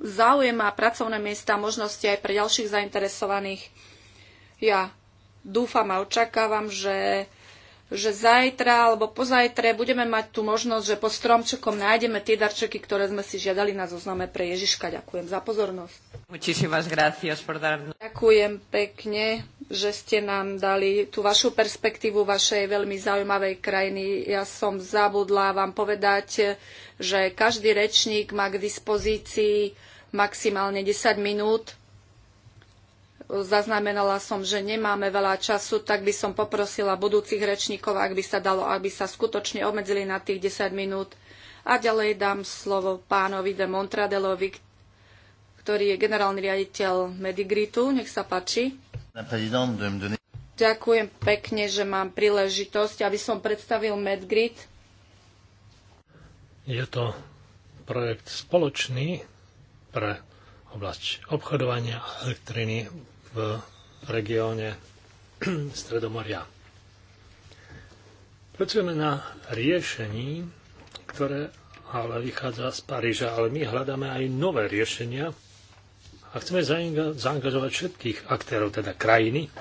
záujem a pracovné miesta a možnosti aj pre ďalších zainteresovaných. Ja dúfam a očakávam, že že zajtra alebo pozajtre budeme mať tú možnosť, že pod stromčekom nájdeme tie darčeky, ktoré sme si žiadali na zozname pre Ježiška. Ďakujem za pozornosť. Ďakujem pekne, že ste nám dali tú vašu perspektívu vašej veľmi zaujímavej krajiny. Ja som zabudla vám povedať, že každý rečník má k dispozícii maximálne 10 minút zaznamenala som, že nemáme veľa času, tak by som poprosila budúcich rečníkov, ak by sa dalo, aby sa skutočne obmedzili na tých 10 minút. A ďalej dám slovo pánovi de Montradelovi, ktorý je generálny riaditeľ Medigritu. Nech sa páči. Ďakujem pekne, že mám príležitosť, aby som predstavil Medgrid. Je to projekt spoločný pre oblasť obchodovania elektriny v regióne Stredomoria. Pracujeme na riešení, ktoré ale vychádza z Paríža, ale my hľadáme aj nové riešenia a chceme zaangažovať všetkých aktérov, teda krajiny,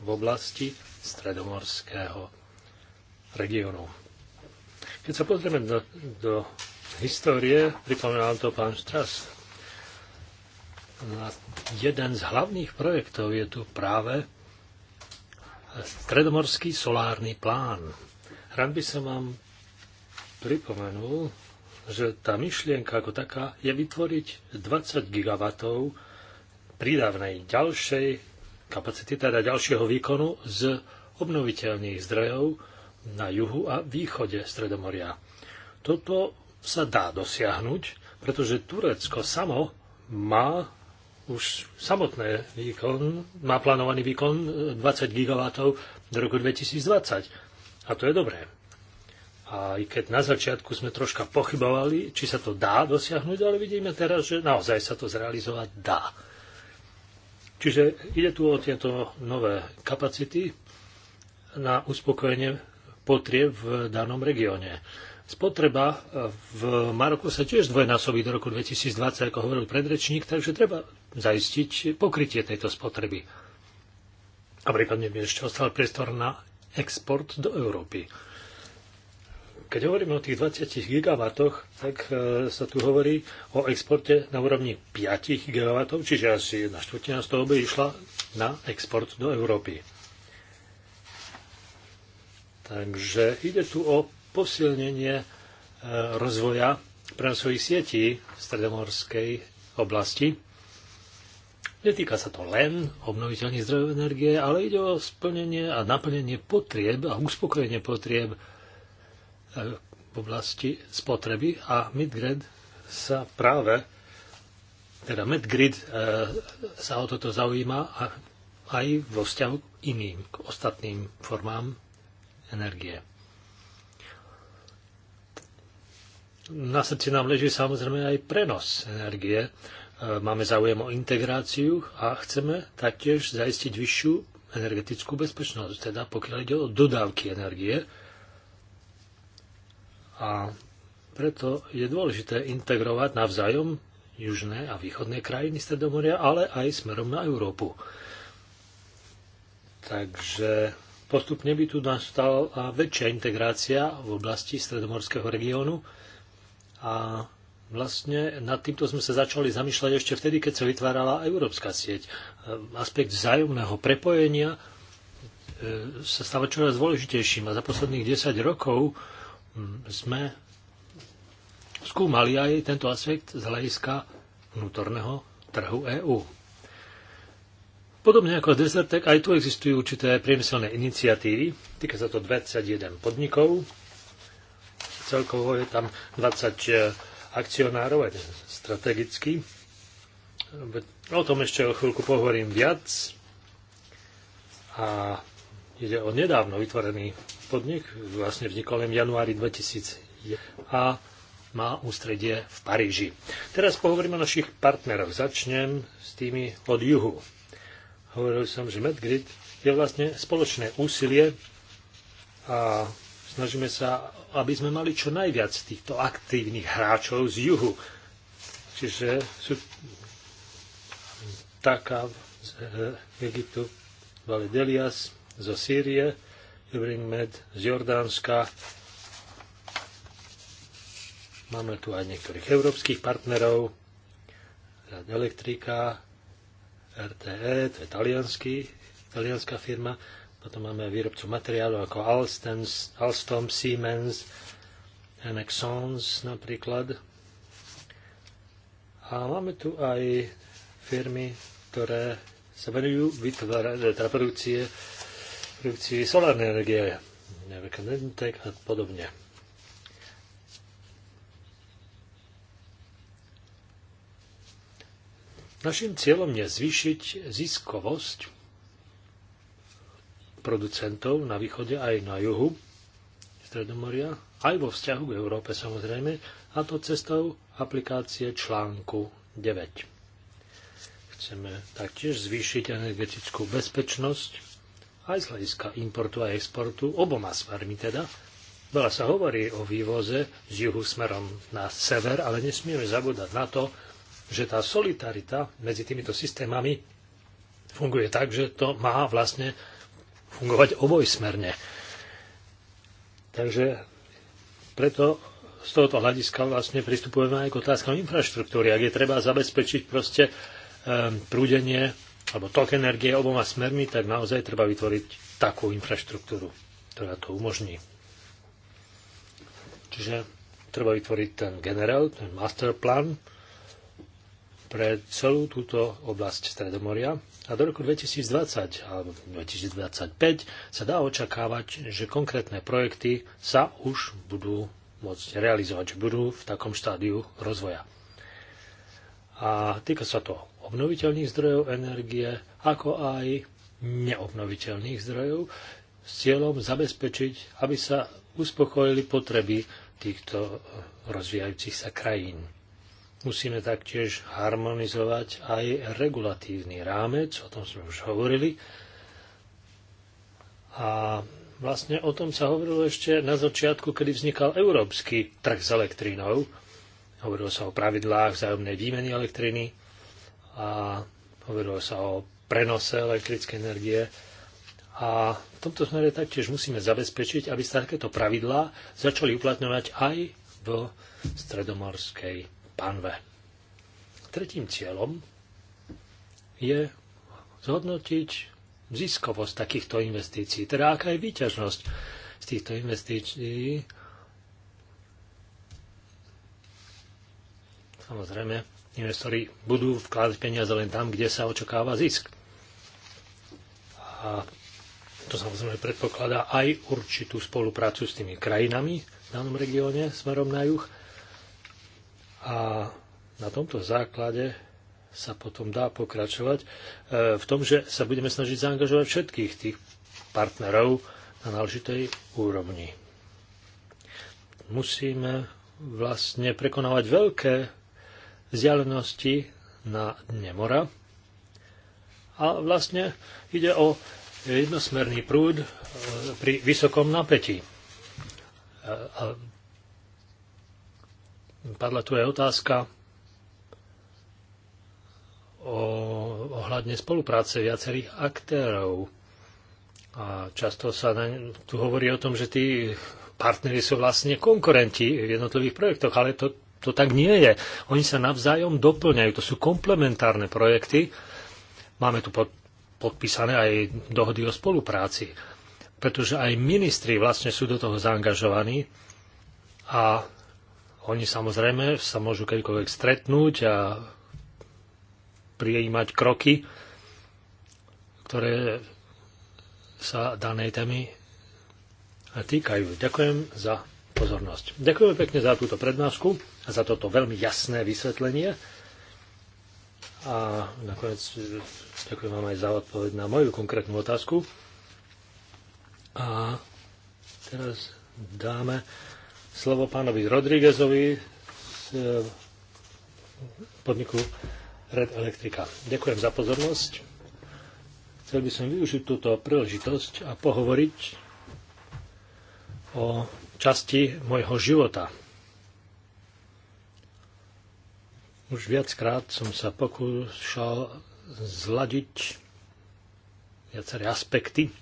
v oblasti stredomorského regiónu. Keď sa pozrieme do, do histórie, pripomínal to pán Štras, jeden z hlavných projektov je tu práve Stredomorský solárny plán. Rád by som vám pripomenul, že tá myšlienka ako taká je vytvoriť 20 GW prídavnej ďalšej kapacity, teda ďalšieho výkonu z obnoviteľných zdrojov na juhu a východe Stredomoria. Toto sa dá dosiahnuť, pretože Turecko samo má už samotné výkon, má plánovaný výkon 20 e, GW do roku 2020. A to je dobré. A i keď na začiatku sme troška pochybovali, či sa to dá dosiahnuť, ale vidíme teraz, že naozaj sa to zrealizovať dá. Čiže ide tu o tieto nové kapacity na uspokojenie potrieb v danom regióne. Spotreba v Maroku sa tiež dvojnásobí do roku 2020, ako hovoril predrečník, takže treba zaistiť pokrytie tejto spotreby. A prípadne by ešte ostal priestor na export do Európy. Keď hovoríme o tých 20 gigawatoch, tak e, sa tu hovorí o exporte na úrovni 5 gigawatov, čiže asi jedna štvrtina z toho by išla na export do Európy. Takže ide tu o posilnenie e, rozvoja prenosových sietí v stredomorskej oblasti. Netýka sa to len obnoviteľných zdrojov energie, ale ide o splnenie a naplnenie potrieb a uspokojenie potrieb e, v oblasti spotreby a Midgrid sa práve teda Medgrid e, sa o toto zaujíma a aj vo vzťahu k iným, k ostatným formám energie. Na srdci nám leží samozrejme aj prenos energie. E, máme záujem o integráciu a chceme taktiež zaistiť vyššiu energetickú bezpečnosť, teda pokiaľ ide o dodávky energie. A preto je dôležité integrovať navzájom južné a východné krajiny Stredomoria, ale aj smerom na Európu. Takže Postupne by tu nastala väčšia integrácia v oblasti stredomorského regiónu a vlastne nad týmto sme sa začali zamýšľať ešte vtedy, keď sa vytvárala európska sieť. Aspekt vzájomného prepojenia e, sa stáva čoraz dôležitejším a za posledných 10 rokov hm, sme skúmali aj tento aspekt z hľadiska vnútorného trhu EÚ. Podobne ako Desertec, aj tu existujú určité priemyselné iniciatívy. Týka sa to 21 podnikov. Celkovo je tam 20 e, akcionárov, aj strategicky. E, o tom ešte o chvíľku pohovorím viac. A ide o nedávno vytvorený podnik, vlastne vznikol len v januári 2001 a má ústredie v Paríži. Teraz pohovorím o našich partneroch. Začnem s tými od juhu Hovoril som, že Medgrid je vlastne spoločné úsilie a snažíme sa, aby sme mali čo najviac týchto aktívnych hráčov z juhu. Čiže sú taká eh, z Egyptu, Valedelias zo Sýrie, Jubring Med z Jordánska. Máme tu aj niektorých európskych partnerov, elektrika, RTE, to je talianský, talianská firma. Potom máme výrobcu materiálu ako Alstom, Alstom Siemens, Nexons napríklad. A máme tu aj firmy, ktoré sa venujú teda produkcie, produkcie solárnej energie, Neveknentek a podobne. Našim cieľom je zvýšiť ziskovosť producentov na východe aj na juhu Stredomoria, aj vo vzťahu k Európe samozrejme, a to cestou aplikácie článku 9. Chceme taktiež zvýšiť energetickú bezpečnosť aj z hľadiska importu a exportu, oboma smermi teda. Veľa sa hovorí o vývoze z juhu smerom na sever, ale nesmieme zabúdať na to, že tá solidarita medzi týmito systémami funguje tak, že to má vlastne fungovať obojsmerne. Takže preto z tohoto hľadiska vlastne pristupujeme aj k otázkam infraštruktúry. Ak je treba zabezpečiť proste ehm, prúdenie alebo tok energie oboma smermi, tak naozaj treba vytvoriť takú infraštruktúru, ktorá to umožní. Čiže treba vytvoriť ten generál, ten master plan, pre celú túto oblasť Stredomoria a do roku 2020 alebo 2025 sa dá očakávať, že konkrétne projekty sa už budú môcť realizovať, že budú v takom štádiu rozvoja. A týka sa to obnoviteľných zdrojov energie, ako aj neobnoviteľných zdrojov, s cieľom zabezpečiť, aby sa uspokojili potreby týchto rozvíjajúcich sa krajín. Musíme taktiež harmonizovať aj regulatívny rámec, o tom sme už hovorili. A vlastne o tom sa hovorilo ešte na začiatku, kedy vznikal európsky trh s elektrínou. Hovorilo sa o pravidlách vzájomnej výmeny elektriny a hovorilo sa o prenose elektrickej energie. A v tomto smere taktiež musíme zabezpečiť, aby sa takéto pravidlá začali uplatňovať aj v stredomorskej panve. Tretím cieľom je zhodnotiť ziskovosť takýchto investícií, teda aká je výťažnosť z týchto investícií. Samozrejme, investori budú vkladať peniaze len tam, kde sa očakáva zisk. A to samozrejme predpokladá aj určitú spoluprácu s tými krajinami v danom regióne smerom na juh a na tomto základe sa potom dá pokračovať e, v tom, že sa budeme snažiť zaangažovať všetkých tých partnerov na náležitej úrovni. Musíme vlastne prekonávať veľké vzdialenosti na dne mora a vlastne ide o jednosmerný prúd e, pri vysokom napätí. E, a Padla tu aj otázka o, ohľadne spolupráce viacerých aktérov. A často sa na, tu hovorí o tom, že tí partneri sú vlastne konkurenti v jednotlivých projektoch, ale to, to tak nie je. Oni sa navzájom doplňajú, to sú komplementárne projekty. Máme tu pod, podpísané aj dohody o spolupráci, pretože aj ministri vlastne sú do toho zaangažovaní a oni samozrejme sa môžu kedykoľvek stretnúť a prijímať kroky, ktoré sa danej témy týkajú. Ďakujem za pozornosť. Ďakujem pekne za túto prednášku a za toto veľmi jasné vysvetlenie. A nakoniec ďakujem vám aj za odpoveď na moju konkrétnu otázku. A teraz dáme slovo pánovi Rodríguezovi z e, podniku Red Elektrika. Ďakujem za pozornosť. Chcel by som využiť túto príležitosť a pohovoriť o časti môjho života. Už viackrát som sa pokúšal zladiť viaceré aspekty,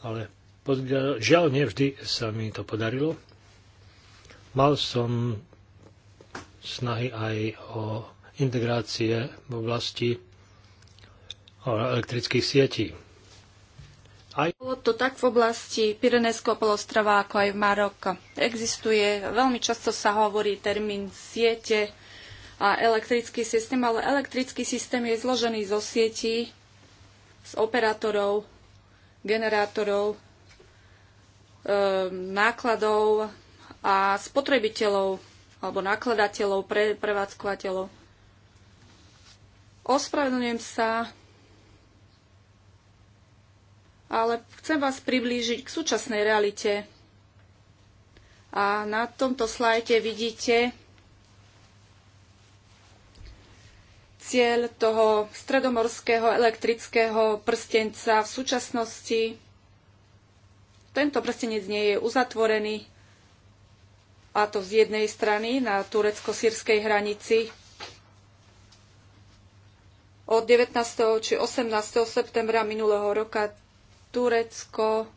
ale Žiaľ, nevždy sa mi to podarilo. Mal som snahy aj o integrácie v oblasti elektrických sietí. Aj... Bolo to tak v oblasti Pirenejského polostrova, ako aj v Maroko. Existuje, veľmi často sa hovorí termín siete a elektrický systém, ale elektrický systém je zložený zo sietí, z operátorov, generátorov Ehm, nákladov a spotrebiteľov alebo nakladateľov, pre, prevádzkovateľov. Ospravedlňujem sa, ale chcem vás priblížiť k súčasnej realite. A na tomto slajde vidíte cieľ toho stredomorského elektrického prstenca v súčasnosti tento prstenec nie je uzatvorený a to z jednej strany na turecko-sírskej hranici od 19. či 18. septembra minulého roka Turecko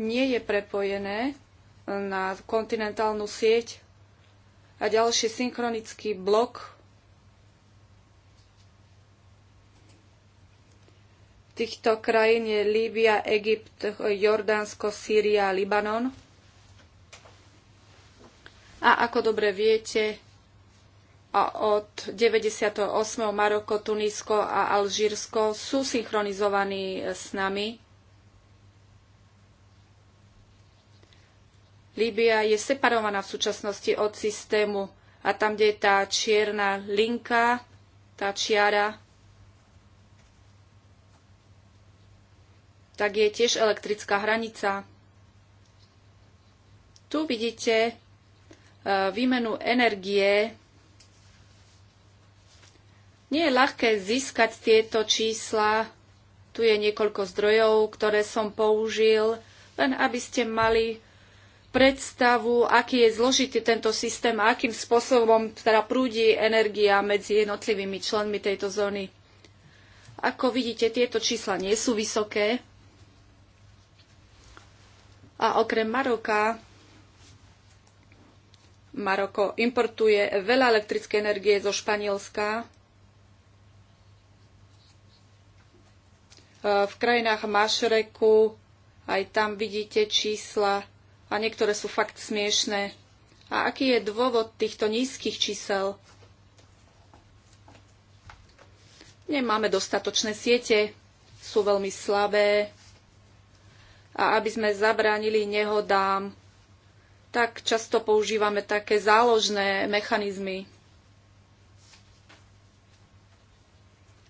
nie je prepojené na kontinentálnu sieť a ďalší synchronický blok týchto krajín je Líbia, Egypt, Jordánsko, Sýria, Libanon. A ako dobre viete, a od 98. Maroko, Tunisko a Alžírsko sú synchronizovaní s nami. Líbia je separovaná v súčasnosti od systému a tam, kde je tá čierna linka, tá čiara, tak je tiež elektrická hranica. Tu vidíte e, výmenu energie. Nie je ľahké získať tieto čísla. Tu je niekoľko zdrojov, ktoré som použil, len aby ste mali predstavu, aký je zložitý tento systém a akým spôsobom teda prúdi energia medzi jednotlivými členmi tejto zóny. Ako vidíte, tieto čísla nie sú vysoké, a okrem Maroka Maroko importuje veľa elektrickej energie zo Španielska. E, v krajinách Mašreku aj tam vidíte čísla a niektoré sú fakt smiešné. A aký je dôvod týchto nízkych čísel? Nemáme dostatočné siete, sú veľmi slabé, a aby sme zabránili nehodám, tak často používame také záložné mechanizmy.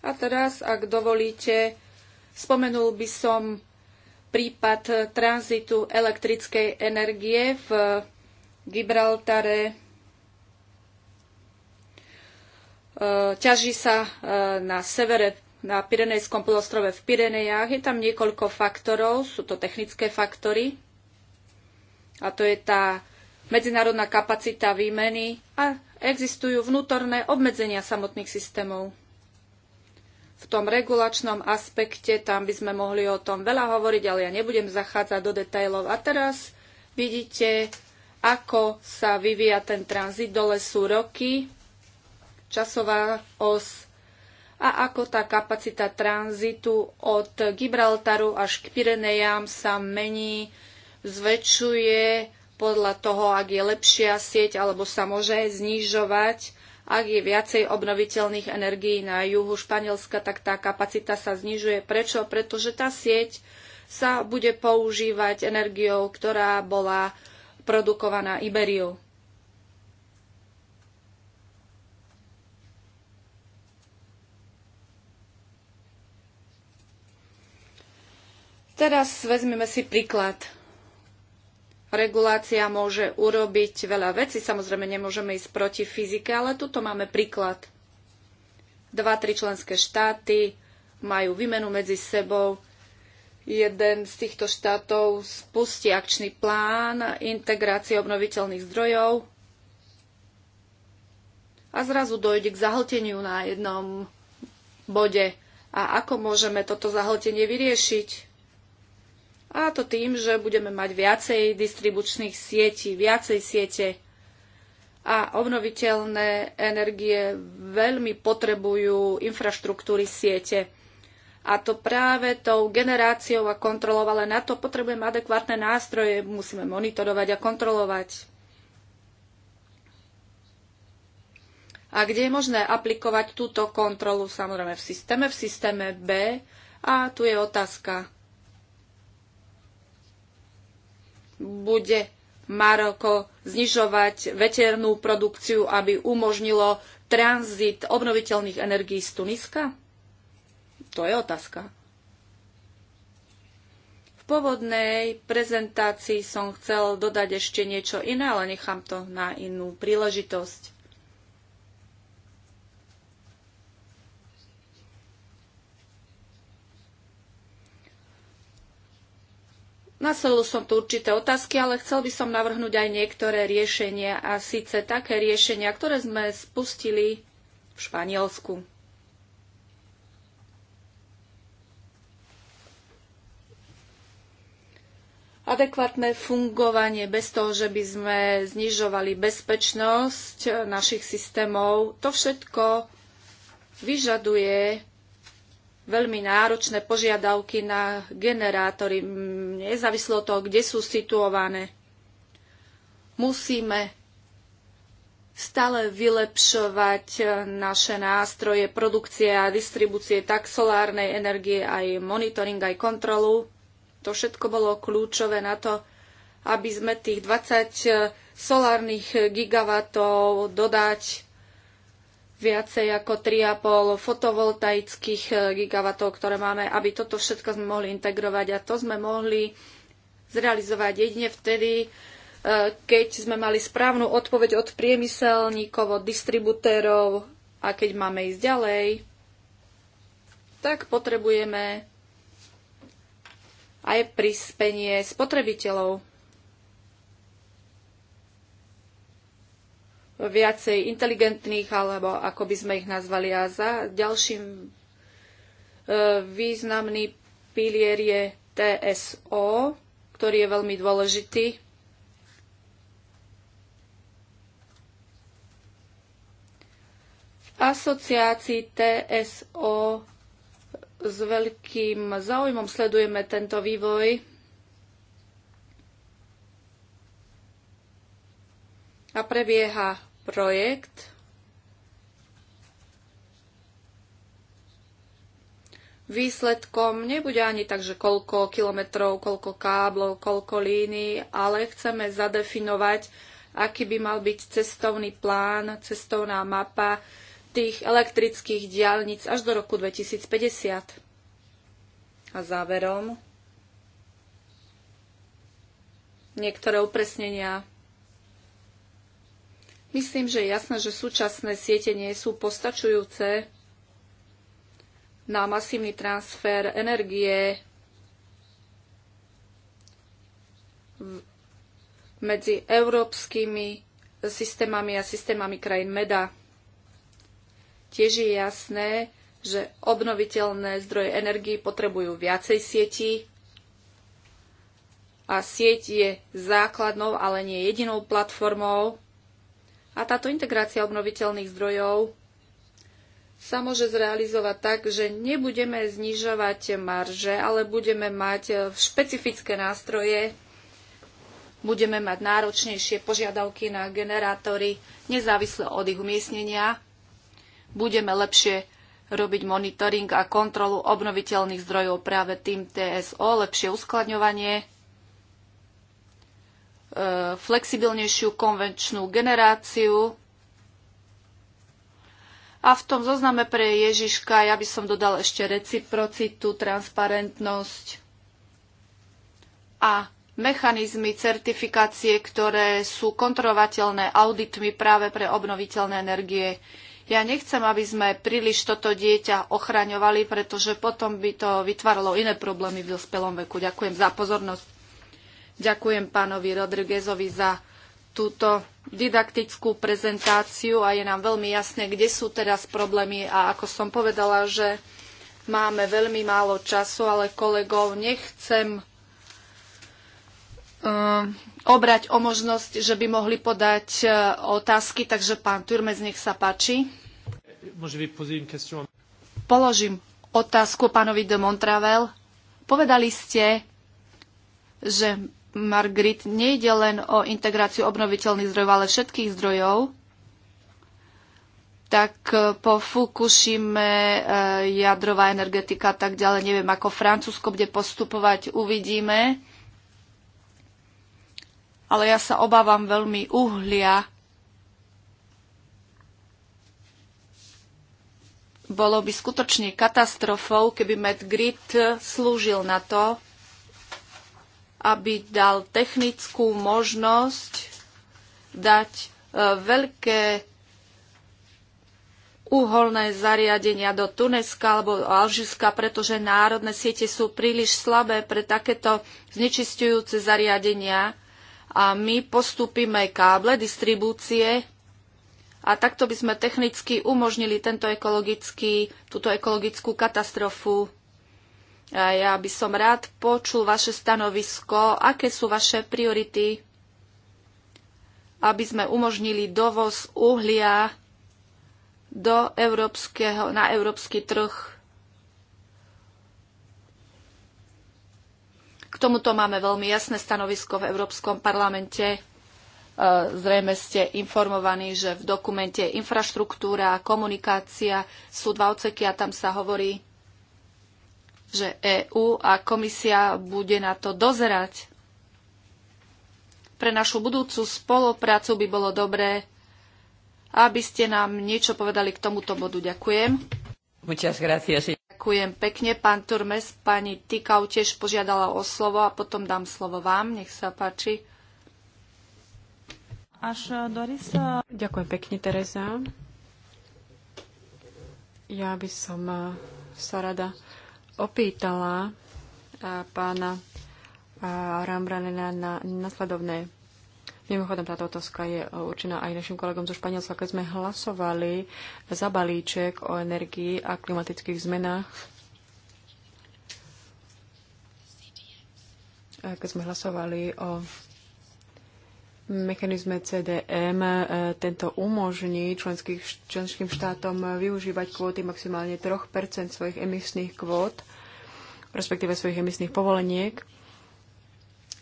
A teraz, ak dovolíte, spomenul by som prípad tranzitu elektrickej energie v Gibraltare. E, ťaží sa e, na severe na Pirenejskom polostrove v Pirenejách. Je tam niekoľko faktorov, sú to technické faktory a to je tá medzinárodná kapacita výmeny a existujú vnútorné obmedzenia samotných systémov. V tom regulačnom aspekte tam by sme mohli o tom veľa hovoriť, ale ja nebudem zachádzať do detajlov. A teraz vidíte, ako sa vyvíja ten tranzit dole sú roky, časová os a ako tá kapacita tranzitu od Gibraltaru až k Pirenejám sa mení, zväčšuje podľa toho, ak je lepšia sieť, alebo sa môže znižovať. Ak je viacej obnoviteľných energií na juhu Španielska, tak tá kapacita sa znižuje. Prečo? Pretože tá sieť sa bude používať energiou, ktorá bola produkovaná Iberiou. Teraz vezmeme si príklad. Regulácia môže urobiť veľa vecí, samozrejme nemôžeme ísť proti fyzike, ale tuto máme príklad. Dva, tri členské štáty majú výmenu medzi sebou, jeden z týchto štátov spustí akčný plán integrácie obnoviteľných zdrojov a zrazu dojde k zahlteniu na jednom bode. A ako môžeme toto zahltenie vyriešiť? A to tým, že budeme mať viacej distribučných sietí, viacej siete. A obnoviteľné energie veľmi potrebujú infraštruktúry siete. A to práve tou generáciou a kontrolou, ale na to potrebujeme adekvátne nástroje, musíme monitorovať a kontrolovať. A kde je možné aplikovať túto kontrolu? Samozrejme v systéme, v systéme B. A tu je otázka. bude Maroko znižovať veternú produkciu, aby umožnilo tranzit obnoviteľných energií z Tuniska? To je otázka. V pôvodnej prezentácii som chcel dodať ešte niečo iné, ale nechám to na inú príležitosť. Nasledol som tu určité otázky, ale chcel by som navrhnúť aj niektoré riešenia a síce také riešenia, ktoré sme spustili v Španielsku. adekvátne fungovanie bez toho, že by sme znižovali bezpečnosť našich systémov. To všetko vyžaduje veľmi náročné požiadavky na generátory, nezávislo od toho, kde sú situované. Musíme stále vylepšovať eh, naše nástroje produkcie a distribúcie tak solárnej energie, aj monitoring, aj kontrolu. To všetko bolo kľúčové na to, aby sme tých 20 eh, solárnych gigavatov dodať viacej ako 3,5 fotovoltaických eh, gigavatov, ktoré máme, aby toto všetko sme mohli integrovať a to sme mohli zrealizovať jedine vtedy, eh, keď sme mali správnu odpoveď od priemyselníkov, od distributérov a keď máme ísť ďalej, tak potrebujeme aj prispenie spotrebiteľov. viacej inteligentných, alebo ako by sme ich nazvali. A za ďalším e, významný pilier je TSO, ktorý je veľmi dôležitý. V asociácii TSO s veľkým záujmom sledujeme tento vývoj a prebieha projekt Výsledkom nebude ani tak, že koľko kilometrov, koľko káblov, koľko línií, ale chceme zadefinovať, aký by mal byť cestovný plán, cestovná mapa tých elektrických diálnic až do roku 2050. A záverom niektoré upresnenia Myslím, že je jasné, že súčasné siete nie sú postačujúce na masívny transfer energie medzi európskymi systémami a systémami krajín meda. Tiež je jasné, že obnoviteľné zdroje energii potrebujú viacej sieti a sieť je základnou, ale nie jedinou platformou, a táto integrácia obnoviteľných zdrojov sa môže zrealizovať tak, že nebudeme znižovať marže, ale budeme mať e, špecifické nástroje, budeme mať náročnejšie požiadavky na generátory, nezávisle od ich umiestnenia, budeme lepšie robiť monitoring a kontrolu obnoviteľných zdrojov práve tým TSO, lepšie uskladňovanie E, flexibilnejšiu konvenčnú generáciu. A v tom zozname pre Ježiška ja by som dodal ešte reciprocitu, transparentnosť a mechanizmy certifikácie, ktoré sú kontrolovateľné auditmi práve pre obnoviteľné energie. Ja nechcem, aby sme príliš toto dieťa ochraňovali, pretože potom by to vytváralo iné problémy v dospelom veku. Ďakujem za pozornosť. Ďakujem pánovi Rodriguezovi za túto didaktickú prezentáciu a je nám veľmi jasné, kde sú teraz problémy a ako som povedala, že máme veľmi málo času, ale kolegov nechcem eh, obrať o možnosť, že by mohli podať eh, otázky, takže pán Turmec, nech sa páči. Položím otázku pánovi de Montravel. Povedali ste, že Margrit, nejde len o integráciu obnoviteľných zdrojov, ale všetkých zdrojov, tak e, po Fukushime, e, jadrová energetika a tak ďalej, neviem ako Francúzsko bude postupovať, uvidíme. Ale ja sa obávam veľmi uhlia. Bolo by skutočne katastrofou, keby MedGrid slúžil na to, aby dal technickú možnosť dať e, veľké uholné zariadenia do Tuneska alebo Alžiska, pretože národné siete sú príliš slabé pre takéto znečistujúce zariadenia a my postupíme káble distribúcie a takto by sme technicky umožnili tento ekologický, túto ekologickú katastrofu. Ja by som rád počul vaše stanovisko, aké sú vaše priority, aby sme umožnili dovoz uhlia do európskeho, na európsky trh. K tomuto máme veľmi jasné stanovisko v Európskom parlamente. E, zrejme ste informovaní, že v dokumente infraštruktúra a komunikácia sú dva oceky a tam sa hovorí, že EÚ a komisia bude na to dozerať. Pre našu budúcu spoluprácu by bolo dobré, aby ste nám niečo povedali k tomuto bodu. Ďakujem. Ďakujem pekne. Pán Turmes, pani Tikau tiež požiadala o slovo a potom dám slovo vám. Nech sa páči. Až e, Doris. E, Ďakujem pekne, Tereza. Ja by som e, sa rada opýtala eh, pána eh, Rambranena na nasledovné. Mimochodom, táto otázka je eh, určená aj našim kolegom zo Španielska, keď sme hlasovali za balíček o energii a klimatických zmenách. Keď sme hlasovali o mechanizme CDM e, tento umožní členským, členským štátom využívať kvóty maximálne 3 svojich emisných kvót, respektíve svojich emisných povoleniek,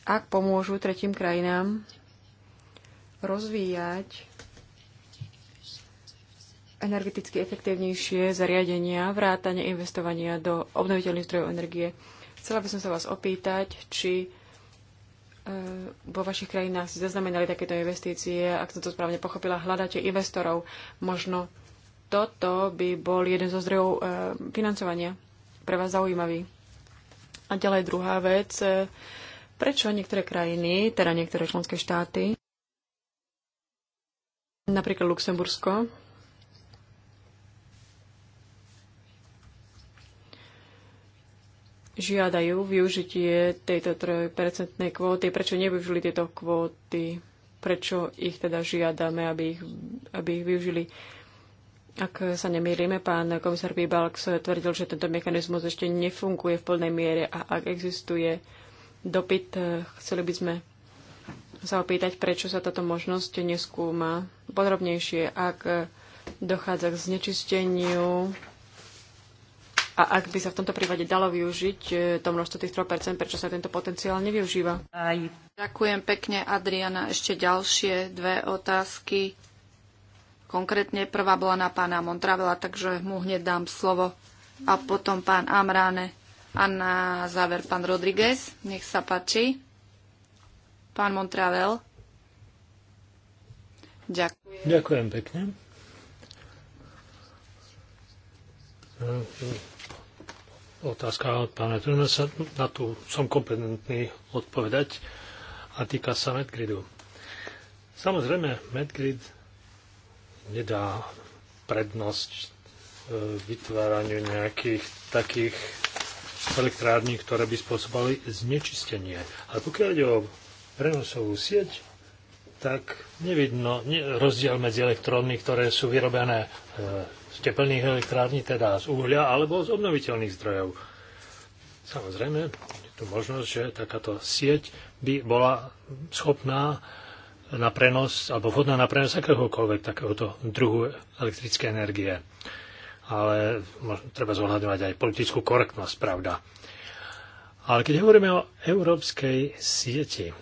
ak pomôžu tretím krajinám rozvíjať energeticky efektívnejšie zariadenia, vrátane investovania do obnoviteľných zdrojov energie. Chcela by som sa vás opýtať, či vo vašich krajinách si zaznamenali takéto investície, ak som to správne pochopila, hľadáte investorov. Možno toto by bol jeden zo zdrojov eh, financovania pre vás zaujímavý. A ďalej druhá vec. Eh, prečo niektoré krajiny, teda niektoré členské štáty, napríklad Luxembursko, žiadajú využitie tejto 3-percentnej kvóty, prečo nevyužili tieto kvóty, prečo ich teda žiadame, aby ich, aby ich využili. Ak sa nemýlime, pán komisár Pibalks tvrdil, že tento mechanizmus ešte nefunguje v plnej miere a ak existuje dopyt, chceli by sme sa opýtať, prečo sa táto možnosť neskúma podrobnejšie, ak dochádza k znečisteniu a ak by sa v tomto prípade dalo využiť e, to množstvo tých 3%, prečo sa tento potenciál nevyužíva? Aj. Ďakujem pekne, Adriana. Ešte ďalšie dve otázky. Konkrétne prvá bola na pána Montravela, takže mu hneď dám slovo. A potom pán Amráne. A na záver pán Rodriguez. Nech sa páči. Pán Montravel. Ďakujem. Ďakujem pekne otázka od pána Tunesa, na tú som kompetentný odpovedať a týka sa Medgridu. Samozrejme, Medgrid nedá prednosť e, vytváraniu nejakých takých elektrární, ktoré by spôsobali znečistenie. Ale pokiaľ ide o prenosovú sieť, tak nevidno rozdiel medzi elektrónmi, ktoré sú vyrobené e, z tepelných elektrární, teda z uhlia alebo z obnoviteľných zdrojov. Samozrejme, je tu možnosť, že takáto sieť by bola schopná na prenos, alebo vhodná na prenos akéhokoľvek takéhoto druhu elektrické energie. Ale možno, treba zohľadňovať aj politickú korektnosť, pravda. Ale keď hovoríme o európskej sieti,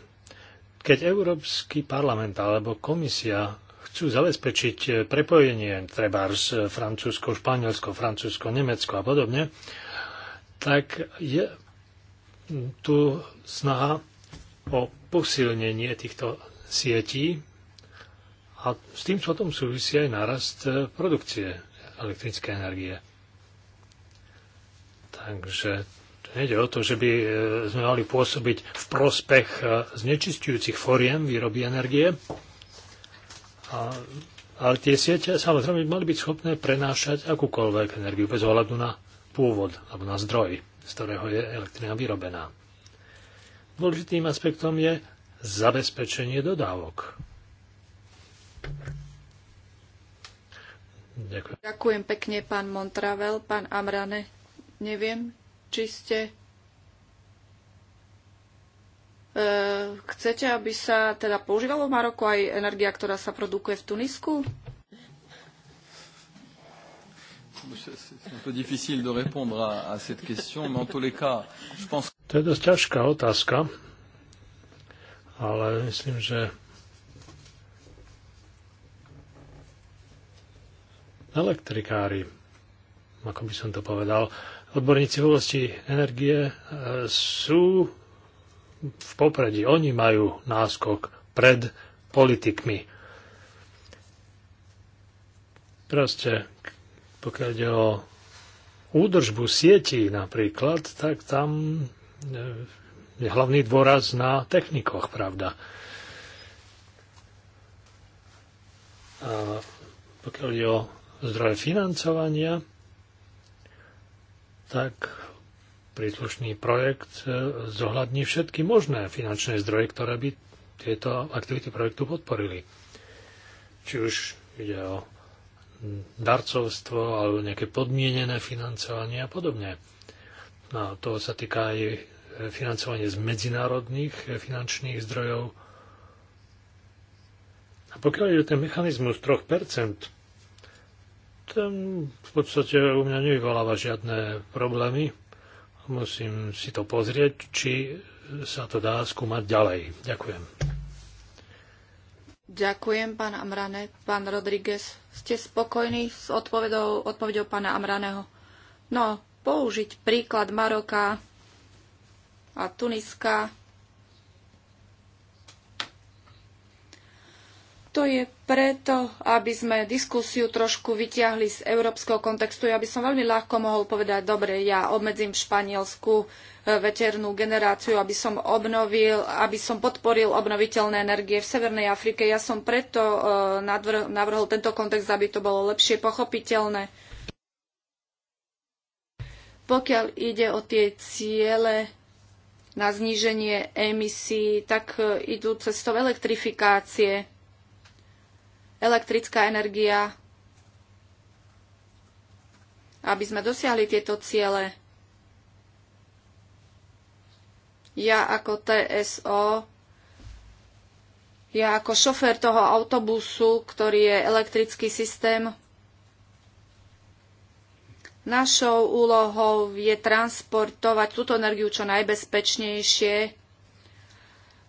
keď Európsky parlament alebo komisia chcú zabezpečiť e, prepojenie treba s Francúzsko, Španielsko, Francúzsko, Nemecko a podobne, tak je tu snaha o posilnenie týchto sietí a s tým potom súvisí aj nárast e, produkcie elektrickej energie. Takže nejde o to, že by e, sme mali pôsobiť v prospech znečistujúcich foriem výroby energie, a, ale tie siete samozrejme mali byť schopné prenášať akúkoľvek energiu bez ohľadu na pôvod alebo na zdroj, z ktorého je elektrina vyrobená. Dôležitým aspektom je zabezpečenie dodávok. Ďakujem. Ďakujem pekne, pán Montravel, pán Amrane. Neviem, či ste E, chcete, aby sa teda používalo v Maroku aj energia, ktorá sa produkuje v Tunisku? To je dosť ťažká otázka, ale myslím, že elektrikári, ako by som to povedal, odborníci v oblasti energie e, sú v popredí. Oni majú náskok pred politikmi. Proste, pokiaľ ide o údržbu sietí napríklad, tak tam e, je hlavný dôraz na technikoch, pravda. A pokiaľ ide o zdroje financovania, tak príslušný projekt e, zohľadní všetky možné finančné zdroje, ktoré by tieto aktivity projektu podporili. Či už ide o darcovstvo alebo nejaké podmienené financovanie a podobne. No, toho sa týka aj financovanie z medzinárodných e, finančných zdrojov. A pokiaľ je ten mechanizmus 3%, ten v podstate u mňa nevyvoláva žiadne problémy musím si to pozrieť, či sa to dá skúmať ďalej. Ďakujem. Ďakujem, pán Amrane. Pán Rodriguez. ste spokojní s odpovedou, odpovedou pána Amraneho? No, použiť príklad Maroka a Tuniska To je preto, aby sme diskusiu trošku vyťahli z európskeho kontextu. Ja by som veľmi ľahko mohol povedať, dobre, ja obmedzím španielskú e, veternú generáciu, aby som obnovil, aby som podporil obnoviteľné energie v Severnej Afrike. Ja som preto e, navrhol tento kontext, aby to bolo lepšie pochopiteľné. Pokiaľ ide o tie ciele na zníženie emisí, tak e, idú cestou elektrifikácie elektrická energia, aby sme dosiahli tieto ciele. Ja ako TSO, ja ako šofér toho autobusu, ktorý je elektrický systém, našou úlohou je transportovať túto energiu čo najbezpečnejšie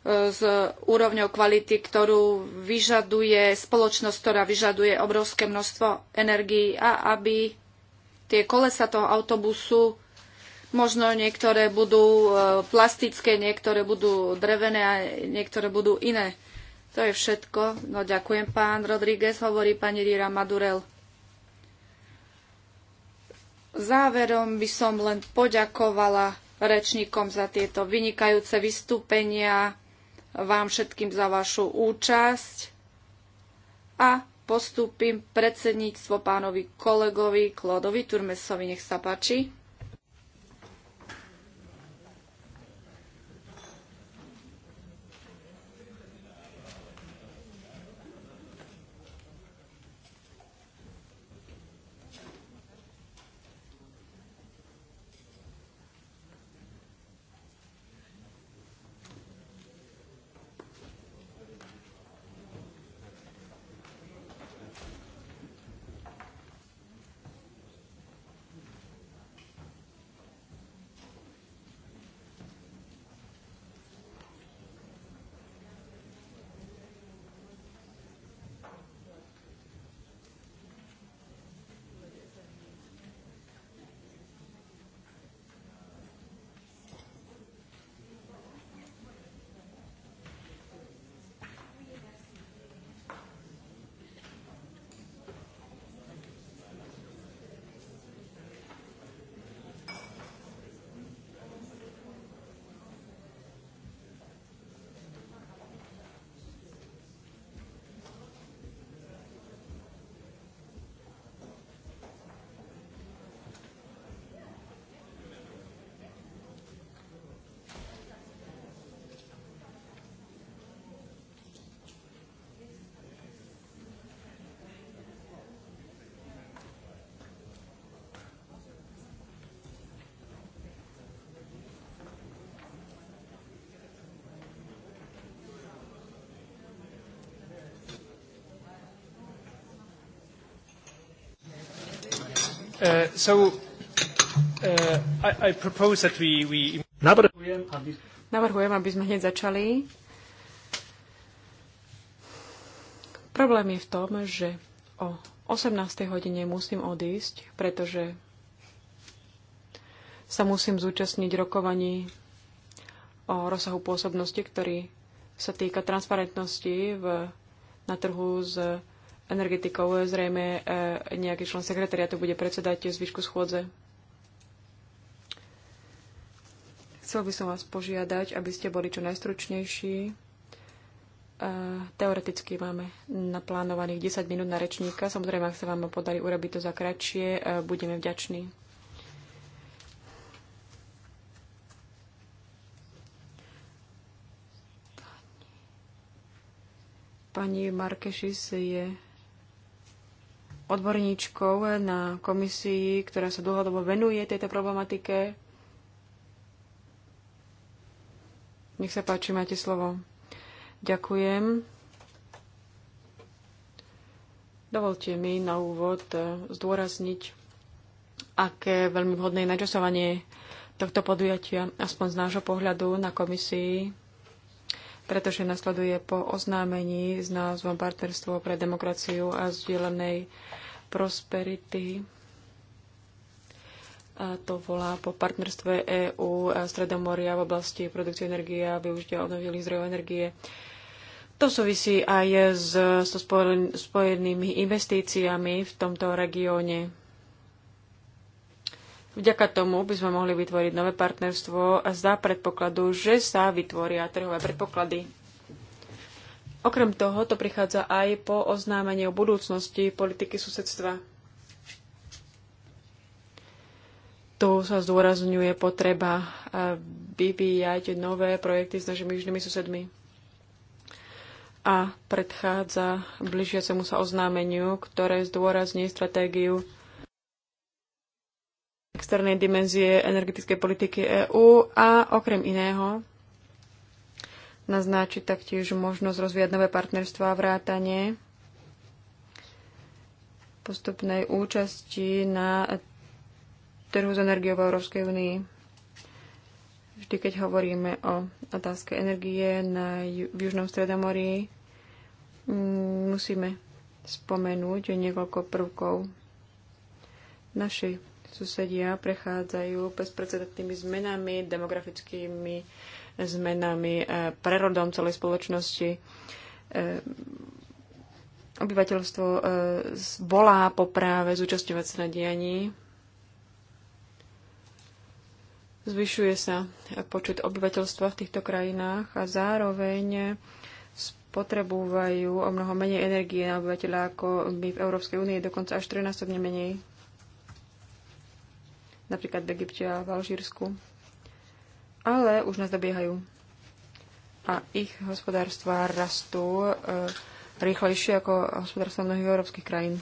s úrovňou kvality, ktorú vyžaduje spoločnosť, ktorá vyžaduje obrovské množstvo energií a aby tie kolesa toho autobusu možno niektoré budú e, plastické, niektoré budú drevené a niektoré budú iné. To je všetko. No ďakujem pán Rodríguez, hovorí pani Rira Madurel. Záverom by som len poďakovala rečníkom za tieto vynikajúce vystúpenia vám všetkým za vašu účasť a postúpim predsedníctvo pánovi kolegovi Klodovi Turmesovi. Nech sa páči. Uh, so, uh, I, I propose that we, we... Navrhujem, aby... Navrhujem, aby sme hneď začali. Problém je v tom, že o 18. hodine musím odísť, pretože sa musím zúčastniť rokovaní o rozsahu pôsobnosti, ktorý sa týka transparentnosti v, na trhu s energetikou. Zrejme e, nejaký člen sekretariatu bude predsedať zvyšku schôdze. Chcel by som vás požiadať, aby ste boli čo najstručnejší. E, teoreticky máme naplánovaných 10 minút na rečníka. Samozrejme, ak sa vám podarí urobiť to za kratšie, e, budeme vďační. Pani Markešis je odborníčkou na komisii, ktorá sa dlhodobo venuje tejto problematike. Nech sa páči, máte slovo. Ďakujem. Dovolte mi na úvod eh, zdôrazniť, aké veľmi vhodné je načasovanie tohto podujatia, aspoň z nášho pohľadu na komisii pretože nasleduje po oznámení s názvom Partnerstvo pre demokraciu a zdieľanej prosperity. A to volá po partnerstve EÚ a Stredomoria v oblasti produkcie energie a využitia obnoviteľných zdrojov energie. To súvisí aj s, so spojenými investíciami v tomto regióne. Vďaka tomu by sme mohli vytvoriť nové partnerstvo za predpokladu, že sa vytvoria trhové predpoklady. Okrem toho to prichádza aj po oznámení o budúcnosti politiky susedstva. Tu sa zdôrazňuje potreba eh, vyvíjať nové projekty s našimi južnými susedmi a predchádza blížiacemu sa oznámeniu, ktoré zdôrazní stratégiu externej dimenzie energetickej politiky EÚ a okrem iného naznačí taktiež možnosť rozvíjať nové partnerstvá a vrátanie postupnej účasti na trhu s energiou v Európskej únii. Vždy, keď hovoríme o otázke energie na, v Južnom Stredomorí, mm, musíme spomenúť niekoľko prvkov našej susedia prechádzajú bezprecedentnými zmenami, demografickými zmenami, e, prerodom celej spoločnosti. E, obyvateľstvo e, volá po práve zúčastňovať sa na dianí. Zvyšuje sa počet obyvateľstva v týchto krajinách a zároveň spotrebujú o mnoho menej energie na obyvateľa ako my v Európskej únie, dokonca až 13 menej napríklad v Egypte a v Alžírsku. Ale už nás dobiehajú. A ich hospodárstva rastú e, rýchlejšie ako hospodárstva mnohých európskych krajín.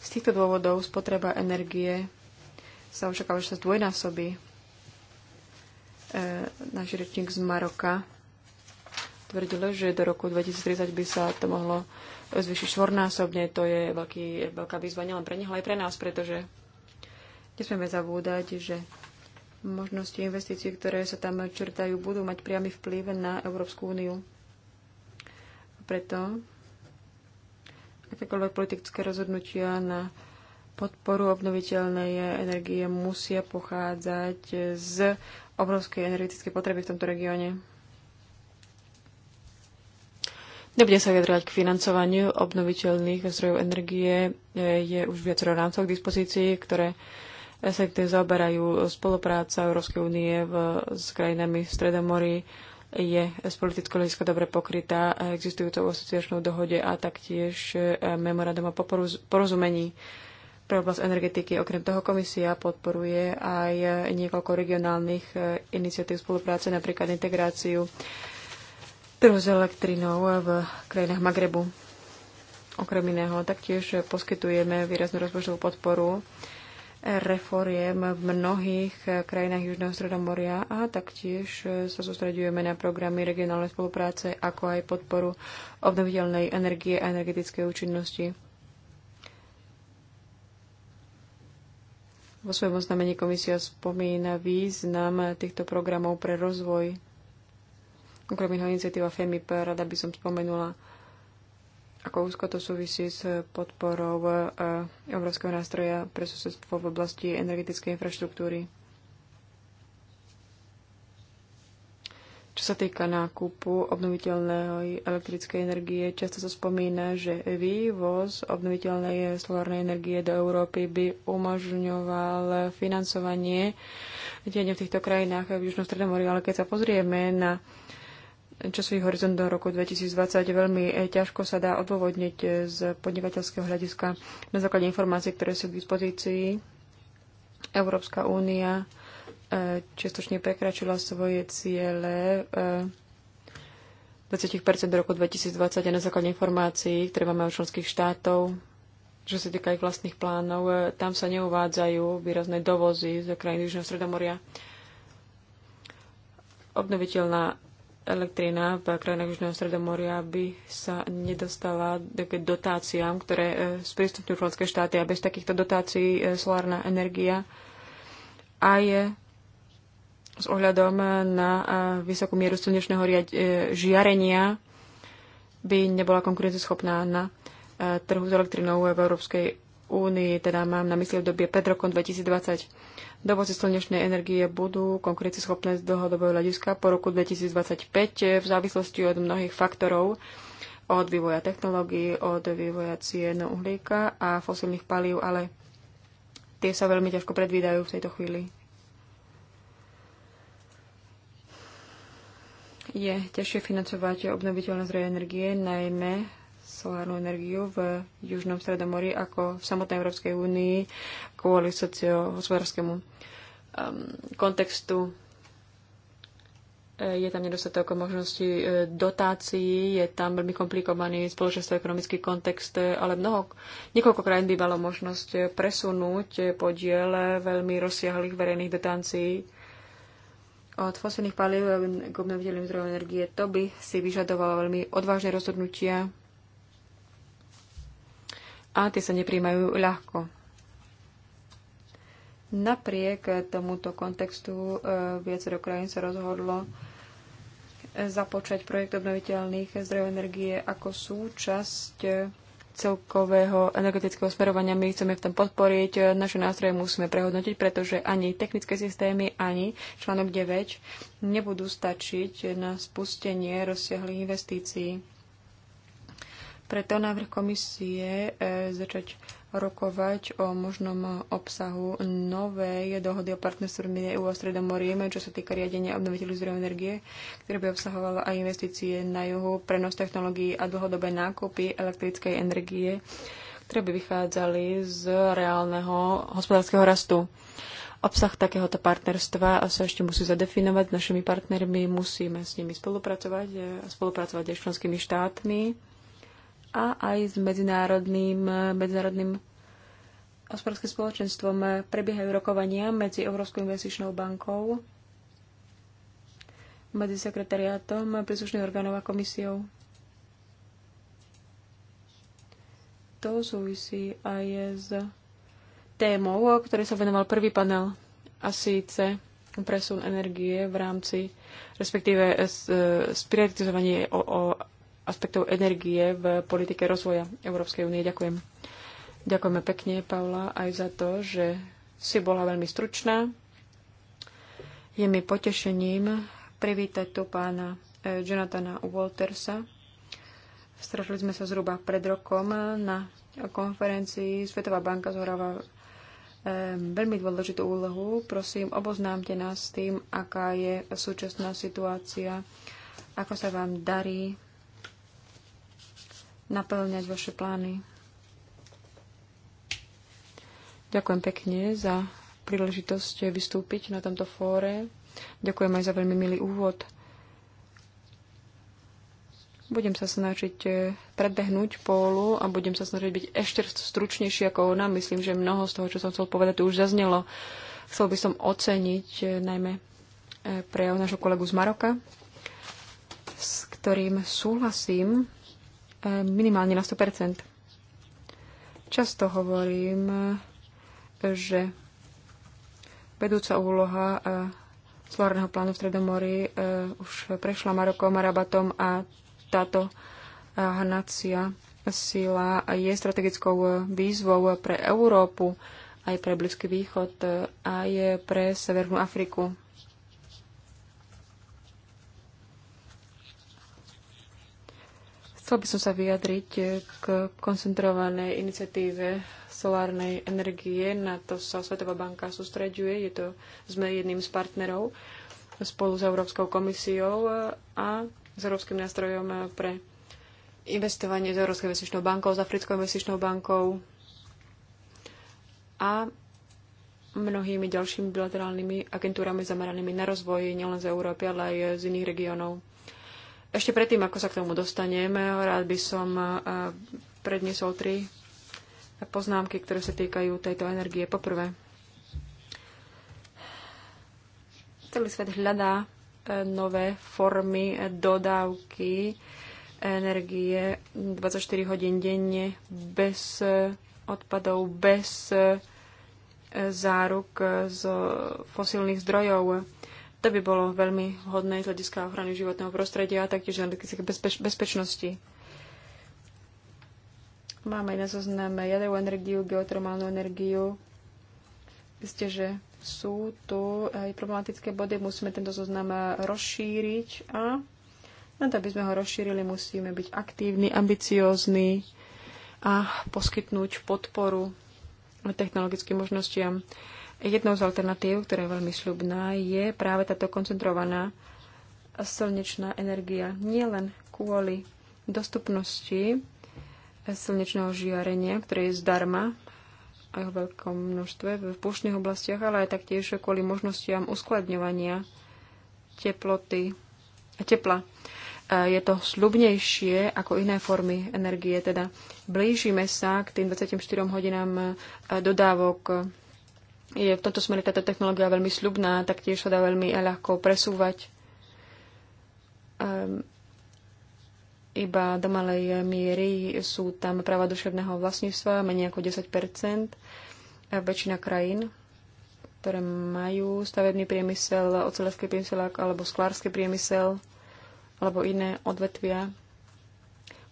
Z týchto dôvodov spotreba energie sa očakáva, že sa zdvojnásobí. E, náš rečník z Maroka tvrdil, že do roku 2030 by sa to mohlo zvyšiť štvornásobne. To je veľký, veľká výzva nielen pre nich, ale aj pre nás, pretože Nesmieme zavúdať, že možnosti investícií, ktoré sa tam črtajú, budú mať priamy vplyv na Európsku úniu. A preto akékoľvek politické rozhodnutia na podporu obnoviteľnej energie musia pochádzať z obrovskej energetickej potreby v tomto regióne. Nebudem sa vyjadrovať k financovaniu obnoviteľných zdrojov energie. Je už viacero rámcov k dispozícii, ktoré sa tým zaoberajú. Spolupráca Európskej únie v, s krajinami v Stredomorí je z politického hľadiska dobre pokrytá existujúcou asociačnou dohode a taktiež e, memorandum o porozumení pre oblasť energetiky. Okrem toho komisia podporuje aj niekoľko regionálnych e, iniciatív spolupráce, napríklad integráciu trhu s elektrinou v krajinách Magrebu. Okrem iného taktiež poskytujeme výraznú rozpočtovú podporu reforiem v mnohých eh, krajinách Južného Stredomoria a taktiež eh, sa sústredujeme na programy regionálnej spolupráce, ako aj podporu obnoviteľnej energie a energetickej účinnosti. Vo svojom oznámení komisia spomína význam týchto programov pre rozvoj. Okrem iného iniciatíva FEMIP rada by som spomenula ako úzko to súvisí s podporou e, Európskeho nástroja pre susedstvo v oblasti energetickej infraštruktúry. Čo sa týka nákupu obnoviteľnej elektrickej energie, často sa spomína, že vývoz obnoviteľnej solárnej energie do Európy by umožňoval financovanie diania v týchto krajinách v Južnom Stredomorí. Ale keď sa pozrieme na uh, časový horizont do roku 2020 veľmi e, ťažko sa dá odôvodniť e, z podnikateľského hľadiska na základe informácií, ktoré sú k dispozícii. Európska únia e, čiastočne prekračila svoje ciele 20% do roku 2020 a na základe informácií, ktoré máme od členských štátov, čo sa týka ich vlastných plánov, tam sa neuvádzajú výrazné dovozy z krajiny Južného Stredomoria obnoviteľná elektrina v krajinách Južného Stredomoria by sa nedostala k dotáciám, ktoré e, sprístupňujú členské štáty. A bez takýchto dotácií e, solárna energia aj s ohľadom na e, vysokú mieru slnečného žiarenia by nebola konkurenceschopná na trhu s elektrinou v Európskej únii. Teda mám na mysli obdobie 5 rokov 2020 Dovozy slnečnej energie budú konkurencieschopné z dlhodobého hľadiska po roku 2025 v závislosti od mnohých faktorov, od vývoja technológií, od vývoja cien uhlíka a fosílnych palív, ale tie sa veľmi ťažko predvídajú v tejto chvíli. je ťažšie financovať obnoviteľné zdroje energie, najmä solárnu energiu v Južnom Stredomorí ako v samotnej Európskej únii kvôli sociohospodárskému um, kontextu. E, je tam nedostatok možností e, dotácií, je tam veľmi komplikovaný spoločenstvo-ekonomický kontext, ale mnoho, niekoľko krajín bývalo možnosť presunúť podiel veľmi rozsiahlých verejných dotácií od fosilných palív k obnoviteľným zdrojom energie. To by si vyžadovalo veľmi odvážne rozhodnutia a tie sa nepríjmajú ľahko. Napriek tomuto kontextu e, viacero krajín sa rozhodlo e, započať projekt obnoviteľných zdrojov energie ako súčasť e, celkového energetického smerovania. My chceme v tom podporiť. Naše nástroje musíme prehodnotiť, pretože ani technické systémy, ani článok 9 nebudú stačiť na spustenie rozsiahlých investícií. Preto návrh komisie e, začať rokovať o možnom obsahu novej dohody o partnerstve medzi EU a Stredomorieme, čo sa týka riadenia obnoviteľných zdrojov energie, ktoré by obsahovala aj investície na juhu, prenos technológií a dlhodobé nákupy elektrickej energie, ktoré by vychádzali z reálneho hospodárskeho rastu. Obsah takéhoto partnerstva sa ešte musí zadefinovať s našimi partnermi, musíme s nimi spolupracovať e, a spolupracovať aj s členskými štátmi a aj s medzinárodným, medzinárodným hospodárským spoločenstvom prebiehajú rokovania medzi Európskou investičnou bankou, medzi sekretariátom príslušných orgánov a komisiou. To súvisí aj s témou, o ktorej sa venoval prvý panel, a síce presun energie v rámci, respektíve spiritizovanie e, o, o aspektov energie v politike rozvoja Európskej únie. Ďakujem. Ďakujeme pekne, Paula, aj za to, že si bola veľmi stručná. Je mi potešením privítať tu pána e, Jonathana Waltersa. Stretli sme sa zhruba pred rokom na konferencii Svetová banka zohráva e, veľmi dôležitú úlohu. Prosím, oboznámte nás s tým, aká je súčasná situácia, ako sa vám darí naplňať vaše plány. Ďakujem pekne za príležitosť vystúpiť na tomto fóre. Ďakujem aj za veľmi milý úvod. Budem sa snažiť eh, predbehnúť pólu a budem sa snažiť byť ešte stručnejší ako ona. Myslím, že mnoho z toho, čo som chcel povedať, už zaznelo. Chcel by som oceniť eh, najmä eh, prejav nášho kolegu z Maroka, s ktorým súhlasím minimálne na 100%. Často hovorím, že vedúca úloha e, Slovárneho plánu v Stredomorí e, už prešla Marokom a Rabatom a táto e, hnacia sila je strategickou výzvou pre Európu, aj pre Blízky východ, aj pre Severnú Afriku. Chcel by som sa vyjadriť e, k koncentrovanej iniciatíve solárnej energie. Na to sa Svetová banka sústreďuje. Je to, sme jedným z partnerov spolu s Európskou komisiou e, a s Európskym nástrojom e, pre investovanie s Európskej investičnou bankou, s Africkou investičnou bankou a mnohými ďalšími bilaterálnymi agentúrami zameranými na rozvoj nielen z Európy, ale aj z iných regiónov. Ešte predtým, ako sa k tomu dostaneme, rád by som e, predniesol tri poznámky, ktoré sa týkajú tejto energie. Poprvé, celý svet hľadá e, nové formy dodávky energie 24 hodín denne bez e, odpadov, bez záruk z fosílnych zdrojov. To by bolo veľmi hodné z hľadiska ochrany životného prostredia a taktiež energetickej bezpeč- bezpečnosti. Máme na zozname jadrovú energiu, geotermálnu energiu. Viete, že sú tu aj problematické body, musíme tento zoznam rozšíriť a na to, aby sme ho rozšírili, musíme byť aktívni, ambiciózni a poskytnúť podporu technologickým možnostiam. Jednou z alternatív, ktorá je veľmi sľubná, je práve táto koncentrovaná slnečná energia. Nie len kvôli dostupnosti slnečného žiarenia, ktoré je zdarma aj v veľkom množstve v púštnych oblastiach, ale aj taktiež kvôli možnostiam uskladňovania teploty a tepla. E, je to slubnejšie ako iné formy energie, teda blížime sa k tým 24 hodinám e, dodávok je v tomto smere táto technológia veľmi sľubná, taktiež sa dá veľmi ľahko presúvať um, iba do malej miery sú tam práva duševného vlastníctva, menej ako 10 Väčšina krajín, ktoré majú stavebný priemysel, ocelársky priemysel alebo sklársky priemysel alebo iné odvetvia,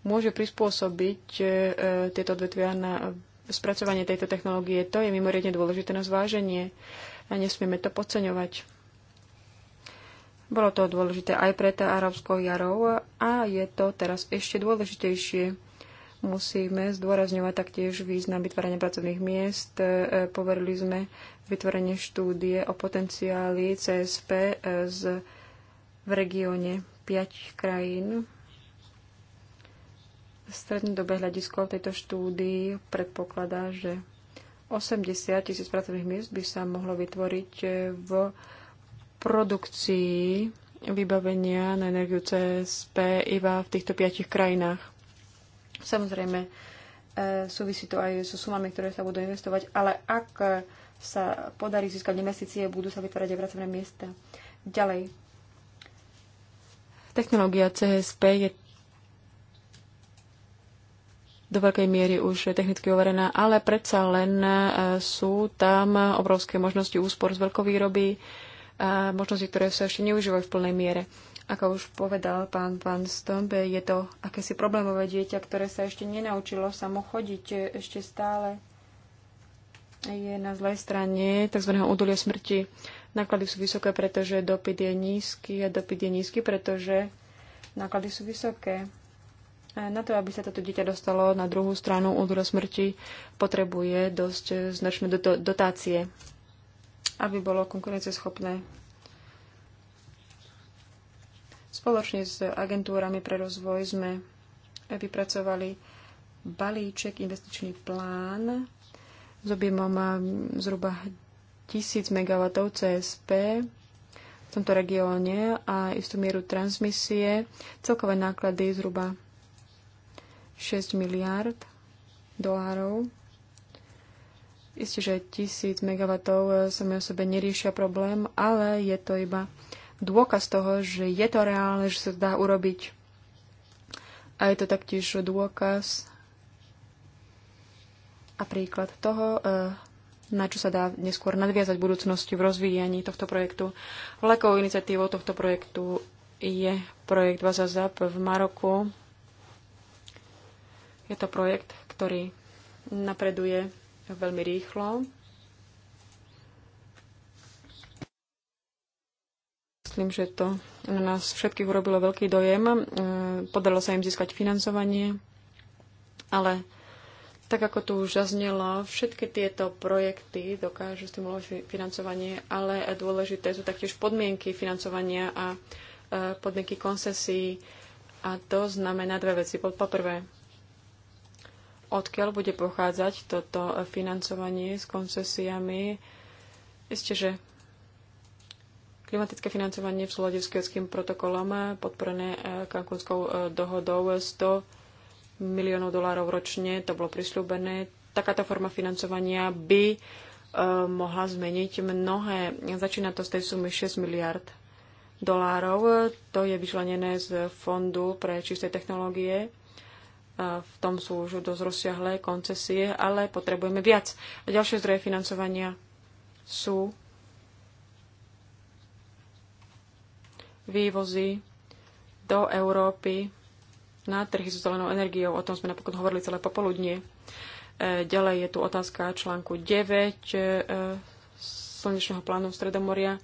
môže prispôsobiť e, tieto odvetvia na spracovanie tejto technológie. To je mimoriadne dôležité na zváženie a nesmieme to podceňovať. Bolo to dôležité aj pre tá arabskou jarou a je to teraz ešte dôležitejšie. Musíme zdôrazňovať taktiež význam vytvárania pracovných miest. Poverili sme vytvorenie štúdie o potenciáli CSP z, v regióne 5 krajín Strednodobé hľadisko v tejto štúdii predpokladá, že 80 tisíc pracovných miest by sa mohlo vytvoriť v produkcii vybavenia na energiu CSP iba v týchto piatich krajinách. Samozrejme, e, súvisí to aj so sumami, ktoré sa budú investovať, ale ak sa podarí získať investície, budú sa vytvárať aj pracovné miesta. Ďalej. Technológia CSP je do veľkej miery už technicky overená, ale predsa len e, sú tam obrovské možnosti úspor z veľkovýroby, možnosti, ktoré sa ešte neužívajú v plnej miere. Ako už povedal pán pán Stombe, je to akési problémové dieťa, ktoré sa ešte nenaučilo samo chodiť, e, ešte stále je na zlej strane tzv. údolia smrti. Náklady sú vysoké, pretože dopyt je nízky a dopyt je nízky, pretože náklady sú vysoké. Na to, aby sa toto dieťa dostalo na druhú stranu údora smrti, potrebuje dosť značné dotácie, aby bolo konkurenceschopné. Spoločne s agentúrami pre rozvoj sme vypracovali balíček, investičný plán s objemom zhruba 1000 MW CSP v tomto regióne a istú mieru transmisie. Celkové náklady zhruba 6 miliárd dolárov. Isté, že tisíc megawatov eh, sami o sebe neriešia problém, ale je to iba dôkaz toho, že je to reálne, že sa dá urobiť. A je to taktiež dôkaz a príklad toho, eh, na čo sa dá neskôr nadviazať v budúcnosti v rozvíjaní tohto projektu. Vlakovou iniciatívou tohto projektu je projekt Vazazap v Maroku, je to projekt, ktorý napreduje veľmi rýchlo. Myslím, že to na nás všetkých urobilo veľký dojem. E, podarilo sa im získať financovanie, ale tak ako tu už zaznelo, všetky tieto projekty dokážu stimulovať financovanie, ale dôležité sú taktiež podmienky financovania a e, podmienky koncesí. A to znamená dve veci. Po prvé, odkiaľ bude pochádzať toto financovanie s koncesiami. Isté, že klimatické financovanie v súlade s kiotským protokolom podporené e, kankunskou e, dohodou 100 miliónov dolárov ročne, to bolo prislúbené. Takáto forma financovania by e, mohla zmeniť mnohé. Začína to z tej sumy 6 miliard dolárov. To je vyčlenené z Fondu pre čisté technológie v tom sú už dosť rozsiahlé koncesie, ale potrebujeme viac. A ďalšie zdroje financovania sú vývozy do Európy na trhy so zelenou energiou. O tom sme napokon hovorili celé popoludnie. E, ďalej je tu otázka článku 9 e, slnečného plánu Stredomoria. E,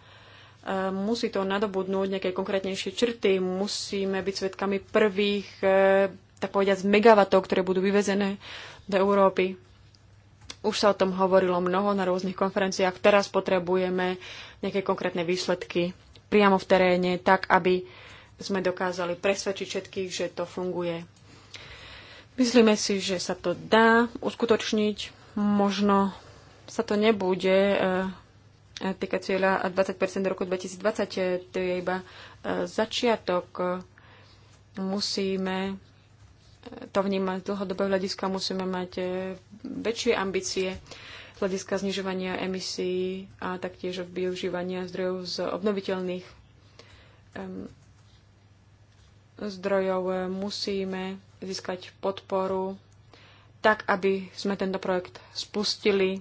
musí to nadobudnúť nejaké konkrétnejšie črty. Musíme byť svetkami prvých tak povediať, megawatov, ktoré budú vyvezené do Európy. Už sa o tom hovorilo mnoho na rôznych konferenciách. Teraz potrebujeme nejaké konkrétne výsledky priamo v teréne, tak aby sme dokázali presvedčiť všetkých, že to funguje. Myslíme si, že sa to dá uskutočniť. Možno sa to nebude eh, eh, týka cieľa 20 do roku 2020. Eh, to je iba začiatok. Musíme to vnímať z dlhodobého hľadiska, musíme mať e, väčšie ambície z hľadiska znižovania emisí a taktiež využívania zdrojov z obnoviteľných zdrojov. E, musíme získať podporu tak, aby sme tento projekt spustili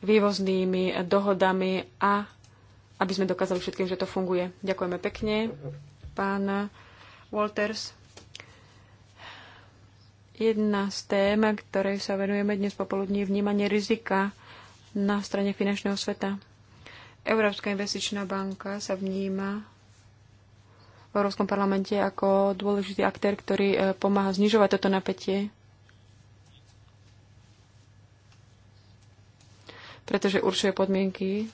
vývoznými dohodami a aby sme dokázali všetkým, že to funguje. Ďakujeme pekne, pán Walters. Jedna z tém, ktorej sa venujeme dnes popoludní, je vnímanie rizika na strane finančného sveta. Európska investičná banka sa vníma v Európskom parlamente ako dôležitý aktér, ktorý e, pomáha znižovať toto napätie. Pretože určuje podmienky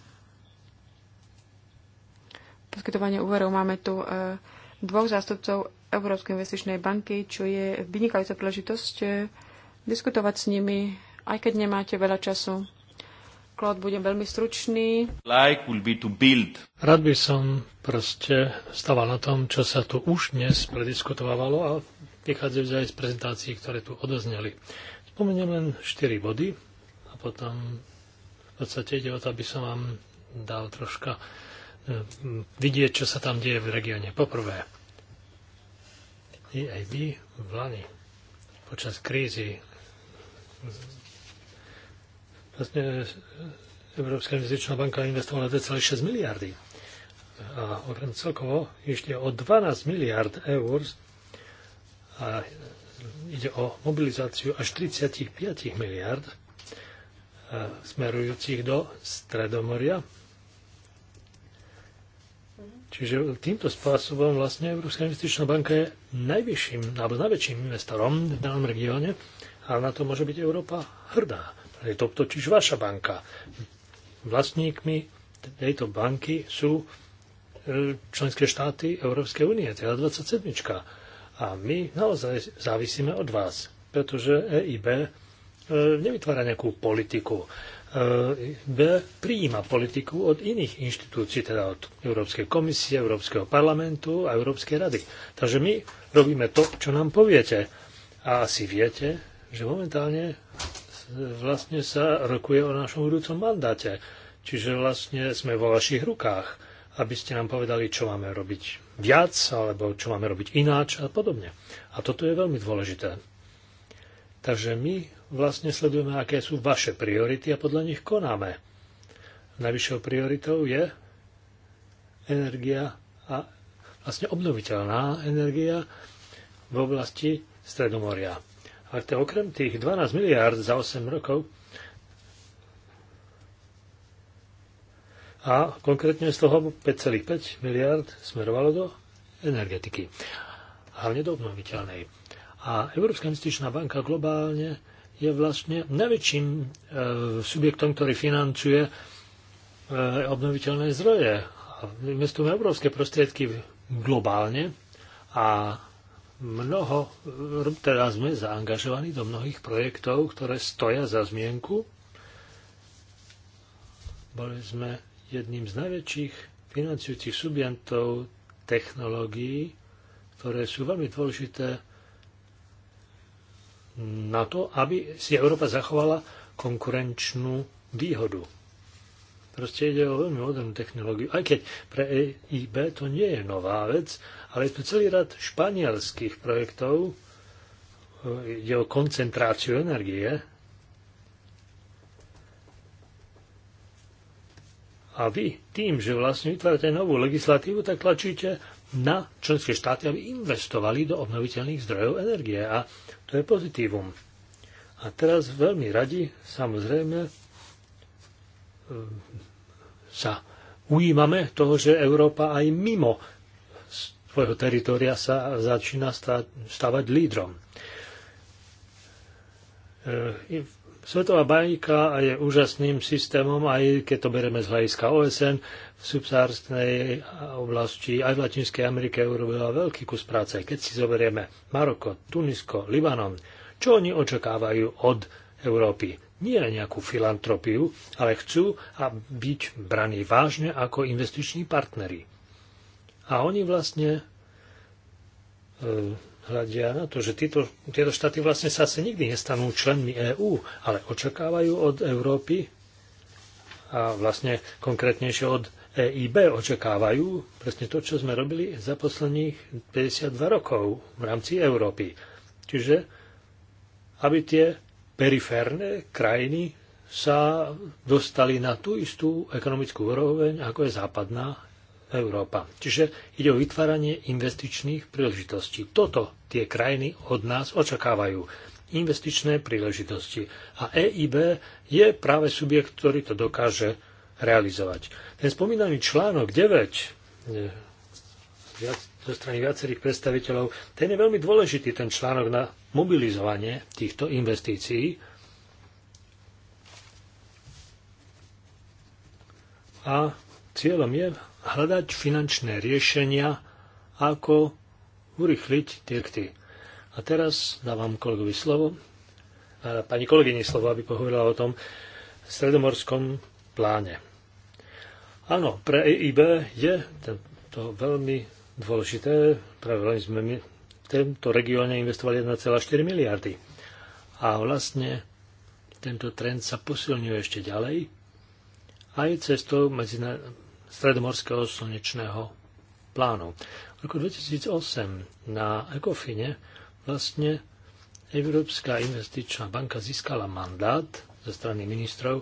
poskytovania úverov. Máme tu e, dvoch zástupcov Európskej investičnej banky, čo je vynikajúca príležitosť eh, diskutovať s nimi, aj keď nemáte veľa času. Klod, budem veľmi stručný. Like will be to build. Rád by som proste stával na tom, čo sa tu už dnes prediskutovalo a vychádzajú aj z prezentácií, ktoré tu odozneli. Spomeniem len 4 body a potom v podstate ide o to, aby som vám dal troška eh, vidieť, čo sa tam deje v regióne. Poprvé, i aj vy v Lani počas krízy vlastne e, Európska investičná banka investovala 2,6 miliardy a celkovo ešte o 12 miliard eur a ide o mobilizáciu až 35 miliard e, smerujúcich do Stredomoria Čiže týmto spôsobom vlastne Európska investičná banka je najvyšším alebo najväčším investorom v danom regióne a na to môže byť Európa hrdá. Je to totiž vaša banka. Vlastníkmi tejto banky sú e, členské štáty Európskej únie, teda 27. A my naozaj závisíme od vás, pretože EIB e, nevytvára nejakú politiku. E, prijíma politiku od iných inštitúcií, teda od Európskej komisie, Európskeho parlamentu a Európskej rady. Takže my robíme to, čo nám poviete. A asi viete, že momentálne vlastne sa rokuje o našom budúcom mandáte. Čiže vlastne sme vo vašich rukách, aby ste nám povedali, čo máme robiť viac, alebo čo máme robiť ináč a podobne. A toto je veľmi dôležité. Takže my vlastne sledujeme, aké sú vaše priority a podľa nich konáme. Najvyššou prioritou je energia a vlastne obnoviteľná energia v oblasti Stredomoria. A to okrem tých 12 miliárd za 8 rokov a konkrétne z toho 5,5 miliard smerovalo do energetiky, hlavne do obnoviteľnej. A Európska investičná banka globálne je vlastne najväčším e, subjektom, ktorý financuje e, obnoviteľné zdroje. Investujeme obrovské prostriedky globálne a mnoho, teda sme zaangažovaní do mnohých projektov, ktoré stoja za zmienku. Boli sme jedným z najväčších financujúcich subjektov technológií, ktoré sú veľmi dôležité na to, aby si Európa zachovala konkurenčnú výhodu. Proste ide o veľmi modernú technológiu. Aj keď pre EIB to nie je nová vec, ale je tu celý rad španielských projektov. Ide o koncentráciu energie. A vy tým, že vlastne vytvárate novú legislatívu, tak tlačíte na členské štáty, aby investovali do obnoviteľných zdrojov energie. A to je pozitívum. A teraz veľmi radi, samozrejme, e, sa ujímame toho, že Európa aj mimo svojho teritoria sa začína stávať lídrom. E, Svetová banka je úžasným systémom, aj keď to bereme z hľadiska OSN, subsárskej oblasti aj v Latinskej Amerike urobila veľký kus práce. Keď si zoberieme Maroko, Tunisko, Libanon, čo oni očakávajú od Európy? Nie nejakú filantropiu, ale chcú a byť braní vážne ako investiční partneri. A oni vlastne e, hľadia na to, že títo, tieto štáty vlastne sa asi nikdy nestanú členmi EÚ, ale očakávajú od Európy a vlastne konkrétnejšie od EIB očakávajú presne to, čo sme robili za posledných 52 rokov v rámci Európy. Čiže aby tie periférne krajiny sa dostali na tú istú ekonomickú úroveň, ako je západná Európa. Čiže ide o vytváranie investičných príležitostí. Toto tie krajiny od nás očakávajú. Investičné príležitosti. A EIB je práve subjekt, ktorý to dokáže realizovať. Ten spomínaný článok 9 e, zo strany viacerých predstaviteľov, ten je veľmi dôležitý, ten článok na mobilizovanie týchto investícií. A cieľom je hľadať finančné riešenia, ako urychliť tie A teraz dávam kolegovi slovo, pani kolegyni slovo, aby pohovorila o tom stredomorskom pláne. Áno, pre EIB je to veľmi dôležité. Práve sme my v tomto regióne investovali 1,4 miliardy. A vlastne tento trend sa posilňuje ešte ďalej aj cestou medzi stredomorského slnečného plánu. V roku 2008 na Ekofine vlastne Európska investičná banka získala mandát ze strany ministrov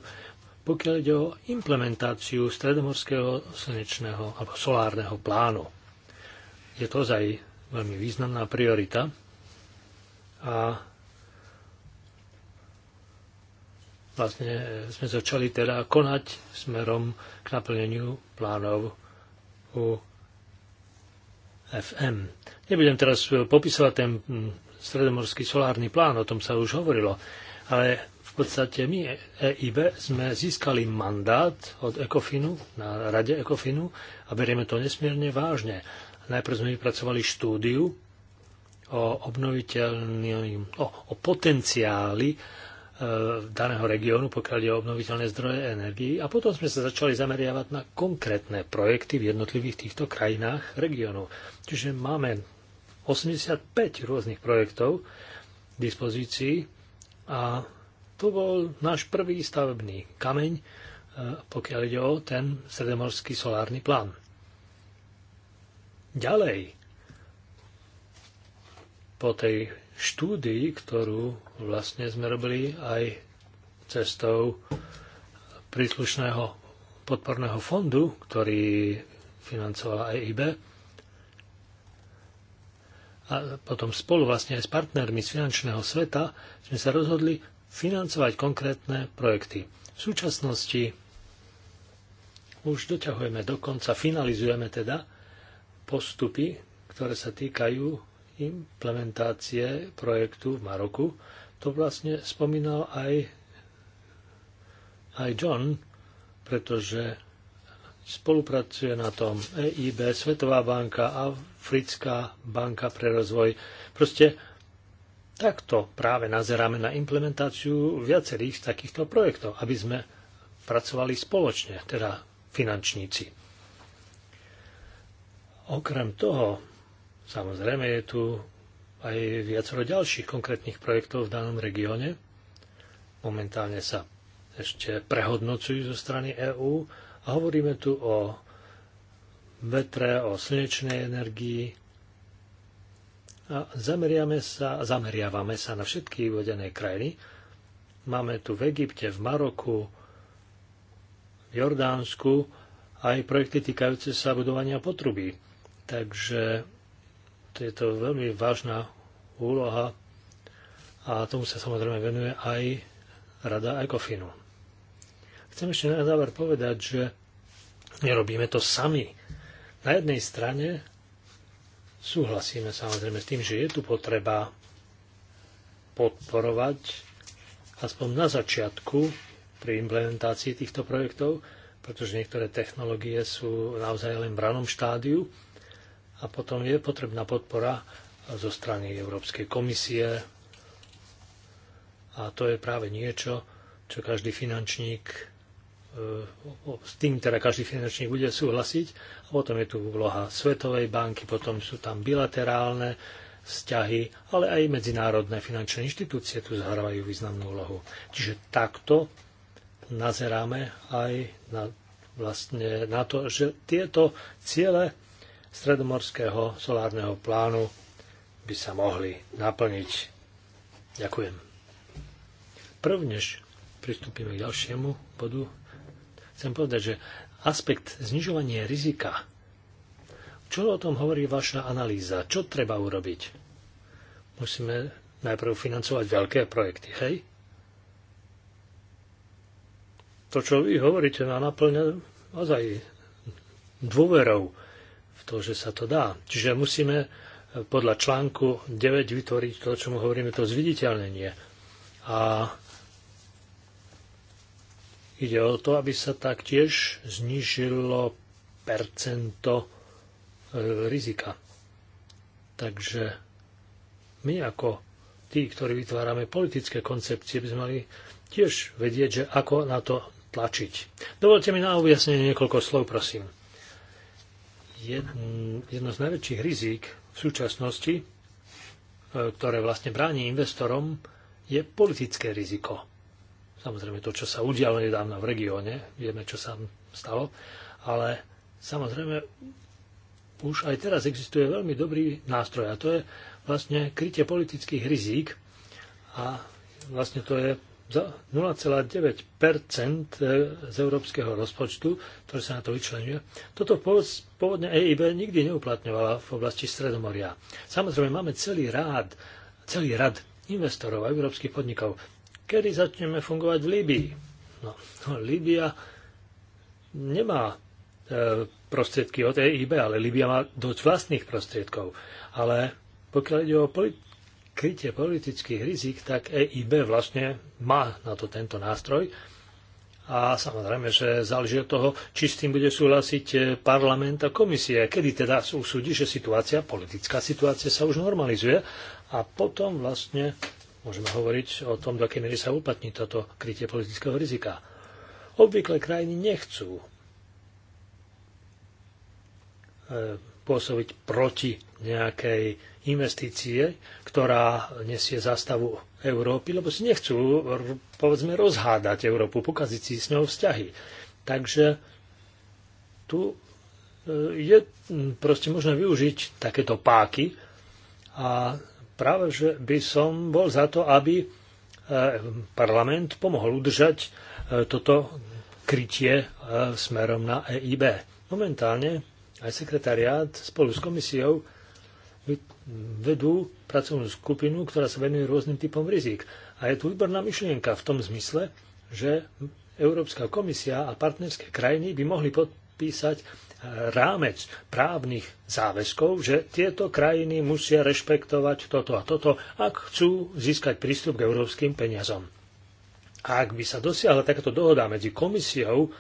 pokiaľ ide o implementáciu stredomorského slnečného alebo solárneho plánu. Je to ozaj veľmi významná priorita a vlastne sme začali teda konať smerom k naplneniu plánov u FM. Nebudem teraz popisovať ten mm, stredomorský solárny plán, o tom sa už hovorilo, ale v podstate my, EIB, sme získali mandát od Ekofinu, na rade Ekofinu a berieme to nesmierne vážne. Najprv sme vypracovali štúdiu o obnoviteľným, o, o potenciáli e, daného regiónu, pokiaľ je o obnoviteľné zdroje energii. A potom sme sa začali zameriavať na konkrétne projekty v jednotlivých týchto krajinách regiónov. Čiže máme 85 rôznych projektov k dispozícii a to bol náš prvý stavebný kameň, e, pokiaľ ide o ten sredomorský solárny plán. Ďalej, po tej štúdii, ktorú vlastne sme robili aj cestou príslušného podporného fondu, ktorý financovala EIB, a potom spolu vlastne aj s partnermi z finančného sveta sme sa rozhodli financovať konkrétne projekty. V súčasnosti už doťahujeme do konca, finalizujeme teda postupy, ktoré sa týkajú implementácie projektu v Maroku. To vlastne spomínal aj, aj John, pretože spolupracuje na tom EIB, Svetová banka, Africká banka pre rozvoj. Proste takto práve nazeráme na implementáciu viacerých z takýchto projektov, aby sme pracovali spoločne, teda finančníci. Okrem toho, samozrejme, je tu aj viacero ďalších konkrétnych projektov v danom regióne. Momentálne sa ešte prehodnocujú zo strany EÚ a hovoríme tu o vetre, o slnečnej energii, a zameriame sa, zameriavame sa na všetky uvedené krajiny. Máme tu v Egypte, v Maroku, v Jordánsku aj projekty týkajúce sa budovania potrubí. Takže to je to veľmi vážna úloha a tomu sa samozrejme venuje aj Rada Ecofinu. Chcem ešte na záver povedať, že nerobíme to sami. Na jednej strane Súhlasíme samozrejme s tým, že je tu potreba podporovať aspoň na začiatku pri implementácii týchto projektov, pretože niektoré technológie sú naozaj len v ranom štádiu a potom je potrebná podpora zo strany Európskej komisie a to je práve niečo, čo každý finančník E, s tým teda každý finančný bude súhlasiť. A potom je tu úloha Svetovej banky, potom sú tam bilaterálne vzťahy, ale aj medzinárodné finančné inštitúcie tu zahrávajú významnú úlohu. Čiže takto nazeráme aj na, vlastne na to, že tieto ciele stredomorského solárneho plánu by sa mohli naplniť. Ďakujem. Prvnež pristúpime k ďalšiemu bodu chcem povedať, že aspekt znižovania rizika. Čo o tom hovorí vaša analýza? Čo treba urobiť? Musíme najprv financovať veľké projekty, hej? To, čo vy hovoríte, má naplňa naozaj dôverou v to, že sa to dá. Čiže musíme podľa článku 9 vytvoriť to, čo mu hovoríme, to zviditeľnenie. A Ide o to, aby sa taktiež znižilo percento e, rizika. Takže my ako tí, ktorí vytvárame politické koncepcie, by sme mali tiež vedieť, že ako na to tlačiť. Dovolte mi na objasnenie niekoľko slov, prosím. Jedno z najväčších rizík v súčasnosti, e, ktoré vlastne bráni investorom, je politické riziko. Samozrejme to, čo sa udialo nedávno v regióne, vieme, čo sa stalo, ale samozrejme už aj teraz existuje veľmi dobrý nástroj a to je vlastne krytie politických rizík a vlastne to je 0,9 e, z európskeho rozpočtu, ktoré sa na to vyčlenuje. Toto pôvodne EIB nikdy neuplatňovala v oblasti Stredomoria. Samozrejme, máme celý rád, celý rad investorov a európskych podnikov kedy začneme fungovať v Líbii. No, no Líbia nemá e, prostriedky od EIB, ale Líbia má dosť vlastných prostriedkov. Ale pokiaľ ide o polit- krytie politických rizik, tak EIB vlastne má na to tento nástroj. A samozrejme, že záleží od toho, či s tým bude súhlasiť e, parlament a komisie. Kedy teda usúdi, že situácia, politická situácia sa už normalizuje a potom vlastne Môžeme hovoriť o tom, do akej miery sa uplatní toto krytie politického rizika. Obvykle krajiny nechcú e, pôsobiť proti nejakej investície, ktorá nesie zástavu Európy, lebo si nechcú, povedzme, rozhádať Európu, pokaziť si s ňou vzťahy. Takže tu e, je proste možné využiť takéto páky a práve, že by som bol za to, aby e, parlament pomohol udržať e, toto krytie e, smerom na EIB. Momentálne aj sekretariát spolu s komisiou vedú pracovnú skupinu, ktorá sa venuje rôznym typom rizik. A je tu výborná myšlienka v tom zmysle, že Európska komisia a partnerské krajiny by mohli podpísať e, rámec právnych záväzkov, že tieto krajiny musia rešpektovať toto a toto, ak chcú získať prístup k európskym peniazom. A ak by sa dosiahla takáto dohoda medzi komisiou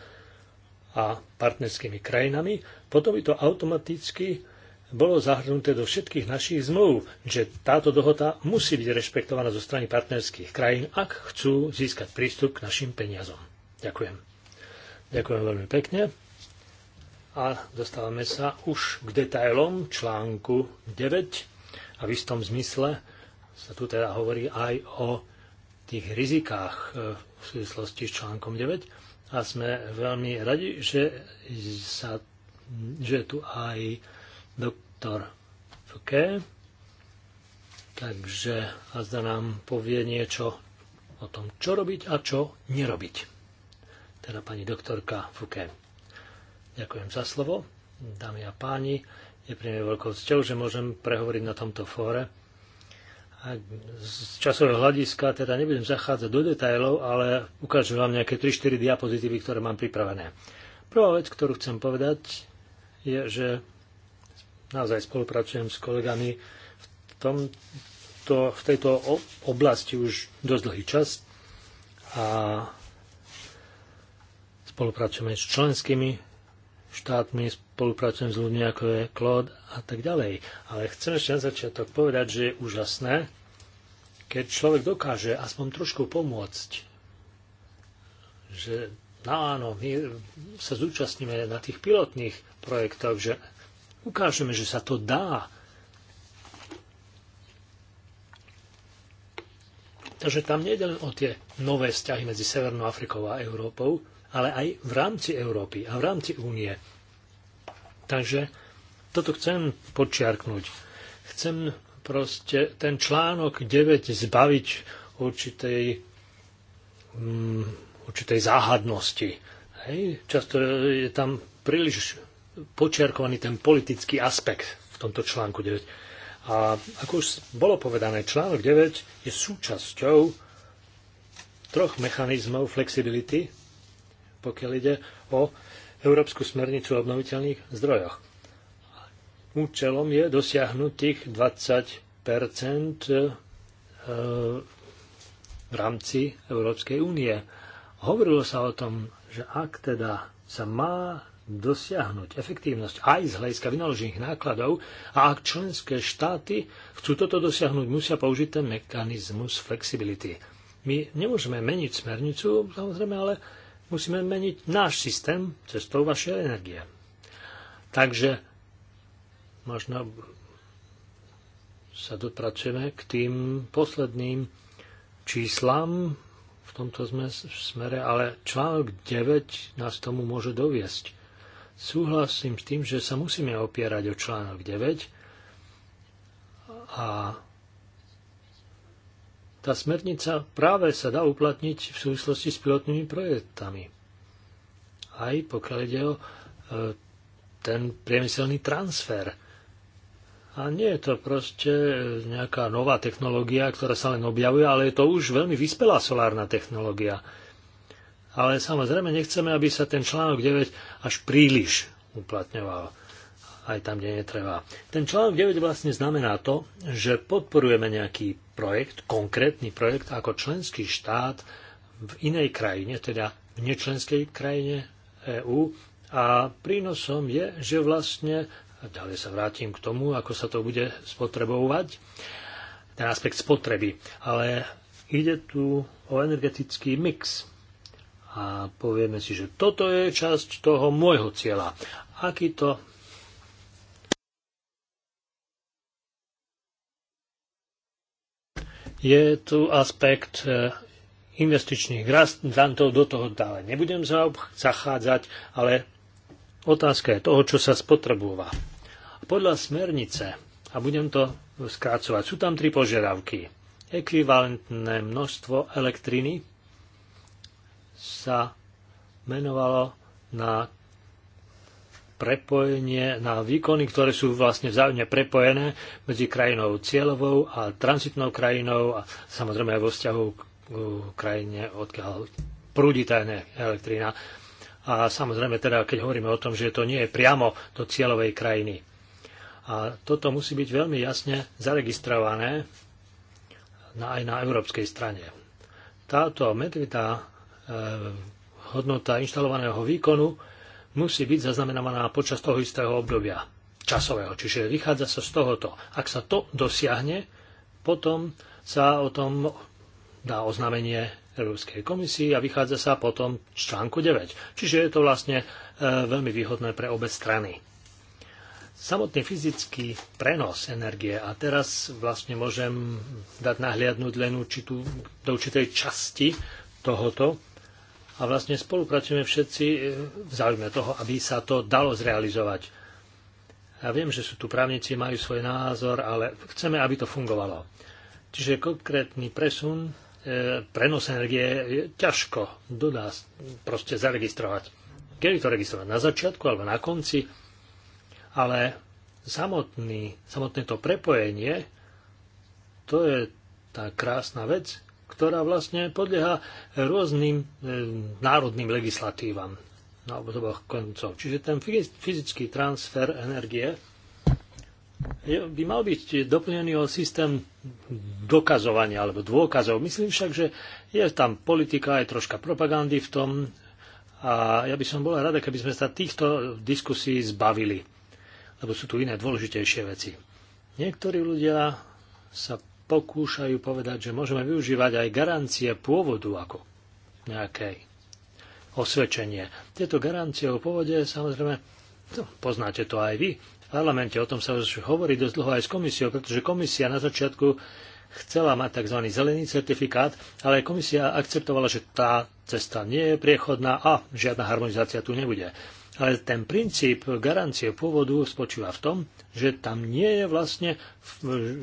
a partnerskými krajinami, potom by to automaticky bolo zahrnuté do všetkých našich zmluv, že táto dohoda musí byť rešpektovaná zo strany partnerských krajín, ak chcú získať prístup k našim peniazom. Ďakujem. Ďakujem veľmi pekne a dostávame sa už k detailom článku 9 a v istom zmysle sa tu teda hovorí aj o tých rizikách e, v súvislosti s článkom 9 a sme veľmi radi, že, sa, že tu aj doktor Fouquet, takže azda nám povie niečo o tom, čo robiť a čo nerobiť. Teda pani doktorka Fouquet. Ďakujem za slovo. Dámy a páni, je pre mňa veľkou cťou, že môžem prehovoriť na tomto fóre. A z časového hľadiska teda nebudem zachádzať do detajlov, ale ukážem vám nejaké 3-4 diapozitívy, ktoré mám pripravené. Prvá vec, ktorú chcem povedať, je, že naozaj spolupracujem s kolegami v, tomto, v tejto oblasti už dosť dlhý čas a spolupracujeme s členskými štátmi spolupracujem s ľuďmi ako je Claude a tak ďalej. Ale chcem ešte na začiatok povedať, že je úžasné, keď človek dokáže aspoň trošku pomôcť, že no áno, my sa zúčastníme na tých pilotných projektoch, že ukážeme, že sa to dá. Takže tam nejde len o tie nové vzťahy medzi Severnou Afrikou a Európou, ale aj v rámci Európy a v rámci únie. Takže toto chcem podčiarknúť. Chcem proste ten článok 9 zbaviť určitej, um, určitej záhadnosti. Hej? Často je tam príliš počiarkovaný ten politický aspekt v tomto článku 9. A ako už bolo povedané, článok 9 je súčasťou troch mechanizmov flexibility, pokiaľ ide o Európsku smernicu o obnoviteľných zdrojoch. Účelom je dosiahnuť tých 20 e, v rámci Európskej únie. Hovorilo sa o tom, že ak teda sa má dosiahnuť efektívnosť aj z hľadiska vynaložených nákladov a ak členské štáty chcú toto dosiahnuť, musia použiť ten mechanizmus flexibility. My nemôžeme meniť smernicu, samozrejme, ale musíme meniť náš systém cestou vašej energie. Takže možno sa dopracujeme k tým posledným číslam v tomto smere, ale článok 9 nás tomu môže doviesť. Súhlasím s tým, že sa musíme opierať o článok 9 a tá smernica práve sa dá uplatniť v súvislosti s pilotnými projektami. Aj pokiaľ ide o e, ten priemyselný transfer. A nie je to proste e, nejaká nová technológia, ktorá sa len objavuje, ale je to už veľmi vyspelá solárna technológia. Ale samozrejme nechceme, aby sa ten článok 9 až príliš uplatňoval aj tam, kde netreba. Ten článok 9 vlastne znamená to, že podporujeme nejaký projekt, konkrétny projekt ako členský štát v inej krajine, teda v nečlenskej krajine EÚ a prínosom je, že vlastne, ďalej sa vrátim k tomu, ako sa to bude spotrebovať, ten aspekt spotreby, ale ide tu o energetický mix a povieme si, že toto je časť toho môjho cieľa. Aký to je tu aspekt e, investičných grantov, do toho dále nebudem zachádzať, ale otázka je toho, čo sa spotrebúva. Podľa smernice, a budem to skrácovať, sú tam tri požiadavky. Ekvivalentné množstvo elektriny sa menovalo na prepojenie na výkony, ktoré sú vlastne vzájomne prepojené medzi krajinou cieľovou a transitnou krajinou a samozrejme aj vo vzťahu k krajine, odkiaľ prúdi tá elektrina. A samozrejme teda, keď hovoríme o tom, že to nie je priamo do cieľovej krajiny. A toto musí byť veľmi jasne zaregistrované aj na európskej strane. Táto metrita eh, hodnota inštalovaného výkonu musí byť zaznamenaná počas toho istého obdobia časového. Čiže vychádza sa z tohoto. Ak sa to dosiahne, potom sa o tom dá oznámenie Európskej komisii a vychádza sa potom z článku 9. Čiže je to vlastne e, veľmi výhodné pre obe strany samotný fyzický prenos energie a teraz vlastne môžem dať nahliadnúť len určitú, do určitej časti tohoto a vlastne spolupracujeme všetci e, v záujme toho, aby sa to dalo zrealizovať. Ja viem, že sú tu právnici, majú svoj názor, ale chceme, aby to fungovalo. Čiže konkrétny presun, e, prenos energie je ťažko do nás proste zaregistrovať. Kedy to registrovať? Na začiatku alebo na konci? Ale samotný, samotné to prepojenie, to je tá krásna vec, ktorá vlastne podlieha rôznym e, národným legislatívam na no, obdoboch koncov. Čiže ten fyzický transfer energie by mal byť doplnený o systém dokazovania alebo dôkazov. Myslím však, že je tam politika, aj troška propagandy v tom a ja by som bola rada, keby sme sa týchto diskusí zbavili, lebo sú tu iné dôležitejšie veci. Niektorí ľudia sa pokúšajú povedať, že môžeme využívať aj garancie pôvodu ako nejakej osvedčenie. Tieto garancie o pôvode, samozrejme, no, poznáte to aj vy. V parlamente o tom sa už hovorí dosť dlho aj s komisiou, pretože komisia na začiatku chcela mať tzv. zelený certifikát, ale komisia akceptovala, že tá cesta nie je priechodná a žiadna harmonizácia tu nebude. Ale ten princíp garancie pôvodu spočíva v tom, že tam nie je vlastne,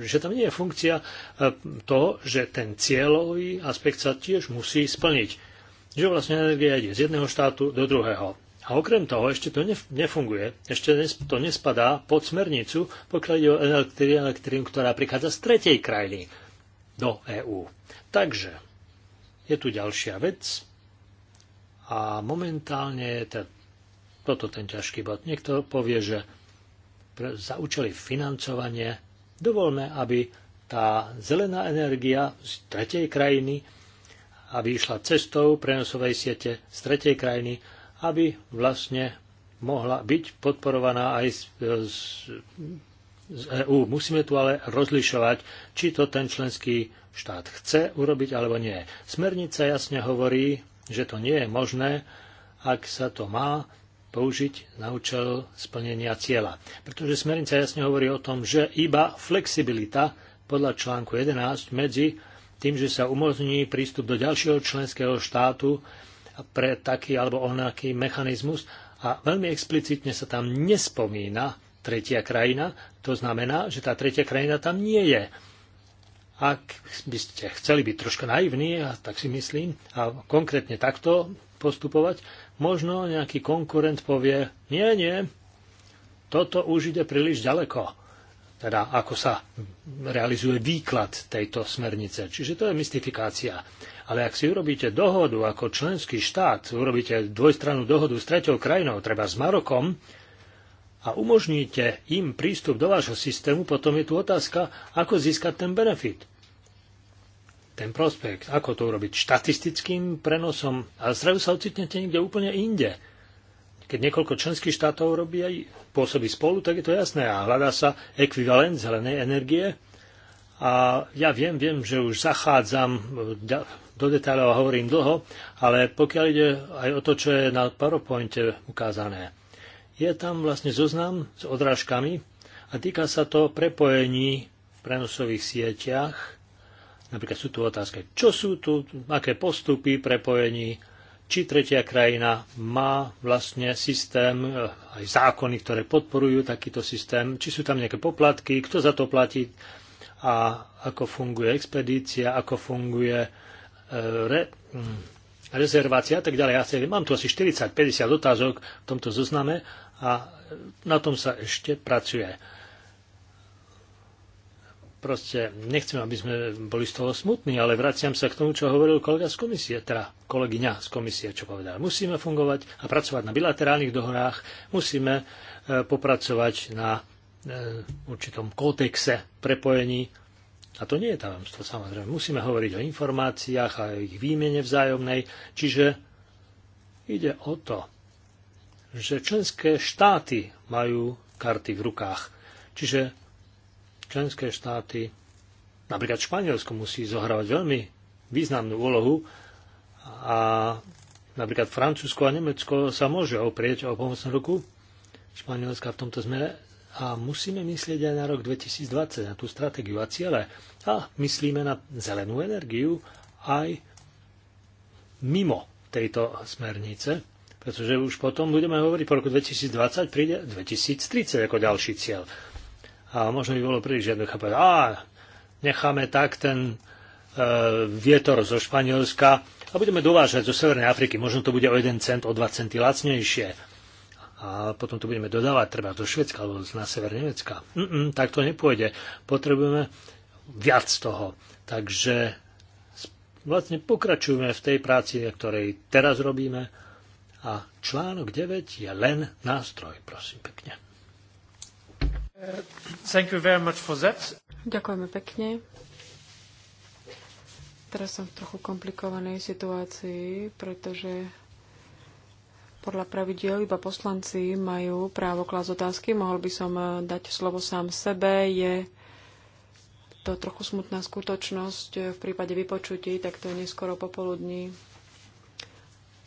že tam nie je funkcia e, toho, že ten cieľový aspekt sa tiež musí splniť. Že vlastne energia ide z jedného štátu do druhého. A okrem toho ešte to nefunguje, ešte to nespadá pod smernicu, pokiaľ ide o elektrínu, ktorá prichádza z tretej krajiny do EÚ. Takže je tu ďalšia vec a momentálne je teda toto ten ťažký bod. Niekto povie, že pre, za účely financovanie dovolme, aby tá zelená energia z tretej krajiny, aby išla cestou prenosovej siete z tretej krajiny, aby vlastne mohla byť podporovaná aj z, z, z EÚ. Musíme tu ale rozlišovať, či to ten členský štát chce urobiť alebo nie. Smernica jasne hovorí, že to nie je možné, ak sa to má použiť na účel splnenia cieľa. Pretože smernica jasne hovorí o tom, že iba flexibilita podľa článku 11 medzi tým, že sa umožní prístup do ďalšieho členského štátu pre taký alebo onaký mechanizmus a veľmi explicitne sa tam nespomína tretia krajina, to znamená, že tá tretia krajina tam nie je. Ak by ste chceli byť troška naivní, tak si myslím, a konkrétne takto postupovať, možno nejaký konkurent povie, nie, nie, toto už ide príliš ďaleko. Teda ako sa realizuje výklad tejto smernice. Čiže to je mystifikácia. Ale ak si urobíte dohodu ako členský štát, urobíte dvojstrannú dohodu s treťou krajinou, treba s Marokom, a umožníte im prístup do vášho systému, potom je tu otázka, ako získať ten benefit ten prospekt. Ako to urobiť? Štatistickým prenosom. A zrazu sa ocitnete niekde úplne inde. Keď niekoľko členských štátov robí aj pôsobí spolu, tak je to jasné. A hľadá sa ekvivalent zelenej energie. A ja viem, viem, že už zachádzam e, do detailov a hovorím dlho, ale pokiaľ ide aj o to, čo je na PowerPointe ukázané, je tam vlastne zoznam s odrážkami a týka sa to prepojení v prenosových sieťach Napríklad sú tu otázky, čo sú tu, aké postupy prepojení, či tretia krajina má vlastne systém, e, aj zákony, ktoré podporujú takýto systém, či sú tam nejaké poplatky, kto za to platí a ako funguje expedícia, ako funguje e, re, hm, rezervácia a tak ďalej. Ja mám tu asi 40-50 otázok v tomto zozname a na tom sa ešte pracuje proste nechcem, aby sme boli z toho smutní, ale vraciam sa k tomu, čo hovoril kolega z komisie, teda kolegyňa z komisie, čo povedala. Musíme fungovať a pracovať na bilaterálnych dohorách, musíme e, popracovať na e, určitom kódexe prepojení. A to nie je tajomstvo, samozrejme. Musíme hovoriť o informáciách a o ich výmene vzájomnej. Čiže ide o to, že členské štáty majú karty v rukách. Čiže členské štáty, napríklad Španielsko, musí zohrávať veľmi významnú úlohu a napríklad Francúzsko a Nemecko sa môže oprieť o pomocnú ruku Španielska v tomto zmere a musíme myslieť aj na rok 2020, na tú stratégiu a ciele. A myslíme na zelenú energiu aj mimo tejto smernice, pretože už potom budeme hovoriť po roku 2020, príde 2030 ako ďalší cieľ. A možno by bolo príliš jednoduché povedať, a necháme tak ten e, vietor zo Španielska a budeme dovážať zo Severnej Afriky. Možno to bude o 1 cent, o 2 centy lacnejšie. A potom to budeme dodávať treba do Švedska alebo na sever Nemecka. Mm-mm, tak to nepôjde. Potrebujeme viac toho. Takže vlastne pokračujeme v tej práci, ktorej teraz robíme. A článok 9 je len nástroj, prosím pekne. Ďakujeme pekne. Teraz som v trochu komplikovanej situácii, pretože podľa pravidiel iba poslanci majú právo klásť otázky. Mohol by som eh, dať slovo sám sebe. Je to trochu smutná skutočnosť eh, v prípade vypočutí, tak to je neskoro popoludní.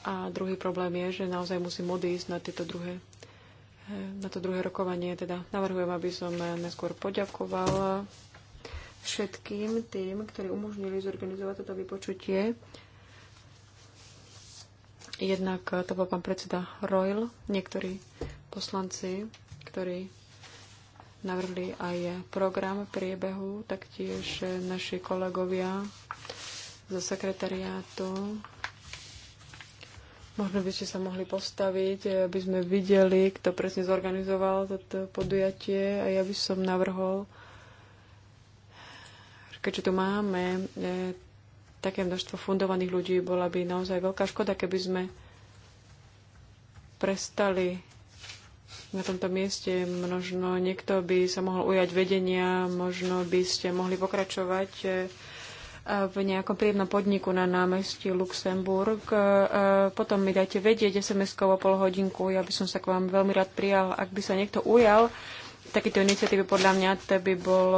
A druhý problém je, že naozaj musím odísť na tieto druhé na to druhé rokovanie. Teda navrhujem, aby som neskôr poďakovala všetkým tým, ktorí umožnili zorganizovať toto vypočutie. Jednak to bol pán predseda Royal, niektorí poslanci, ktorí navrhli aj program priebehu, taktiež naši kolegovia zo sekretariátu Možno by ste sa mohli postaviť, aby sme videli, kto presne zorganizoval toto podujatie a ja by som navrhol, keďže tu máme e, také množstvo fundovaných ľudí, bola by naozaj veľká škoda, keby sme prestali na tomto mieste. Možno niekto by sa mohol ujať vedenia, možno by ste mohli pokračovať e, v nejakom príjemnom podniku na námestí Luxemburg. E, potom mi dajte vedieť SMS-kou o pol hodinku. Ja by som sa k vám veľmi rád prijal. Ak by sa niekto ujal takéto iniciatívy, podľa mňa to by bol